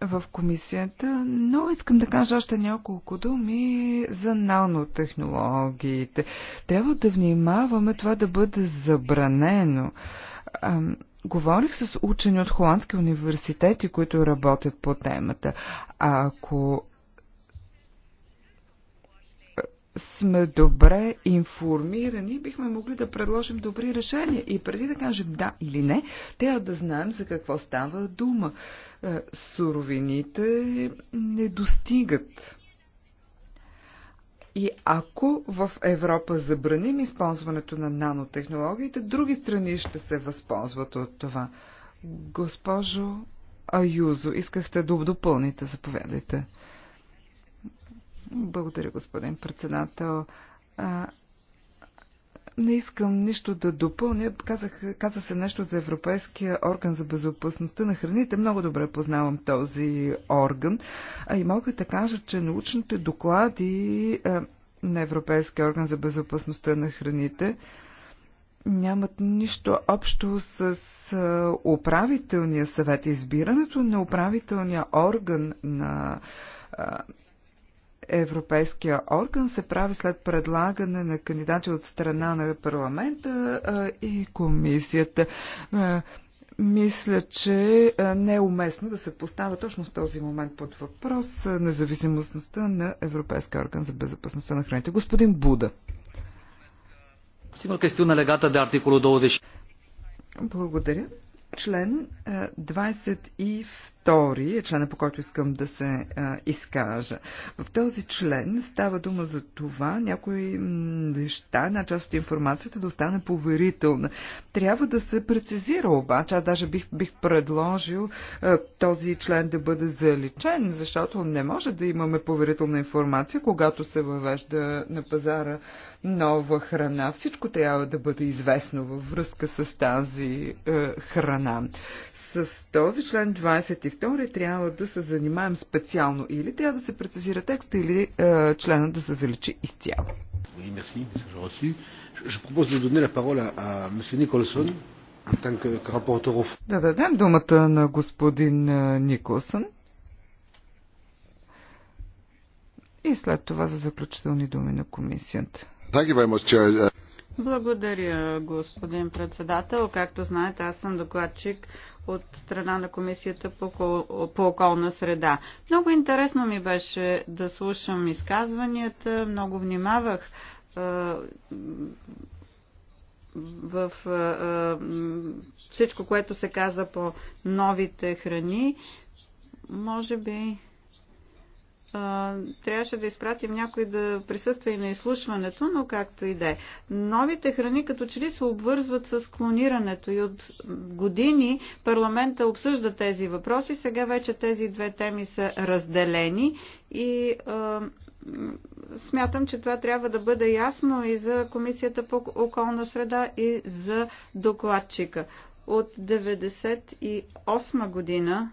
в комисията, но искам да кажа още няколко думи за нанотехнологиите. Трябва да внимаваме това да бъде забранено. Говорих с учени от холандски университети, които работят по темата. А ако сме добре информирани, бихме могли да предложим добри решения. И преди да кажем да или не, трябва да знаем за какво става дума. Е, суровините не достигат и ако в Европа забраним използването на нанотехнологиите, други страни ще се възползват от това. Госпожо Аюзо, искахте да допълните, заповядайте. Благодаря, господин председател. Не искам нищо да допълня. Казах, каза се нещо за Европейския орган за безопасността на храните. Много добре познавам този орган. А и мога да кажа, че научните доклади е, на Европейския орган за безопасността на храните нямат нищо общо с е, управителния съвет. Избирането на управителния орган на е, Европейския орган се прави след предлагане на кандидати от страна на парламента и комисията. Мисля, че не е уместно да се поставя точно в този момент под въпрос независимостта на Европейския орган за безопасността на храните. Господин Буда. Сигурно chestiunea е легата да артикулу 20. Благодаря. Член 22 втори е члена, по който искам да се а, изкажа. В този член става дума за това някои неща, една част от информацията да остане поверителна. Трябва да се прецизира обаче. Аз даже бих, бих предложил а, този член да бъде заличен, защото не може да имаме поверителна информация, когато се въвежда на пазара нова храна. Всичко трябва да бъде известно във връзка с тази е, храна. С този член 22 втори трябва да се занимаем специално или трябва да се прецизира текста или е, члена да се заличи изцяло. Oui, merci, message reçu. Je propose de donner la parole à, Nicholson, en tant que rapporteur Да дадем думата на господин е, Николсън. И след това за заключителни думи на комисията. Thank you very much, Chair. Благодаря, господин председател. Както знаете, аз съм докладчик от страна на Комисията по, по околна среда. Много интересно ми беше да слушам изказванията, много внимавах в всичко, което се каза по новите храни. Може би трябваше да изпратим някой да присъства и на изслушването, но както и да е. Новите храни като че ли се обвързват с клонирането и от години парламента обсъжда тези въпроси. Сега вече тези две теми са разделени и а, смятам, че това трябва да бъде ясно и за Комисията по околна среда и за докладчика. От 1998 година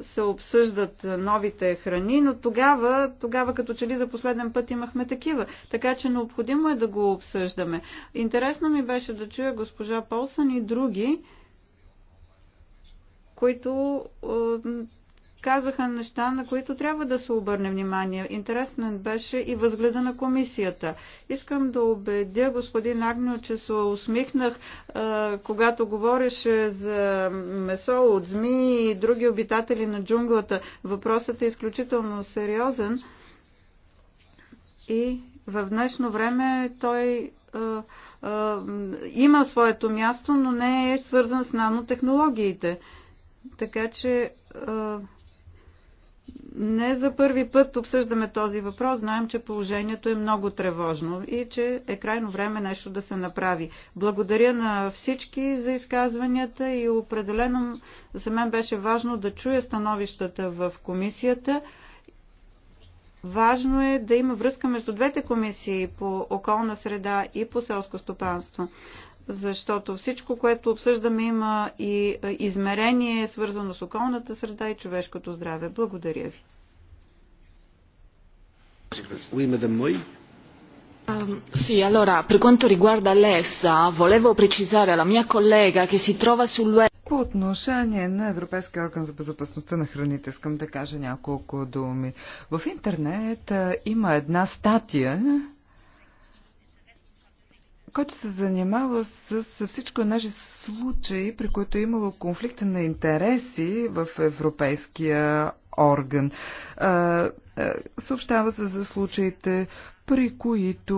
се обсъждат новите храни, но тогава, тогава като че ли за последен път имахме такива. Така че необходимо е да го обсъждаме. Интересно ми беше да чуя госпожа Полсън и други, които е, казаха неща, на които трябва да се обърне внимание. Интересен беше и възгледа на комисията. Искам да убедя господин Агнио, че се усмихнах, когато говореше за месо от змии и други обитатели на джунглата. Въпросът е изключително сериозен и в днешно време той има своето място, но не е свързан с нанотехнологиите. Така че а, не за първи път обсъждаме този въпрос. Знаем, че положението е много тревожно и че е крайно време нещо да се направи. Благодаря на всички за изказванията и определено за мен беше важно да чуя становищата в комисията. Важно е да има връзка между двете комисии по околна среда и по селско стопанство защото всичко, което обсъждаме, има и е, измерение, свързано с околната среда и човешкото здраве. Благодаря ви. Ehm, sì, allora, per quanto riguarda l'EFSA, volevo precisare alla mia collega che si trova sul web... По отношение на Европейския орган за безопасността на храните, искам да кажа няколко думи. В интернет е, има една статия, който се занимава с, с всичко наши случаи, при които е имало конфликта на интереси в Европейския орган. А, съобщава се за случаите, при които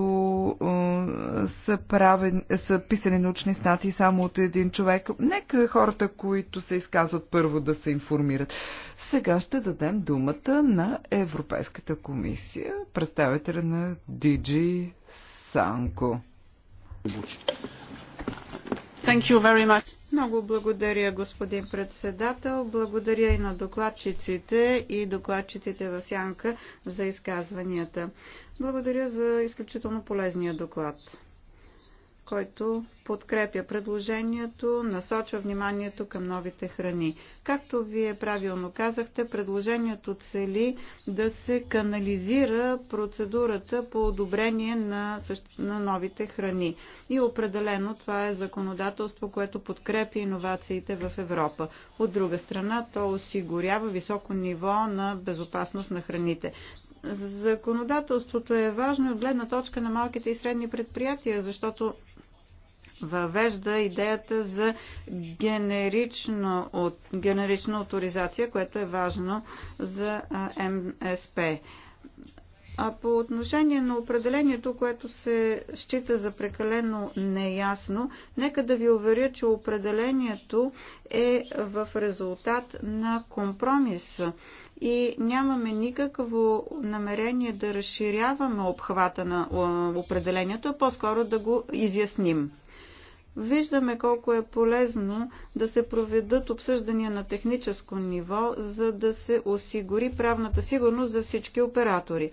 а, са, правен, са писани научни статии само от един човек. Нека хората, които се изказват първо да се информират. Сега ще дадем думата на Европейската комисия, представителя на DG Санко. Много благодаря, господин председател. Благодаря и на докладчиците и докладчиците в Сянка за изказванията. Благодаря за изключително полезния доклад който подкрепя предложението, насочва вниманието към новите храни. Както вие правилно казахте, предложението цели да се канализира процедурата по одобрение на, на новите храни. И определено това е законодателство, което подкрепи иновациите в Европа. От друга страна, то осигурява високо ниво на безопасност на храните. Законодателството е важно от гледна точка на малките и средни предприятия, защото въвежда идеята за генерично, от, генерична авторизация, което е важно за МСП. А по отношение на определението, което се счита за прекалено неясно, нека да ви уверя, че определението е в резултат на компромиса и нямаме никакво намерение да разширяваме обхвата на определението, а по-скоро да го изясним. Виждаме колко е полезно да се проведат обсъждания на техническо ниво, за да се осигури правната сигурност за всички оператори.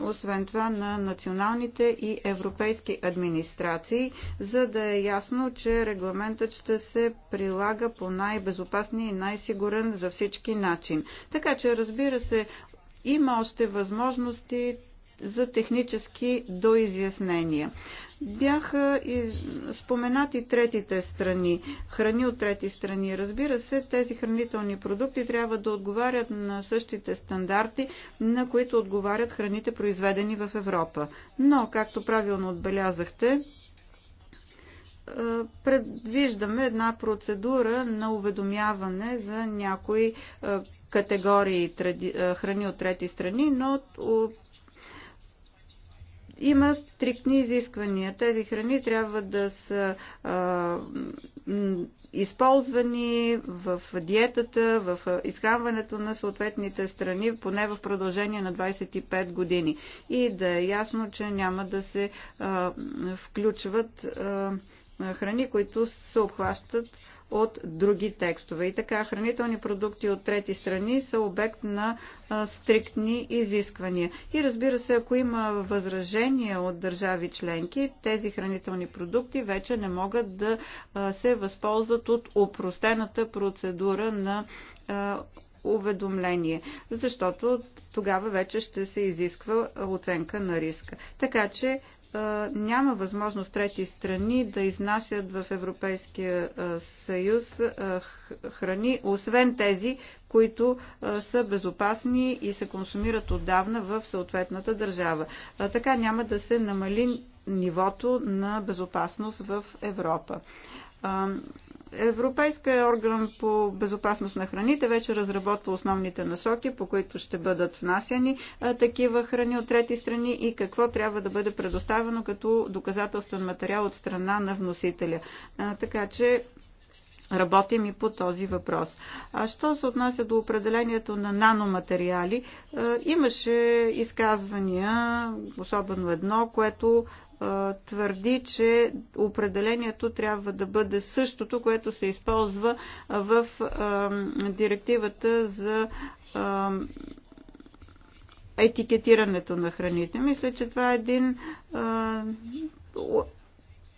Освен това на националните и европейски администрации, за да е ясно, че регламентът ще се прилага по най-безопасния и най-сигурен за всички начин. Така че, разбира се, има още възможности за технически доизяснения. Бяха из... споменати третите страни, храни от трети страни. Разбира се, тези хранителни продукти трябва да отговарят на същите стандарти, на които отговарят храните, произведени в Европа. Но, както правилно отбелязахте, е, предвиждаме една процедура на уведомяване за някои е, категории е, храни от трети страни, но има стриктни изисквания. Тези храни трябва да са а, използвани в диетата, в изхранването на съответните страни, поне в продължение на 25 години. И да е ясно, че няма да се а, включват а, храни, които се обхващат от други текстове. И така, хранителни продукти от трети страни са обект на а, стриктни изисквания. И разбира се, ако има възражения от държави членки, тези хранителни продукти вече не могат да а, се възползват от упростената процедура на а, уведомление, защото тогава вече ще се изисква оценка на риска. Така че е, няма възможност трети страни да изнасят в Европейския е, съюз е, храни, освен тези, които са безопасни и се консумират отдавна в съответната държава. Така няма да се намали нивото на безопасност в Европа. Европейския орган по безопасност на храните вече разработва основните насоки, по които ще бъдат внасяни такива храни от трети страни и какво трябва да бъде предоставено като доказателствен материал от страна на вносителя. Така че работим и по този въпрос. А що се отнася до определението на наноматериали, е, имаше изказвания, особено едно, което е, твърди, че определението трябва да бъде същото, което се използва в е, директивата за етикетирането на храните. Мисля, че това е един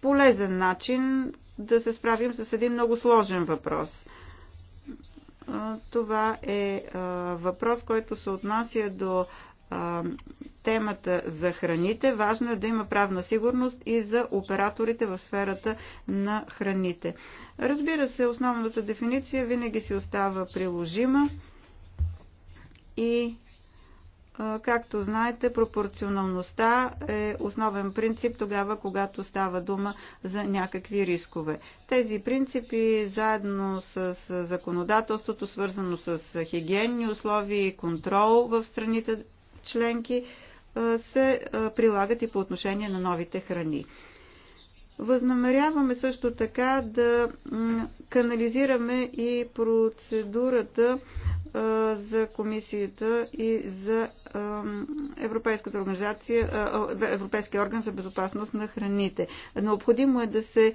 полезен начин, да се справим с един много сложен въпрос. Това е въпрос, който се отнася до темата за храните. Важно е да има правна сигурност и за операторите в сферата на храните. Разбира се, основната дефиниция винаги си остава приложима и Както знаете, пропорционалността е основен принцип тогава, когато става дума за някакви рискове. Тези принципи, заедно с законодателството, свързано с хигиенни условия и контрол в страните членки, се прилагат и по отношение на новите храни. Възнамеряваме също така да канализираме и процедурата за комисията и за Европейската организация, Европейския орган за безопасност на храните. Необходимо е да се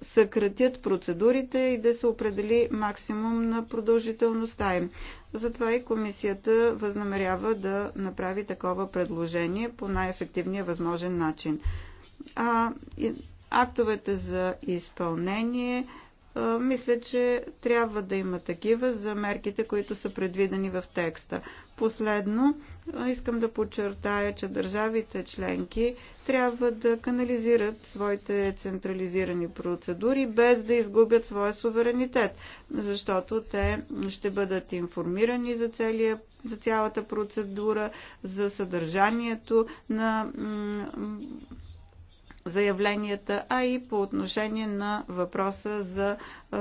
съкратят процедурите и да се определи максимум на продължителността им. Затова и комисията възнамерява да направи такова предложение по най-ефективния възможен начин. А, и, актовете за изпълнение мисля, че трябва да има такива за мерките, които са предвидени в текста. Последно, искам да подчертая, че държавите членки трябва да канализират своите централизирани процедури, без да изгубят своя суверенитет, защото те ще бъдат информирани за, целия, за цялата процедура, за съдържанието на заявленията, а и по отношение на въпроса за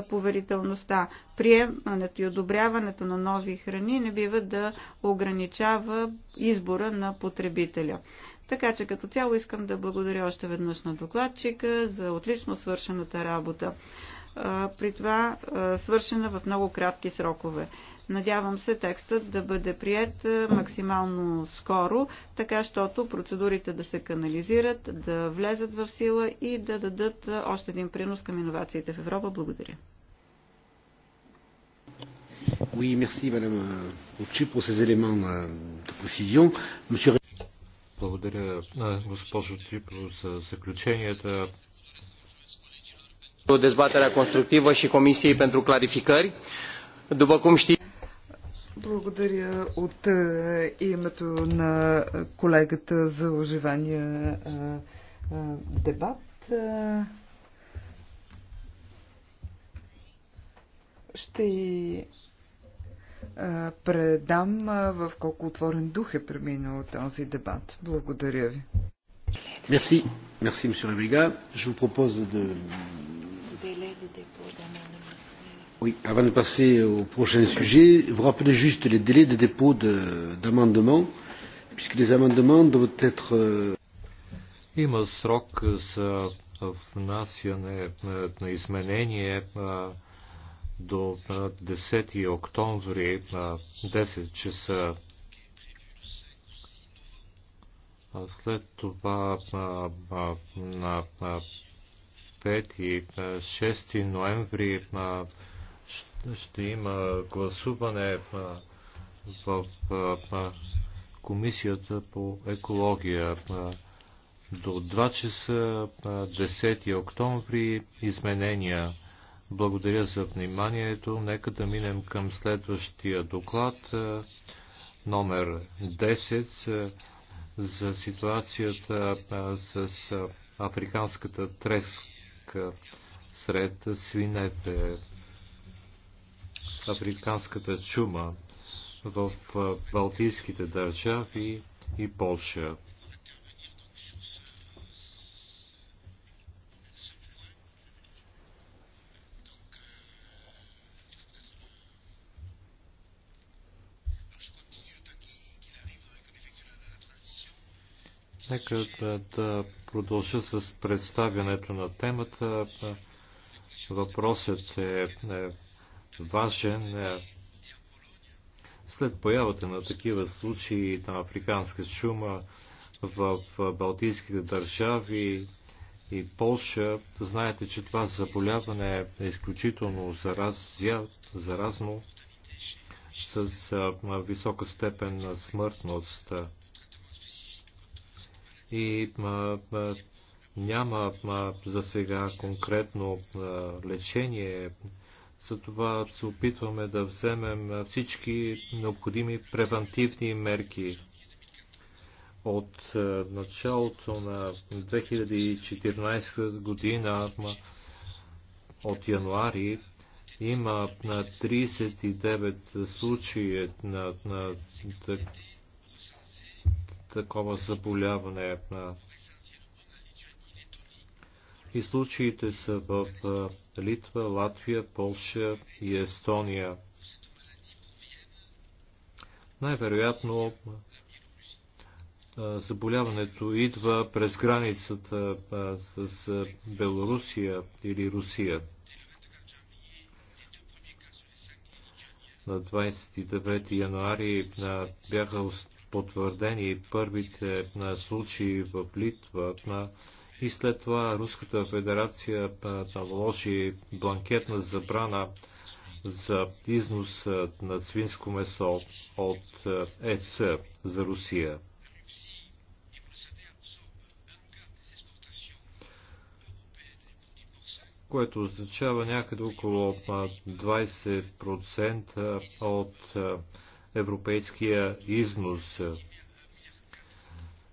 поверителността. Приемането и одобряването на нови храни не бива да ограничава избора на потребителя. Така че като цяло искам да благодаря още веднъж на докладчика за отлично свършената работа. При това свършена в много кратки срокове. Надявам се текстът да бъде прият е, максимално скоро, така щото процедурите да се канализират, да влезат в сила и да дадат е, още един принос към иновациите в Европа. Благодаря. Oui, merci Madame Occi euh, pour ces éléments euh, de précision. Monsieur... Благодаря, госпожо Ципро, за заключенията. Dezbaterea constructivă și Comisiei pentru clarificări. După cum știți, благодаря от е, името на колегата за оживания е, е, дебат. Ще и предам в колко отворен дух е преминал този дебат. Благодаря ви. Merci. Merci, monsieur Je vous propose de Oui, avant de passer au prochain sujet, vous rappelez juste les délais de dépôt d'amendements, puisque les amendements doivent être. Има срок за внасяне на изменение до 10 октомври на 10 часа. След това на 5 и 6 ноември ще има гласуване в Комисията по екология до 2 часа 10 октомври изменения. Благодаря за вниманието. Нека да минем към следващия доклад номер 10 за ситуацията с африканската треска сред свинете африканската чума в Балтийските държави и Польша. Нека да, да продължа с представянето на темата. Въпросът е, е важен е, след появата на такива случаи на африканска шума в Балтийските държави и Полша. Знаете, че това заболяване е изключително заразно с висока степен на смъртност. И няма за сега конкретно лечение затова се опитваме да вземем всички необходими превентивни мерки. От е, началото на 2014 година, от януари, има на 39 случаи на, на такова заболяване. И случаите са в е, Литва, Латвия, Полша и Естония. Най-вероятно заболяването идва през границата с Белорусия или Русия. На 29 януари бяха потвърдени първите случаи в Литва и след това Руската федерация наложи бланкетна забрана за износ на свинско месо от ЕС за Русия. което означава някъде около 20% от европейския износ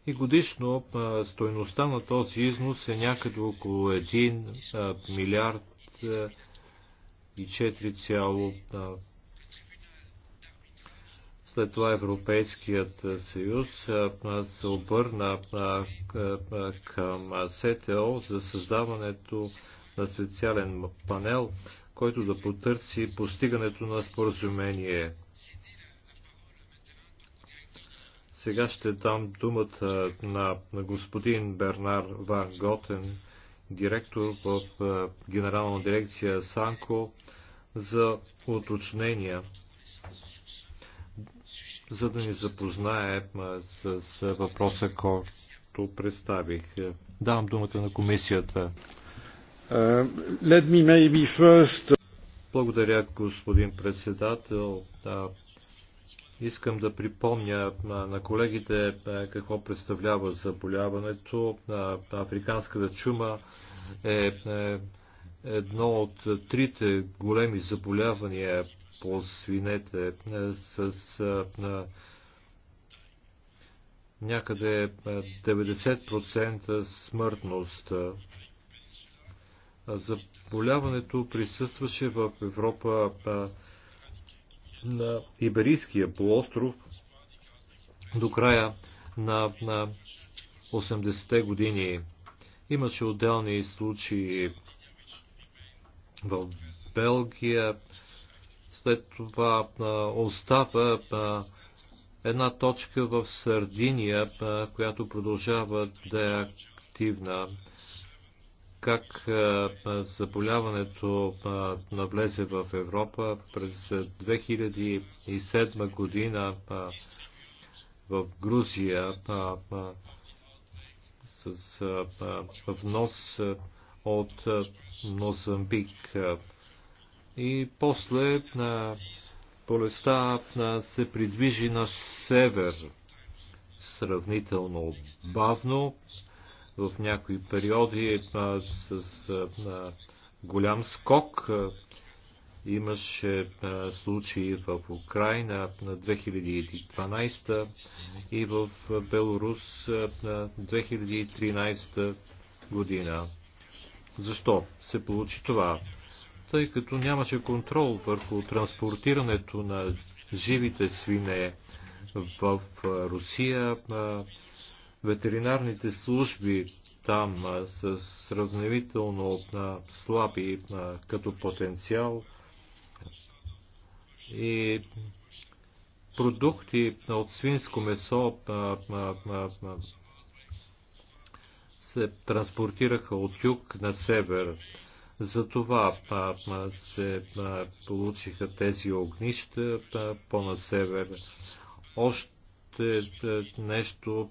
и годишно стоеността на този износ е някъде около 1 милиард и 4, след това Европейският съюз се обърна към СТО за създаването на специален панел, който да потърси постигането на споразумение. Сега ще дам думата на, господин Бернар Ван Готен, директор в е, Генерална дирекция Санко, за уточнения, за да ни запознае е, с, въпроса, който представих. Давам думата на комисията. Uh, first... Благодаря, господин председател. Искам да припомня на колегите какво представлява заболяването. Африканската чума е, е едно от трите големи заболявания по свинете с някъде 90% смъртност. Заболяването присъстваше в Европа на Иберийския полуостров до края на, на 80-те години. Имаше отделни случаи в Белгия. След това остава една точка в Сардиния, която продължава да е активна как заболяването навлезе в Европа през 2007 година в Грузия с внос от Мозамбик. И после болестта се придвижи на север сравнително бавно в някои периоди а, с а, голям скок. Имаше а, случаи в Украина на 2012 и в Беларус на 2013 година. Защо се получи това? Тъй като нямаше контрол върху транспортирането на живите свине в Русия, Ветеринарните служби там са сравнително слаби като потенциал и продукти от свинско месо се транспортираха от юг на север. Затова се получиха тези огнища по-на север. Още нещо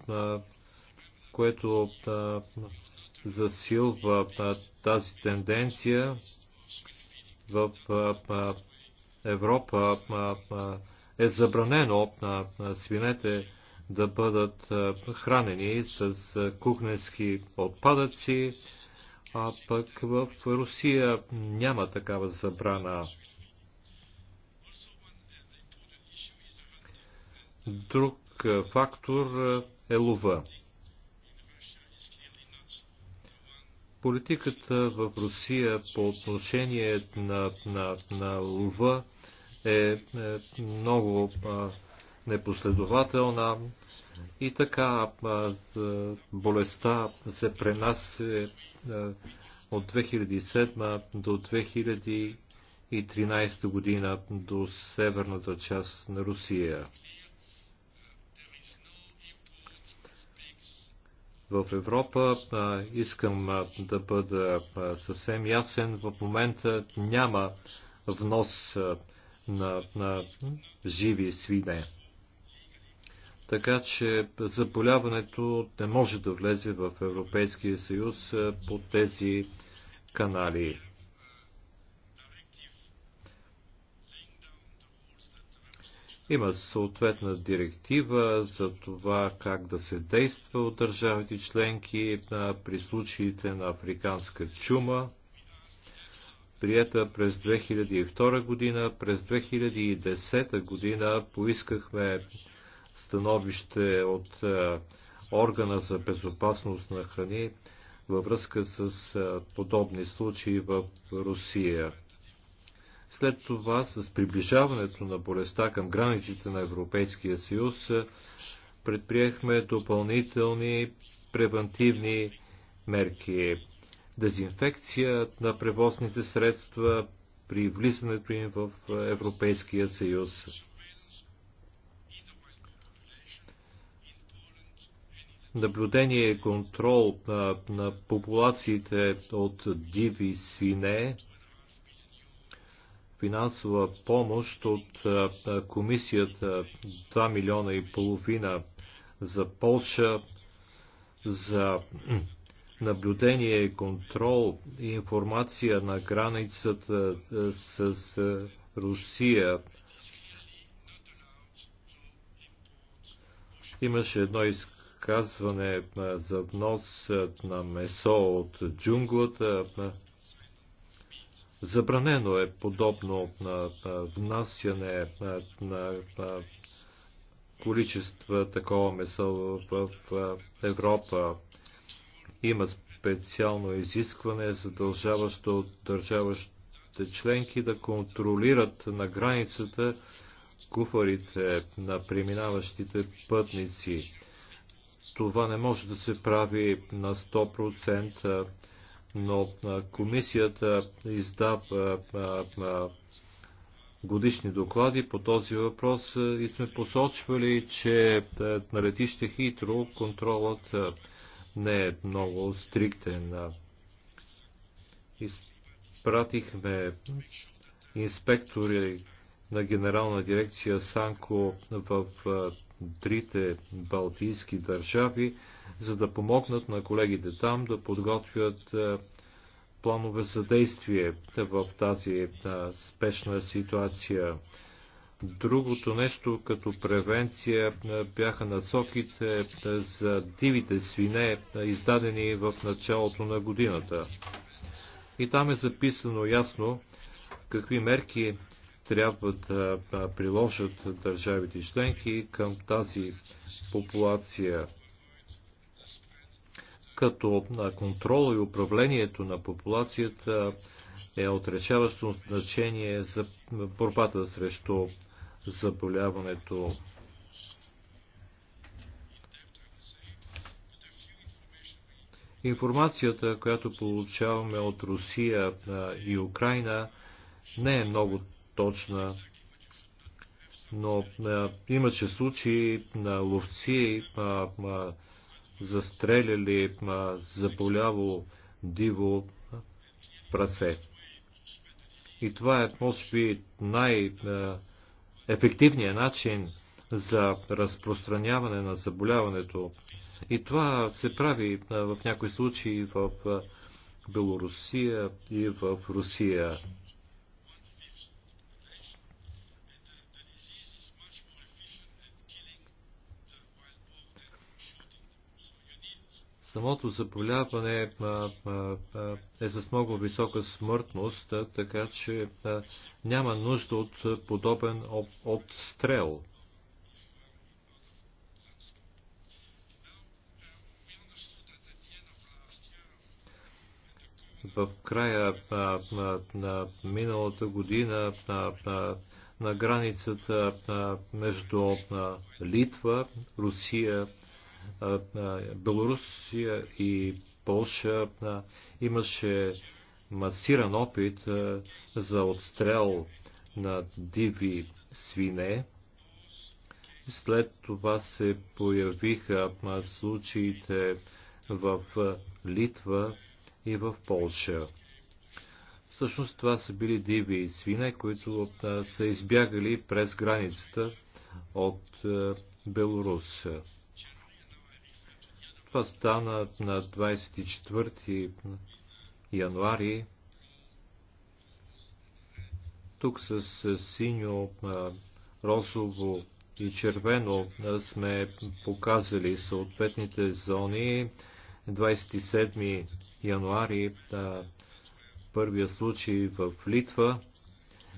което засилва тази тенденция в Европа е забранено на свинете да бъдат хранени с кухненски отпадъци, а пък в Русия няма такава забрана. Друг фактор е лова. Политиката в Русия по отношение на, на, на лова е, е много а, непоследователна и така а, за болестта се пренася от 2007 до 2013 година до северната част на Русия. в Европа. Искам да бъда съвсем ясен. В момента няма внос на, на живи свине. Така че заболяването не може да влезе в Европейския съюз по тези канали. Има съответна директива за това как да се действа от държавите членки при случаите на африканска чума, прията през 2002 година. През 2010 година поискахме становище от органа за безопасност на храни във връзка с подобни случаи в Русия. След това, с приближаването на болестта към границите на Европейския съюз, е, предприехме допълнителни превентивни мерки. Дезинфекция на превозните средства при влизането им в Европейския съюз. Наблюдение и контрол на, на популациите от диви свине – финансова помощ от комисията 2 милиона и половина за Полша, за наблюдение и контрол и информация на границата с Русия. Имаше едно изказване за внос на месо от джунглата Забранено е подобно на внасяне на количества такова месо в Европа. Има специално изискване, задължаващо от държаващите членки да контролират на границата куфарите на преминаващите пътници. Това не може да се прави на 100% но комисията издава годишни доклади по този въпрос и сме посочвали, че на летище Хитро контролът не е много стриктен. Изпратихме инспектори на генерална дирекция Санко в трите балтийски държави, за да помогнат на колегите там да подготвят е, планове за действие в тази е, спешна ситуация. Другото нещо като превенция е, бяха насоките за дивите свине, издадени в началото на годината. И там е записано ясно какви мерки трябва да приложат държавите членки към тази популация като контрола и управлението на популацията е отрешаващо значение за борбата срещу заболяването. Информацията, която получаваме от Русия и Украина, не е много точна, но имаше случаи на ловци, застреляли заболяво диво прасе. И това е, може би, най-ефективният начин за разпространяване на заболяването. И това се прави в някои случаи в Белорусия и в Русия. Самото заболяване е с много висока смъртност, така че няма нужда от подобен обстрел. в края а, на, на миналата година на, на границата а, между а, Литва, Русия Белорусия и Полша имаше масиран опит за отстрел на диви свине. След това се появиха случаите в Литва и в Полша. Всъщност това са били диви и свине, които са избягали през границата от Белорусия. Това стана на 24 януари. Тук с синьо, розово и червено сме показали съответните зони. 27 януари първия случай в Литва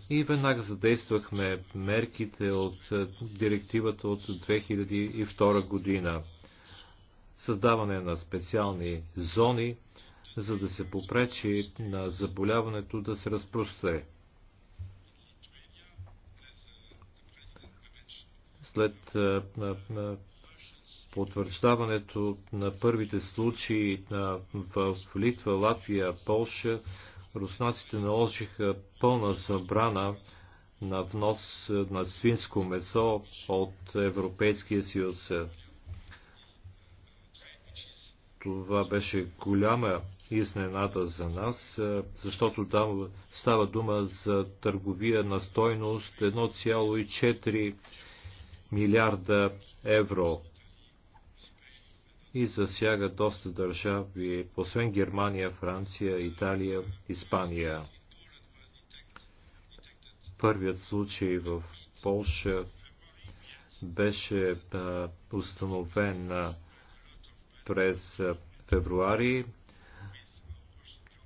и веднага задействахме мерките от директивата от 2002 година създаване на специални зони, за да се попречи на заболяването да се разпростре. След потвърждаването на първите случаи в Литва, Латвия, Полша, руснаците наложиха пълна забрана на внос на свинско месо от Европейския съюз. Това беше голяма изненада за нас, е, защото там става дума за търговия на стойност 1,4 милиарда евро и засяга доста държави, освен Германия, Франция, Италия, Испания. Първият случай в Полша беше е, установен е, през февруари.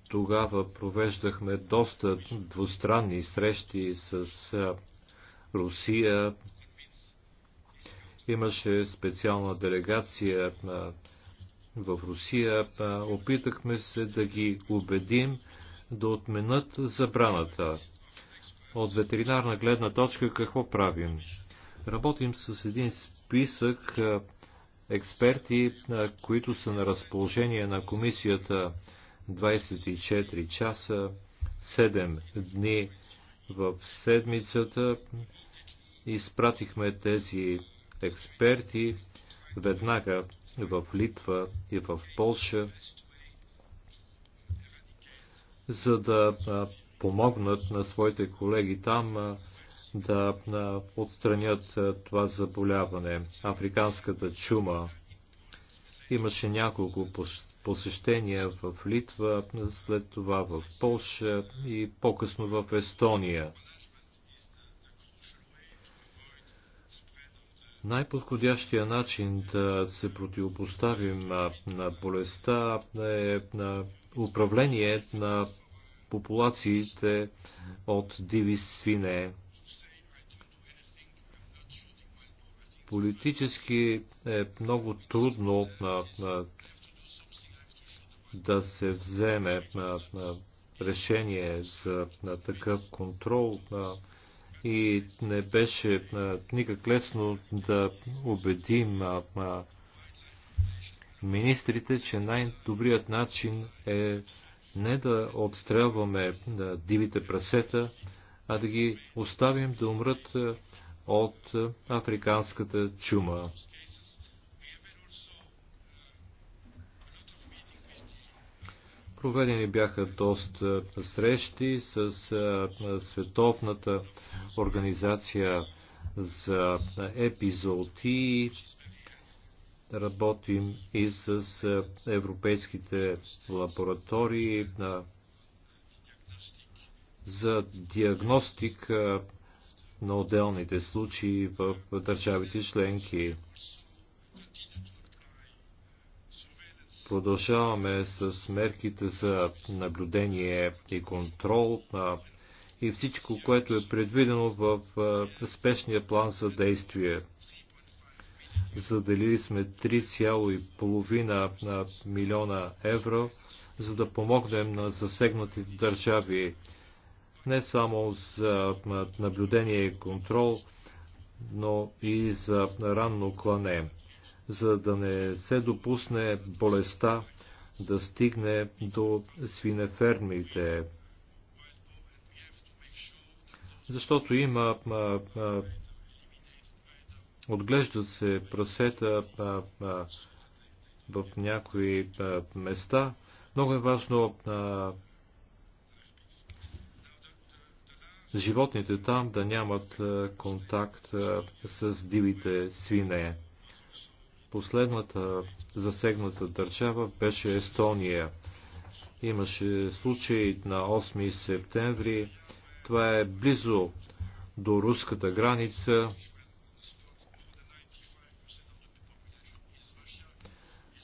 Тогава провеждахме доста двустранни срещи с Русия. Имаше специална делегация в Русия. Опитахме се да ги убедим да отменят забраната. От ветеринарна гледна точка какво правим? Работим с един списък експерти, които са на разположение на комисията 24 часа, 7 дни в седмицата. Изпратихме тези експерти веднага в Литва и в Полша, за да помогнат на своите колеги там да отстранят това заболяване, африканската чума. Имаше няколко посещения в Литва, след това в Польша и по-късно в Естония. Най-подходящия начин да се противопоставим на болестта е на управление на популациите от диви свине. политически е много трудно да се вземе решение за такъв контрол и не беше никак лесно да убедим министрите, че най-добрият начин е не да отстрелваме дивите прасета, а да ги оставим да умрат от африканската чума. Проведени бяха доста срещи с Световната организация за епизоотии. Работим и с европейските лаборатории за диагностика на отделните случаи в държавите членки. Продължаваме с мерките за наблюдение и контрол и всичко, което е предвидено в спешния план за действие. Заделили сме 3,5 милиона евро, за да помогнем на засегнатите държави не само за наблюдение и контрол, но и за ранно клане, за да не се допусне болестта да стигне до свинефермите. Защото има отглеждат се прасета в някои места. Много е важно животните там да нямат е, контакт е, с дивите свине. Последната засегната държава беше Естония. Имаше случай на 8 септември. Това е близо до руската граница.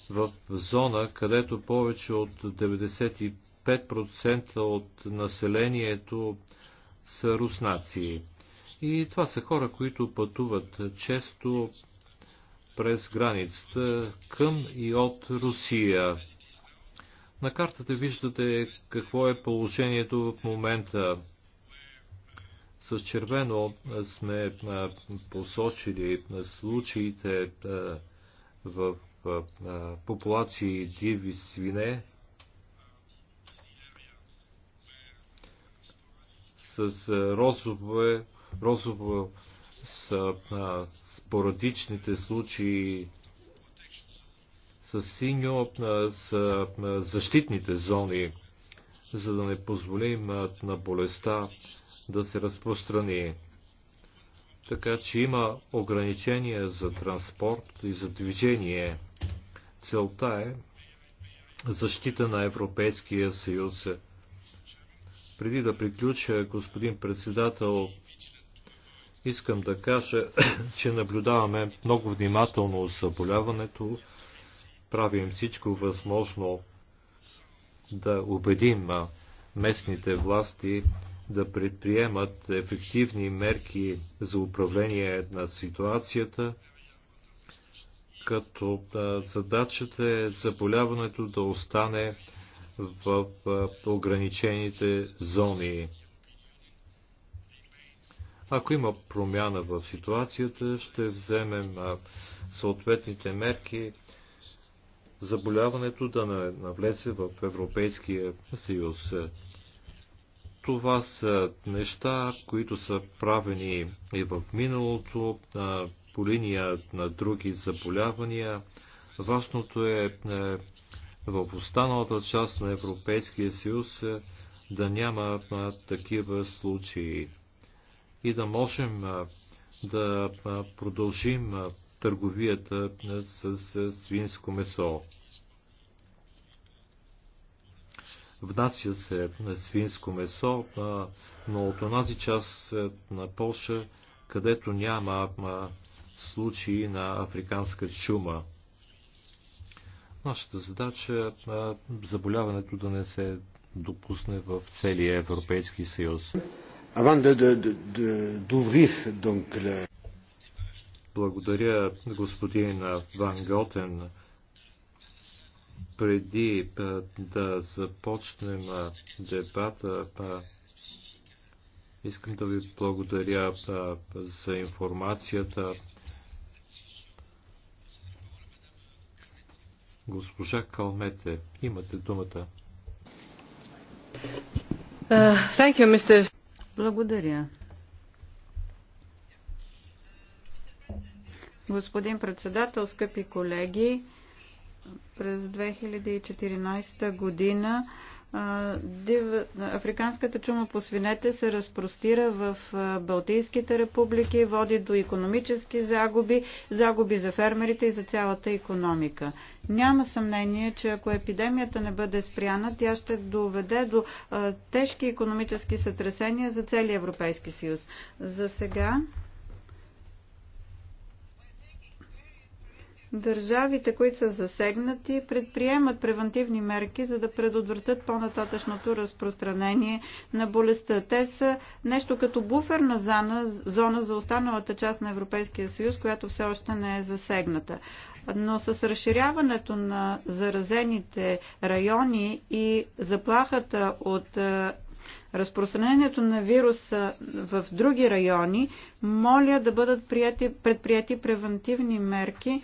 В зона, където повече от 95% от населението са руснаци. И това са хора, които пътуват често през границата към и от Русия. На картата виждате какво е положението в момента. С червено сме посочили случаите в популации диви свине с Росово, Росово с а, спорадичните случаи с синьо са защитните зони, за да не позволим на болестта да се разпространи. Така че има ограничения за транспорт и за движение. Целта е защита на Европейския съюз преди да приключа, господин председател, искам да кажа, че наблюдаваме много внимателно заболяването. Правим всичко възможно да убедим местните власти да предприемат ефективни мерки за управление на ситуацията, като задачата е заболяването да остане в ограничените зони. Ако има промяна в ситуацията, ще вземем съответните мерки заболяването да навлезе в Европейския съюз. Това са неща, които са правени и в миналото по линия на други заболявания. Важното е, е в останалата част на Европейския съюз е, да няма такива случаи и да можем да продължим търговията с свинско месо. Внася се свинско месо, но от онази част на Польша, където няма случаи на африканска чума. Нашата задача е заболяването да не се допусне в целия Европейски съюз. Благодаря, господин Ван Готен. Преди да започнем дебата, искам да ви благодаря за информацията Госпожа Калмете, имате думата. Uh, thank you, Mr. Благодаря. Господин председател, скъпи колеги, през 2014 година Африканската чума по свинете се разпростира в Балтийските републики, води до економически загуби, загуби за фермерите и за цялата економика. Няма съмнение, че ако епидемията не бъде спряна, тя ще доведе до тежки економически сътресения за целия Европейски съюз. За сега Държавите, които са засегнати, предприемат превентивни мерки, за да предотвратят по-нататъчното разпространение на болестта. Те са нещо като буферна зона, зона за останалата част на Европейския съюз, която все още не е засегната. Но с разширяването на заразените райони и заплахата от е, разпространението на вируса в други райони, моля да бъдат предприяти превентивни мерки,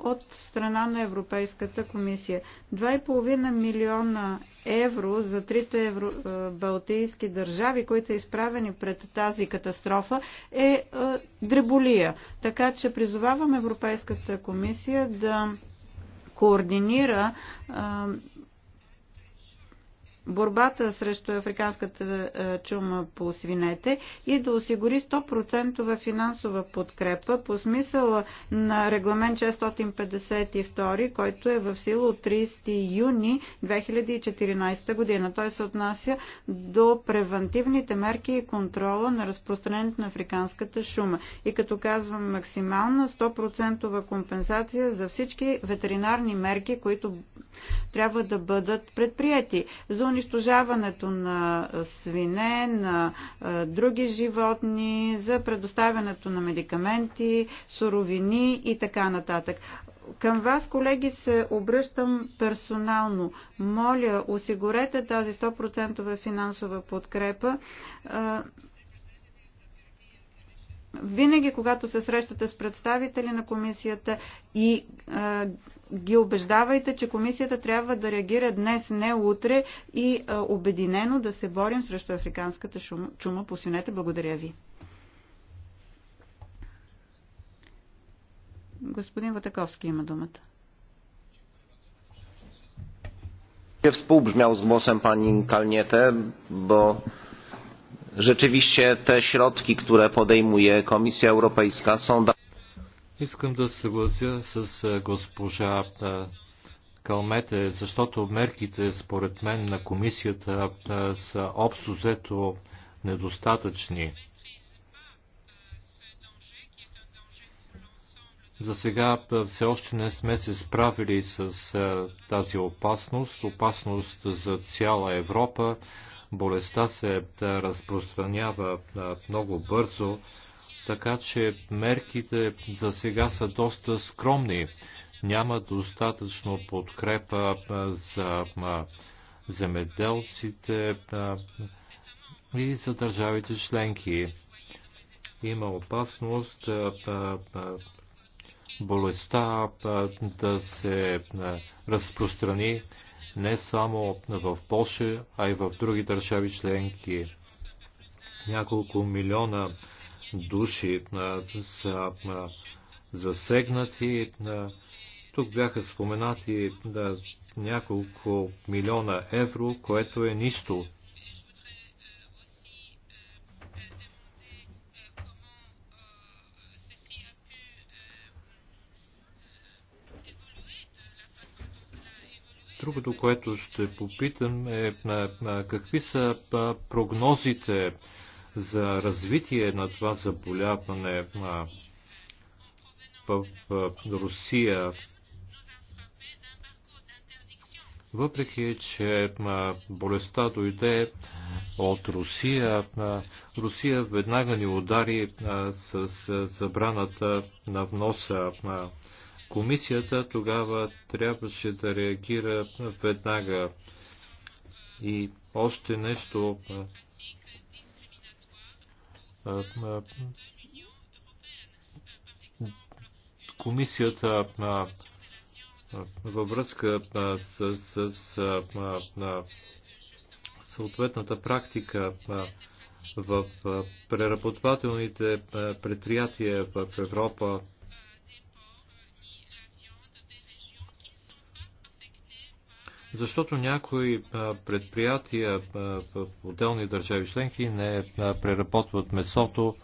от страна на Европейската комисия. 2,5 милиона евро за трите евро, балтийски държави, които са изправени пред тази катастрофа, е дреболия. Така че призовавам Европейската комисия да координира борбата срещу африканската е, чума по свинете и да осигури 100% финансова подкрепа по смисъла на регламент 652, който е в сила от 30 юни 2014 година. Той се отнася до превентивните мерки и контрола на разпространението на африканската шума. И като казвам максимална 100% компенсация за всички ветеринарни мерки, които трябва да бъдат предприяти. За унищожаването на свине, на други животни, за предоставянето на медикаменти, суровини и така нататък. Към вас, колеги, се обръщам персонално. Моля, осигурете тази 100% финансова подкрепа винаги, когато се срещате с представители на комисията и а, ги убеждавайте, че комисията трябва да реагира днес, не утре и а, обединено да се борим срещу африканската шума, чума по синете. Благодаря ви. Господин Ватаковски има думата. Współbrzmiał z głosem pani Kalniete, bo rzeczywiście te środki, które podejmuje Komisja Europejska są... Искам да съглася с е, госпожа е, Калмете, защото мерките според мен на комисията е, са общо взето недостатъчни. За сега все още не сме се справили с тази опасност, опасност за цяла Европа, болестта се разпространява много бързо, така че мерките за сега са доста скромни. Няма достатъчно подкрепа за земеделците и за държавите членки. Има опасност болестта да се разпространи не само в Польша, а и в други държави членки. Няколко милиона души са засегнати. Тук бяха споменати няколко милиона евро, което е нищо Другото, което ще попитам е, е, е какви са е, прогнозите за развитие на това заболяване в Русия. Въпреки, че болестта дойде от Русия, Русия веднага ни удари с забраната на вноса Комисията тогава трябваше да реагира веднага. И още нещо. Комисията във връзка с, с, с съответната практика в преработвателните предприятия в Европа защото някои предприятия в отделни държави членки не преработват месото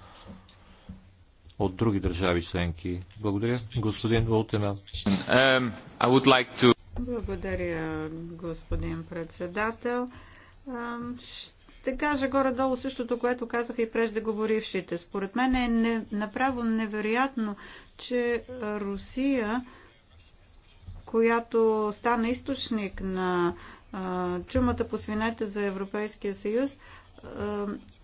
от други държави членки. Благодаря. Господин Ултена. Um, Благодаря, господин председател. Ще кажа горе-долу същото, което казаха и преждеговорившите. Според мен е не, направо невероятно, че Русия която стана източник на чумата по свинете за Европейския съюз,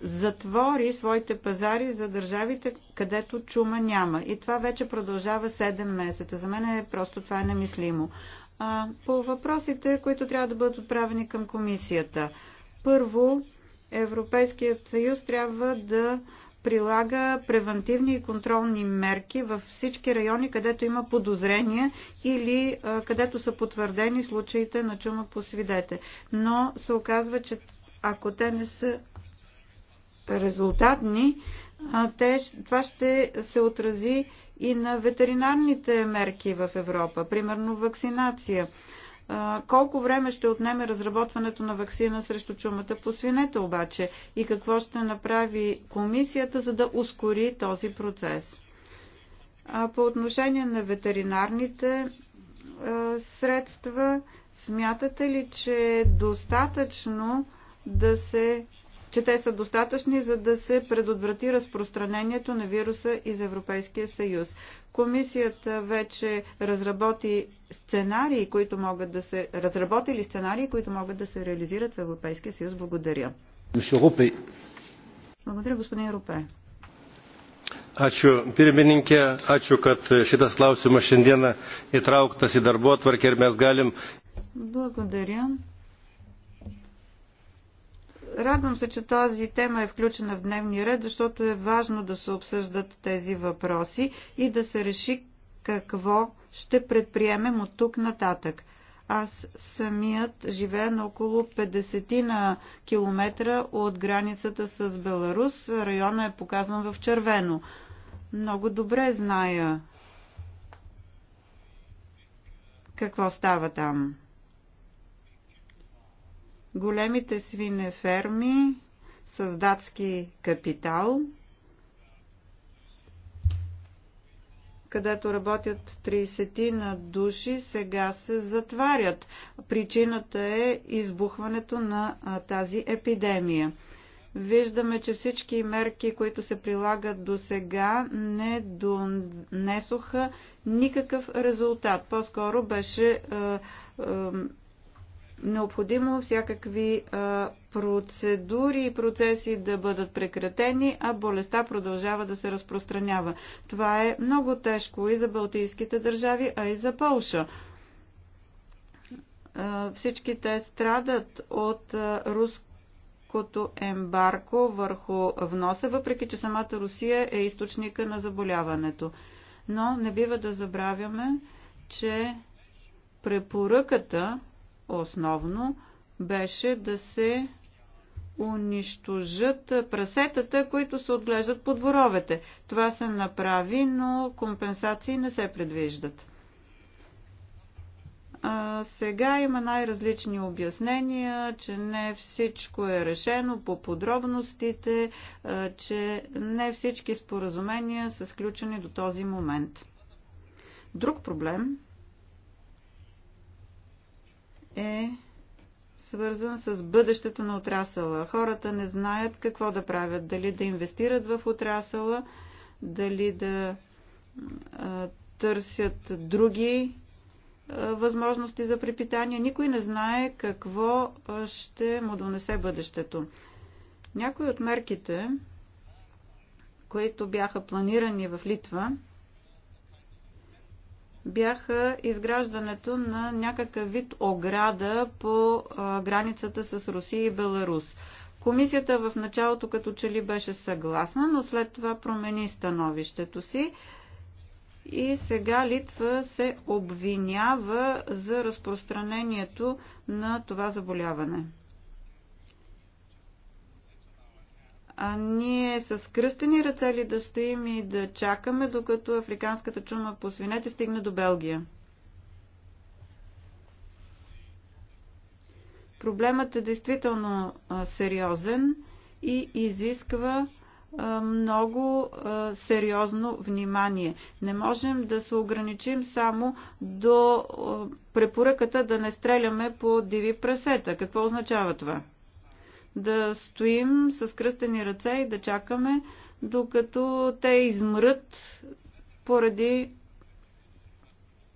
затвори своите пазари за държавите, където чума няма. И това вече продължава 7 месеца. За мен е просто това е немислимо. По въпросите, които трябва да бъдат отправени към комисията. Първо, Европейският съюз трябва да прилага превентивни и контролни мерки във всички райони, където има подозрения или където са потвърдени случаите на чума по свидете. Но се оказва, че ако те не са резултатни, те, това ще се отрази и на ветеринарните мерки в Европа, примерно вакцинация. Колко време ще отнеме разработването на вакцина срещу чумата по свинете обаче и какво ще направи комисията, за да ускори този процес? По отношение на ветеринарните средства, смятате ли, че е достатъчно да се че те са достатъчни, за да се предотврати разпространението на вируса из Европейския съюз. Комисията вече разработи сценарии, които могат да се разработили сценарии, които могат да се реализират в Европейския съюз. Благодаря. Благодаря, господин Рупе. Ačiū pirmininkė, ačiū, kad šitas klausimas šiandieną įtrauktas į darbo atvarkę ir mes galim. Благодаря. Радвам се, че тази тема е включена в дневния ред, защото е важно да се обсъждат тези въпроси и да се реши какво ще предприемем от тук нататък. Аз самият живея на около 50 на километра от границата с Беларус. Района е показан в червено. Много добре зная какво става там големите свине ферми с датски капитал, където работят 30 на души, сега се затварят. Причината е избухването на тази епидемия. Виждаме, че всички мерки, които се прилагат до сега, не донесоха никакъв резултат. По-скоро беше е, е, необходимо всякакви процедури и процеси да бъдат прекратени, а болестта продължава да се разпространява. Това е много тежко и за балтийските държави, а и за Полша. Всички те страдат от руското ембарко върху вноса, въпреки че самата Русия е източника на заболяването. Но не бива да забравяме, че препоръката основно беше да се унищожат прасетата, които се отглеждат по дворовете. Това се направи, но компенсации не се предвиждат. А, сега има най-различни обяснения, че не всичко е решено по подробностите, че не всички споразумения са сключени до този момент. Друг проблем е свързан с бъдещето на отрасъла. Хората не знаят какво да правят, дали да инвестират в отрасъла, дали да а, търсят други а, възможности за припитание. Никой не знае какво ще му донесе бъдещето. Някои от мерките, които бяха планирани в Литва, бяха изграждането на някакъв вид ограда по границата с Русия и Беларус. Комисията в началото като че ли беше съгласна, но след това промени становището си и сега Литва се обвинява за разпространението на това заболяване. а ние с кръстени ръце ли да стоим и да чакаме, докато африканската чума по свинете стигне до Белгия? Проблемът е действително сериозен и изисква много сериозно внимание. Не можем да се ограничим само до препоръката да не стреляме по диви прасета. Какво означава това? да стоим с кръстени ръце и да чакаме, докато те измрът поради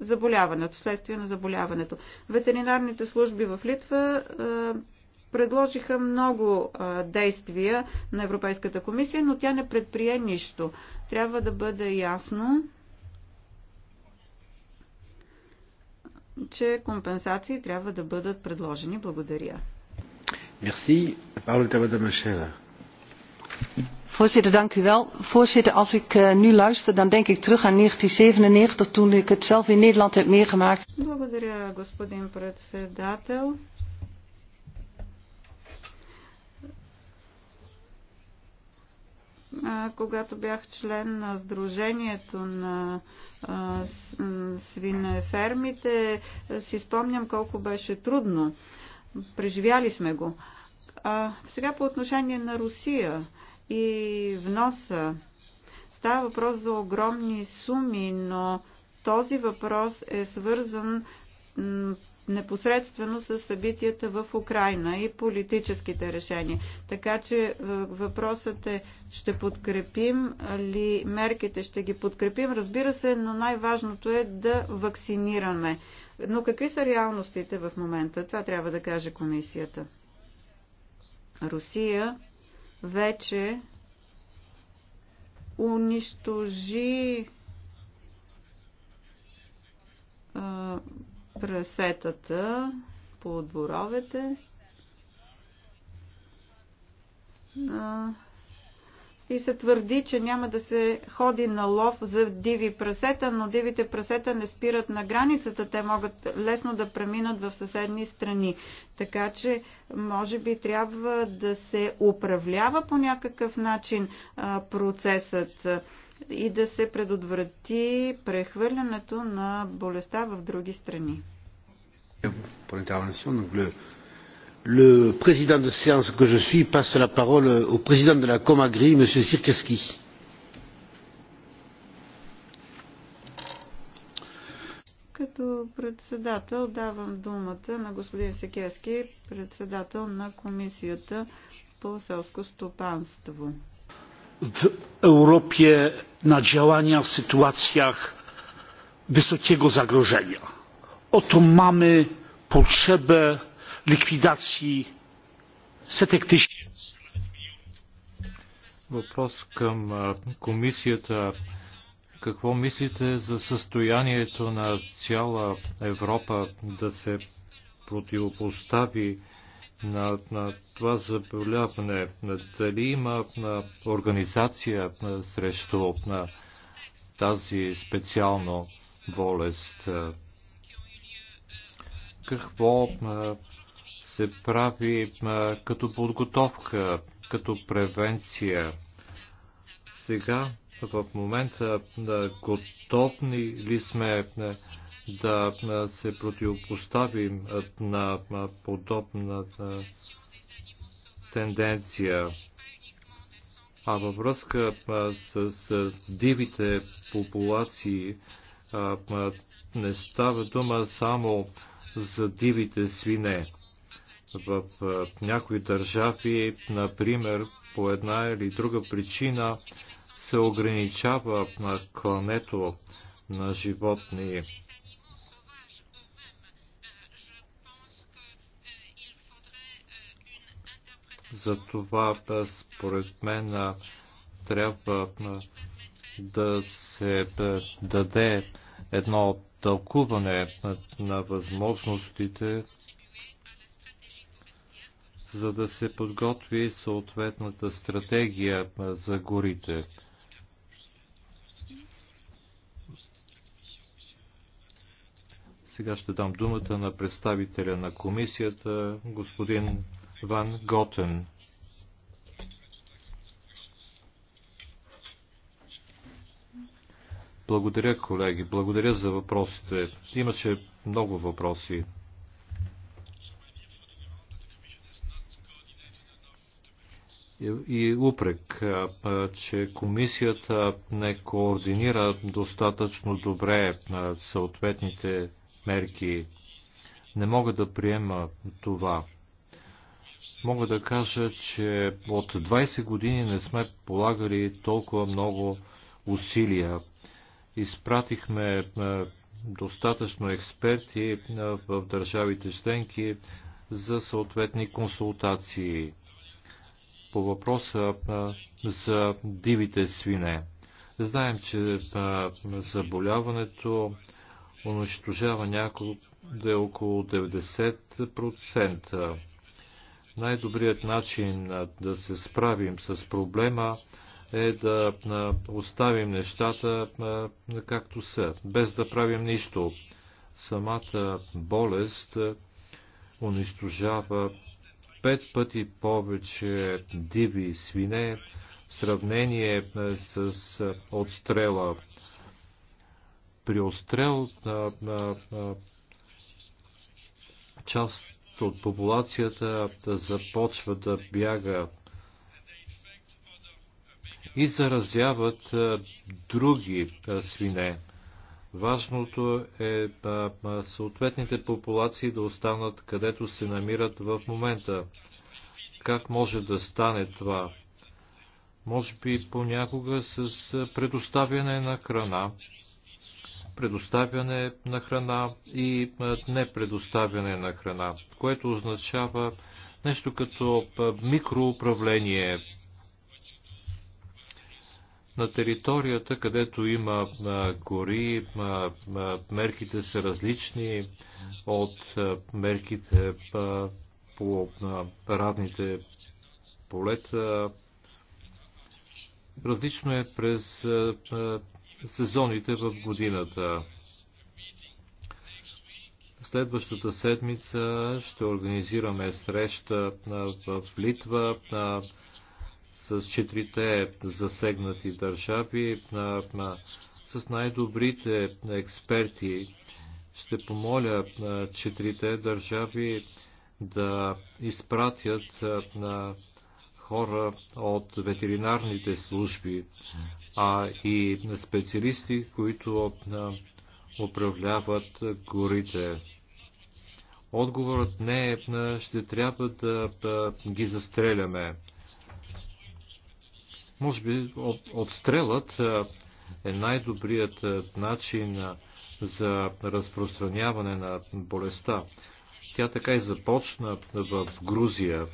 заболяването, следствие на заболяването. Ветеринарните служби в Литва е, предложиха много е, действия на Европейската комисия, но тя не предприе нищо. Трябва да бъде ясно, че компенсации трябва да бъдат предложени. Благодаря voorzitter voorzitter als ik nu luister dan denk ik terug aan duizendnegenhonderdzevenennegentig toen ik het zelf in nederland heb meegemaakt. Когато бях член на Сдружението на свинефермите, си спомням колко беше трудно Преживяли сме го. А, сега по отношение на Русия и вноса. Става въпрос за огромни суми, но този въпрос е свързан непосредствено с събитията в Украина и политическите решения. Така че е, въпросът е, ще подкрепим ли мерките, ще ги подкрепим, разбира се, но най-важното е да вакцинираме. Но какви са реалностите в момента? Това трябва да каже комисията. Русия вече унищожи е, прасетата по дворовете. И се твърди, че няма да се ходи на лов за диви прасета, но дивите прасета не спират на границата. Те могат лесно да преминат в съседни страни. Така че, може би, трябва да се управлява по някакъв начин процесът и да се предотврати прехвърлянето на болестта в други страни. Le président de séance que je suis passe la parole au président de la Comagri, M. Sirkeski. Като председател давам думата на господин Секески, председател на Комисията по селско стопанство w Europie na działania w sytuacjach wysokiego zagrożenia. Oto mamy potrzebę likwidacji setek tysięcy. Какво мислите за състоянието на цяла Европа да се противопостави на, на това заболяване, дали има на организация на, срещу на тази специално болест. Какво на, се прави на, като подготовка, като превенция? Сега, в момента, на, готовни ли сме на, да се противопоставим на подобна тенденция. А във връзка с дивите популации не става дума само за дивите свине. В някои държави, например, по една или друга причина се ограничава на клането на животни. Затова според мен трябва да се даде едно тълкуване на възможностите, за да се подготви съответната стратегия за горите. Сега ще дам думата на представителя на комисията, господин Ван Готен. Благодаря, колеги. Благодаря за въпросите. Имаше много въпроси. и упрек, че комисията не координира достатъчно добре на съответните мерки. Не мога да приема това мога да кажа, че от 20 години не сме полагали толкова много усилия. Изпратихме е, достатъчно експерти е, в държавите членки за съответни консултации по въпроса е, за дивите свине. Знаем, че заболяването унищожава някъде около 90% най-добрият начин да се справим с проблема е да оставим нещата както са, без да правим нищо. Самата болест унищожава пет пъти повече диви свине в сравнение с отстрела. При отстрел на, част от популацията да започва да бяга и заразяват други свине. Важното е съответните популации да останат където се намират в момента. Как може да стане това? Може би понякога с предоставяне на храна предоставяне на храна и непредоставяне на храна, което означава нещо като микроуправление на територията, където има гори, мерките са различни от мерките по равните полета. Различно е през сезоните в годината. Следващата седмица ще организираме среща в Литва с четирите засегнати държави, с най-добрите експерти. Ще помоля четирите държави да изпратят на хора от ветеринарните служби а и специалисти, които управляват горите. Отговорът не е, ще трябва да, ги застреляме. Може би отстрелът е най-добрият начин за разпространяване на болестта. Тя така и започна в Грузия,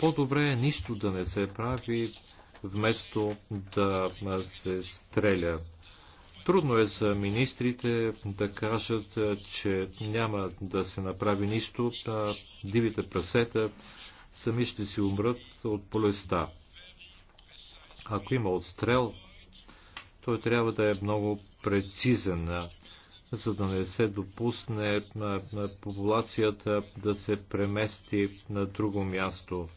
по-добре е нищо да не се прави, вместо да се стреля. Трудно е за министрите да кажат, че няма да се направи нищо, а дивите прасета сами ще си умрат от полеста. Ако има отстрел, той трябва да е много прецизен, за да не се допусне популацията да се премести на друго място.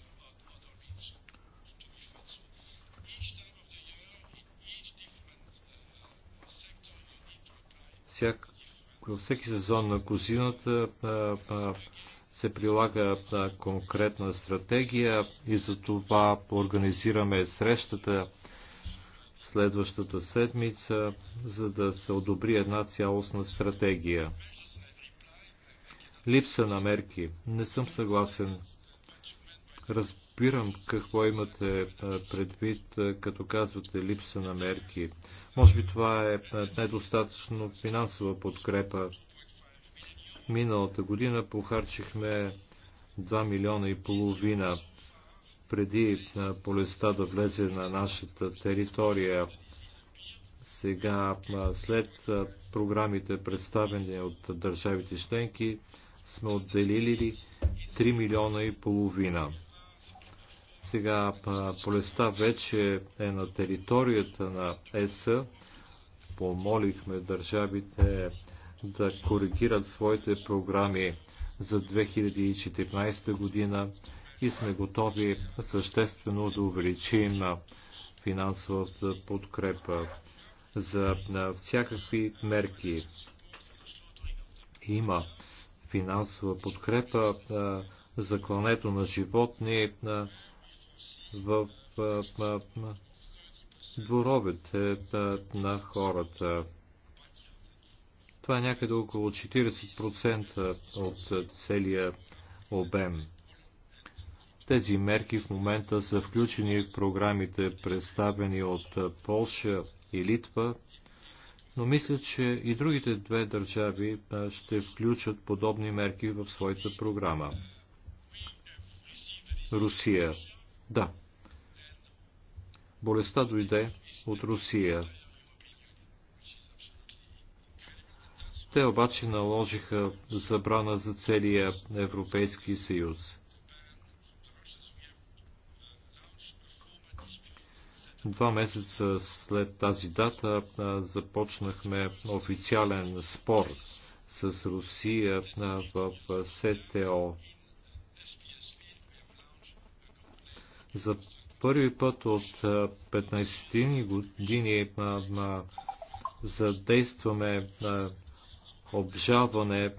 във всеки сезон на козината се прилага конкретна стратегия и за това организираме срещата следващата седмица, за да се одобри една цялостна стратегия. Липса на мерки. Не съм съгласен. Раз разбирам какво имате е, предвид, е, като казвате липса на мерки. Може би това е, е недостатъчно финансова подкрепа. Миналата година похарчихме 2 милиона и половина преди полеста да влезе на нашата територия. Сега, след програмите представени от държавите членки, сме отделили 3 милиона и половина сега полеста вече е на територията на ЕС. Помолихме държавите да коригират своите програми за 2014 година и сме готови съществено да увеличим финансовата подкрепа за всякакви мерки. Има финансова подкрепа за клането на животни, в дворовете на хората. Това е някъде около 40% от целия обем. Тези мерки в момента са включени в програмите, представени от Полша и Литва, но мисля, че и другите две държави ще включат подобни мерки в своята програма. Русия. Да, Болестта дойде от Русия. Те обаче наложиха забрана за целия Европейски съюз. Два месеца след тази дата започнахме официален спор с Русия в СТО. За първи път от 15 години задействаме обжалване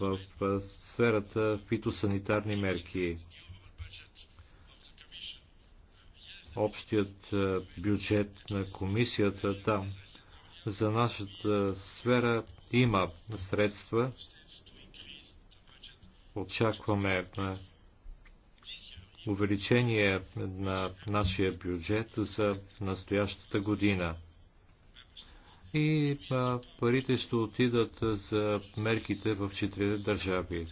в сферата фитосанитарни мерки. Общият бюджет на комисията там за нашата сфера има средства. Очакваме увеличение на нашия бюджет за настоящата година. И парите ще отидат за мерките в четирите държави.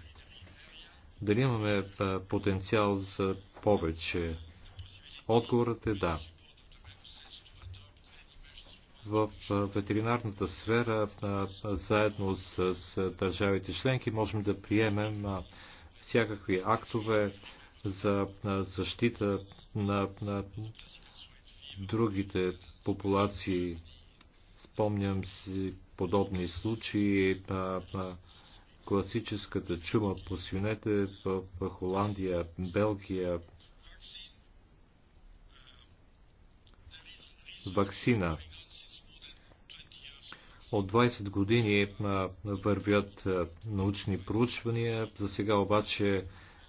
Дали имаме потенциал за повече? Отговорът е да. В ветеринарната сфера, заедно с държавите членки, можем да приемем всякакви актове, за защита на, на другите популации. Спомням си подобни случаи на, на класическата чума по свинете в, в Холандия, Белгия. Ваксина. От 20 години вървят научни проучвания, за сега обаче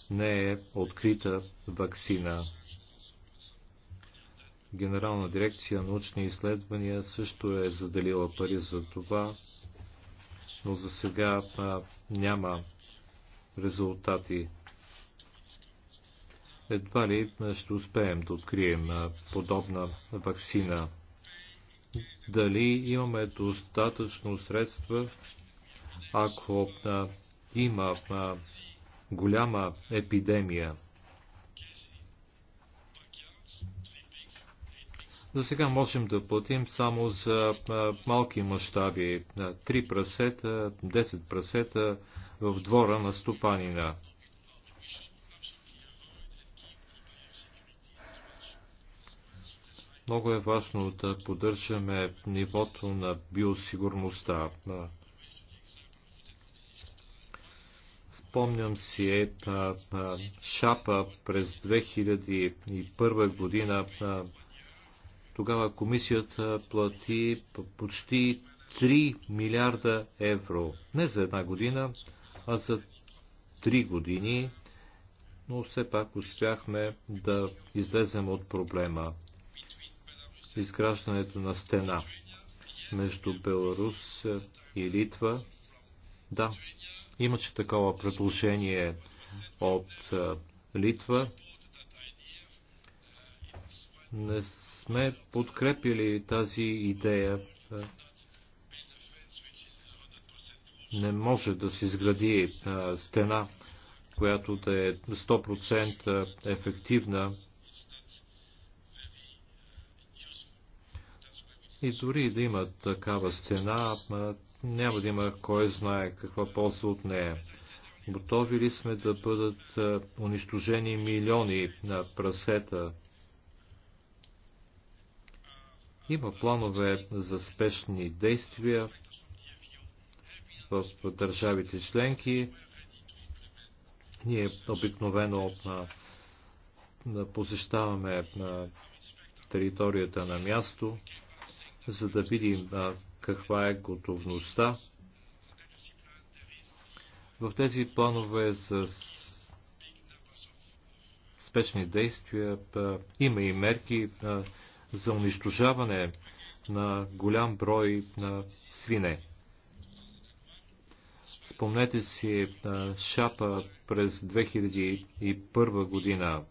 не е открита вакцина. Генерална дирекция научни изследвания също е заделила пари за това, но за сега а, няма резултати. Едва ли ще успеем да открием а, подобна вакцина. Дали имаме достатъчно средства, ако а, има а, голяма епидемия. За сега можем да платим само за малки мащаби 3 прасета, 10 прасета в двора на стопанина. Много е важно да поддържаме нивото на биосигурността. Спомням си е а, а, Шапа през 2001 година. А, тогава комисията плати почти 3 милиарда евро. Не за една година, а за 3 години. Но все пак успяхме да излезем от проблема. Изграждането на стена между Беларус и Литва. Да, Имаше такова предложение от Литва. Не сме подкрепили тази идея. Не може да се изгради стена, която да е 100% ефективна. И дори да има такава стена, няма да има кой знае каква полза от нея. Готови ли сме да бъдат е, унищожени милиони на прасета? Има планове за спешни действия в държавите членки. Ние обикновено е, е, посещаваме на територията на място, за да видим каква е готовността. В тези планове с спешни действия има и мерки за унищожаване на голям брой на свине. Спомнете си шапа през 2001 година.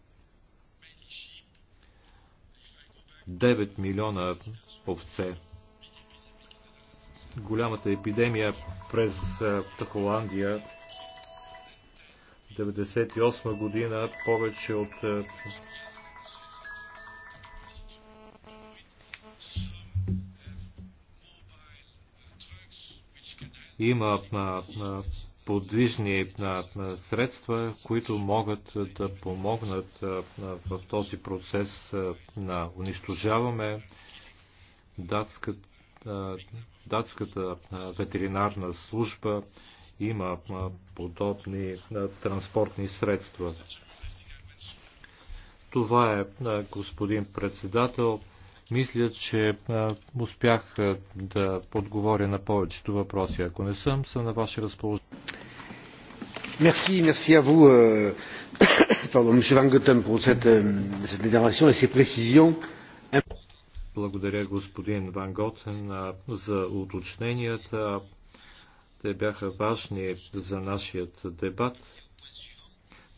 9 милиона овце голямата епидемия през Холандия 1998 година повече от има на, на подвижни на, на средства, които могат да помогнат на, в този процес на унищожаваме датската е, датската е, ветеринарна служба има е, подобни транспортни средства. Това е, господин председател. Мисля, че успях да подговоря на повечето въпроси. Ако не съм, съм на ваше разположение. Merci, merci à vous, euh, pardon, M. Van Gotten, pour cette, euh, cette déclaration et ces précisions. Благодаря господин Ван Готен за уточненията. Те бяха важни за нашият дебат.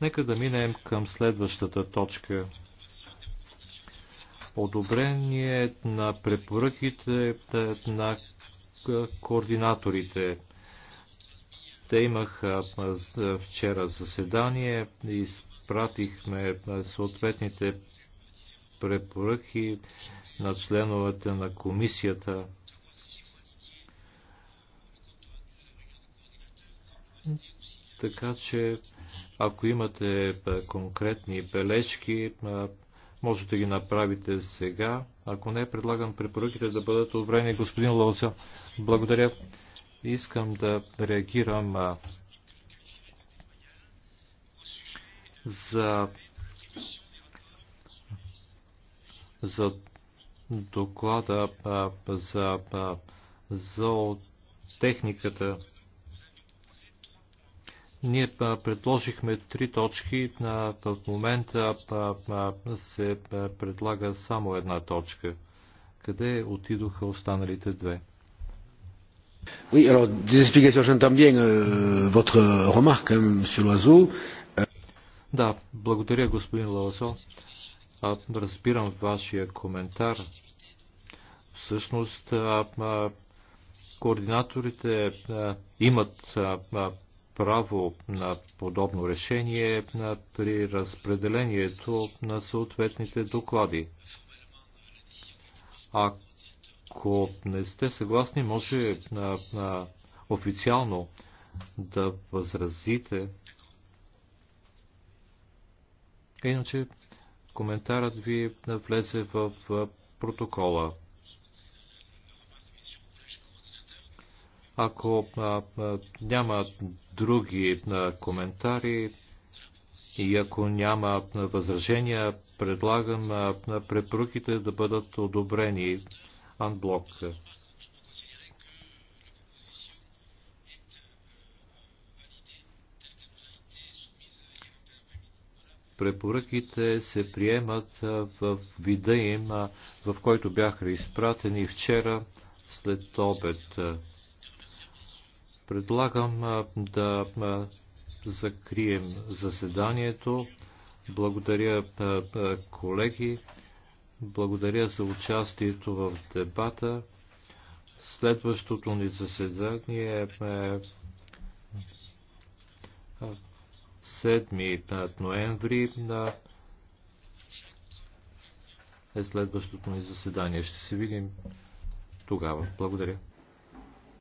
Нека да минем към следващата точка. Одобрение на препоръките е, на координаторите. Те имаха вчера заседание и изпратихме съответните препоръки на членовете на комисията. Така че, ако имате конкретни бележки, може да ги направите сега. Ако не, предлагам препоръките да бъдат одобрени. Господин Лоза. благодаря. Искам да реагирам за за доклада а, за а, зоотехниката. Ние а, предложихме три точки, а, в момента а, а, се а, предлага само една точка. Къде отидоха останалите две? Oui, alors des explications, j'entends bien euh, votre remarque, hein, Monsieur Loiseau. Euh... Да, благодаря, господин Лаосо. Аз разбирам вашия коментар. Всъщност, а, а, координаторите а, имат а, а, право на подобно решение а, при разпределението на съответните доклади. Ако не сте съгласни, може а, а, официално да възразите. Иначе Коментарът ви влезе в протокола. Ако а, а, няма други а, коментари и ако няма а, възражения, предлагам а, препоръките да бъдат одобрени анблок. Препоръките се приемат в вида им, в който бяха изпратени вчера след обед. Предлагам да закрием заседанието. Благодаря, колеги. Благодаря за участието в дебата. Следващото ни заседание е 7 5 ноември на е следващото ни заседание. Ще се видим тогава. Благодаря.